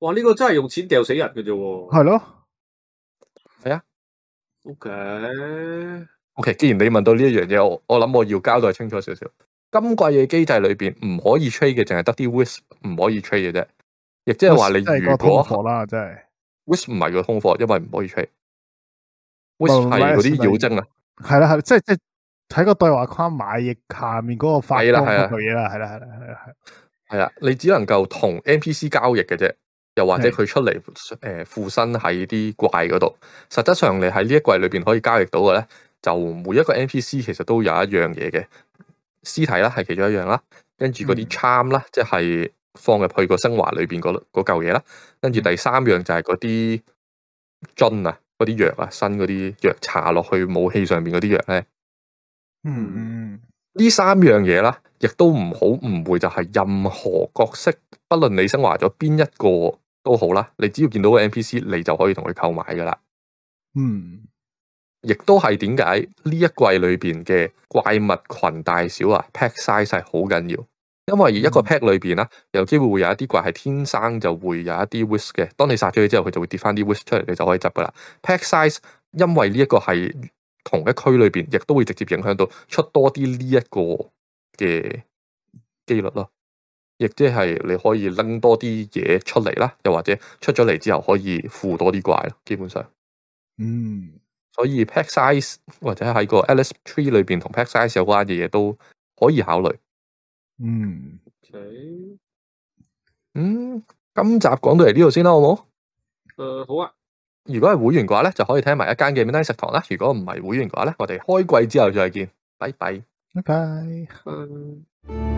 哇呢、這個真係用錢掉死人嘅啫。係咯，係啊。OK，OK，、okay. okay, 既然你問到呢一樣嘢，我我諗我要交代清楚少少。今季嘅機制裏邊唔可以 trade 嘅，淨係得啲 wisp 唔可以 trade 嘅啫。亦即係話你如果即通貨啦，真係，witch 唔係個通貨，因為唔可以出去，witch 係嗰啲妖精啊，係啦係，即係即係喺個對話框買，亦下面嗰個發光佢啦，係啦係啦係啦係，係啦，你只能夠同 NPC 交易嘅啫，又或者佢出嚟誒附身喺啲怪嗰度，的實質上你喺呢一季裏邊可以交易到嘅咧，就每一個 NPC 其實都有一樣嘢嘅屍體啦，係其中一樣啦，跟住嗰啲 charm 啦、嗯，即係。放入去個升華裏邊嗰嚿嘢啦，跟住第三樣就係嗰啲樽啊，嗰啲藥啊，新嗰啲藥搽落去武器上面嗰啲藥咧，嗯嗯，呢三樣嘢啦，亦都唔好誤會，就係任何角色，不論你升華咗邊一個都好啦，你只要見到個 NPC，你就可以同佢購買噶啦，嗯，亦都係點解呢一季裏邊嘅怪物群大小啊，pack size 係好緊要。因為一個 pack 裡邊啦，有機會會有一啲怪係天生就會有一啲 wisp 嘅。當你殺咗佢之後，佢就會跌翻啲 wisp 出嚟，你就可以執噶啦。pack size 因為呢一個係同一區裡邊，亦都會直接影響到出多啲呢一個嘅幾率咯。亦即係你可以拎多啲嘢出嚟啦，又或者出咗嚟之後可以附多啲怪咯。基本上，嗯，所以 pack size 或者喺個 Atlas Tree 裡邊同 pack size 有關嘅嘢都可以考慮。嗯嗯，mm. Okay. mm. 今集講到嚟呢度先啦，好冇？誒，uh, 好啊。如果係會員嘅話咧，就可以聽埋一間嘅 Midnight 食堂啦。如果唔係會員嘅話咧，我哋開季之後再見。拜拜，拜拜。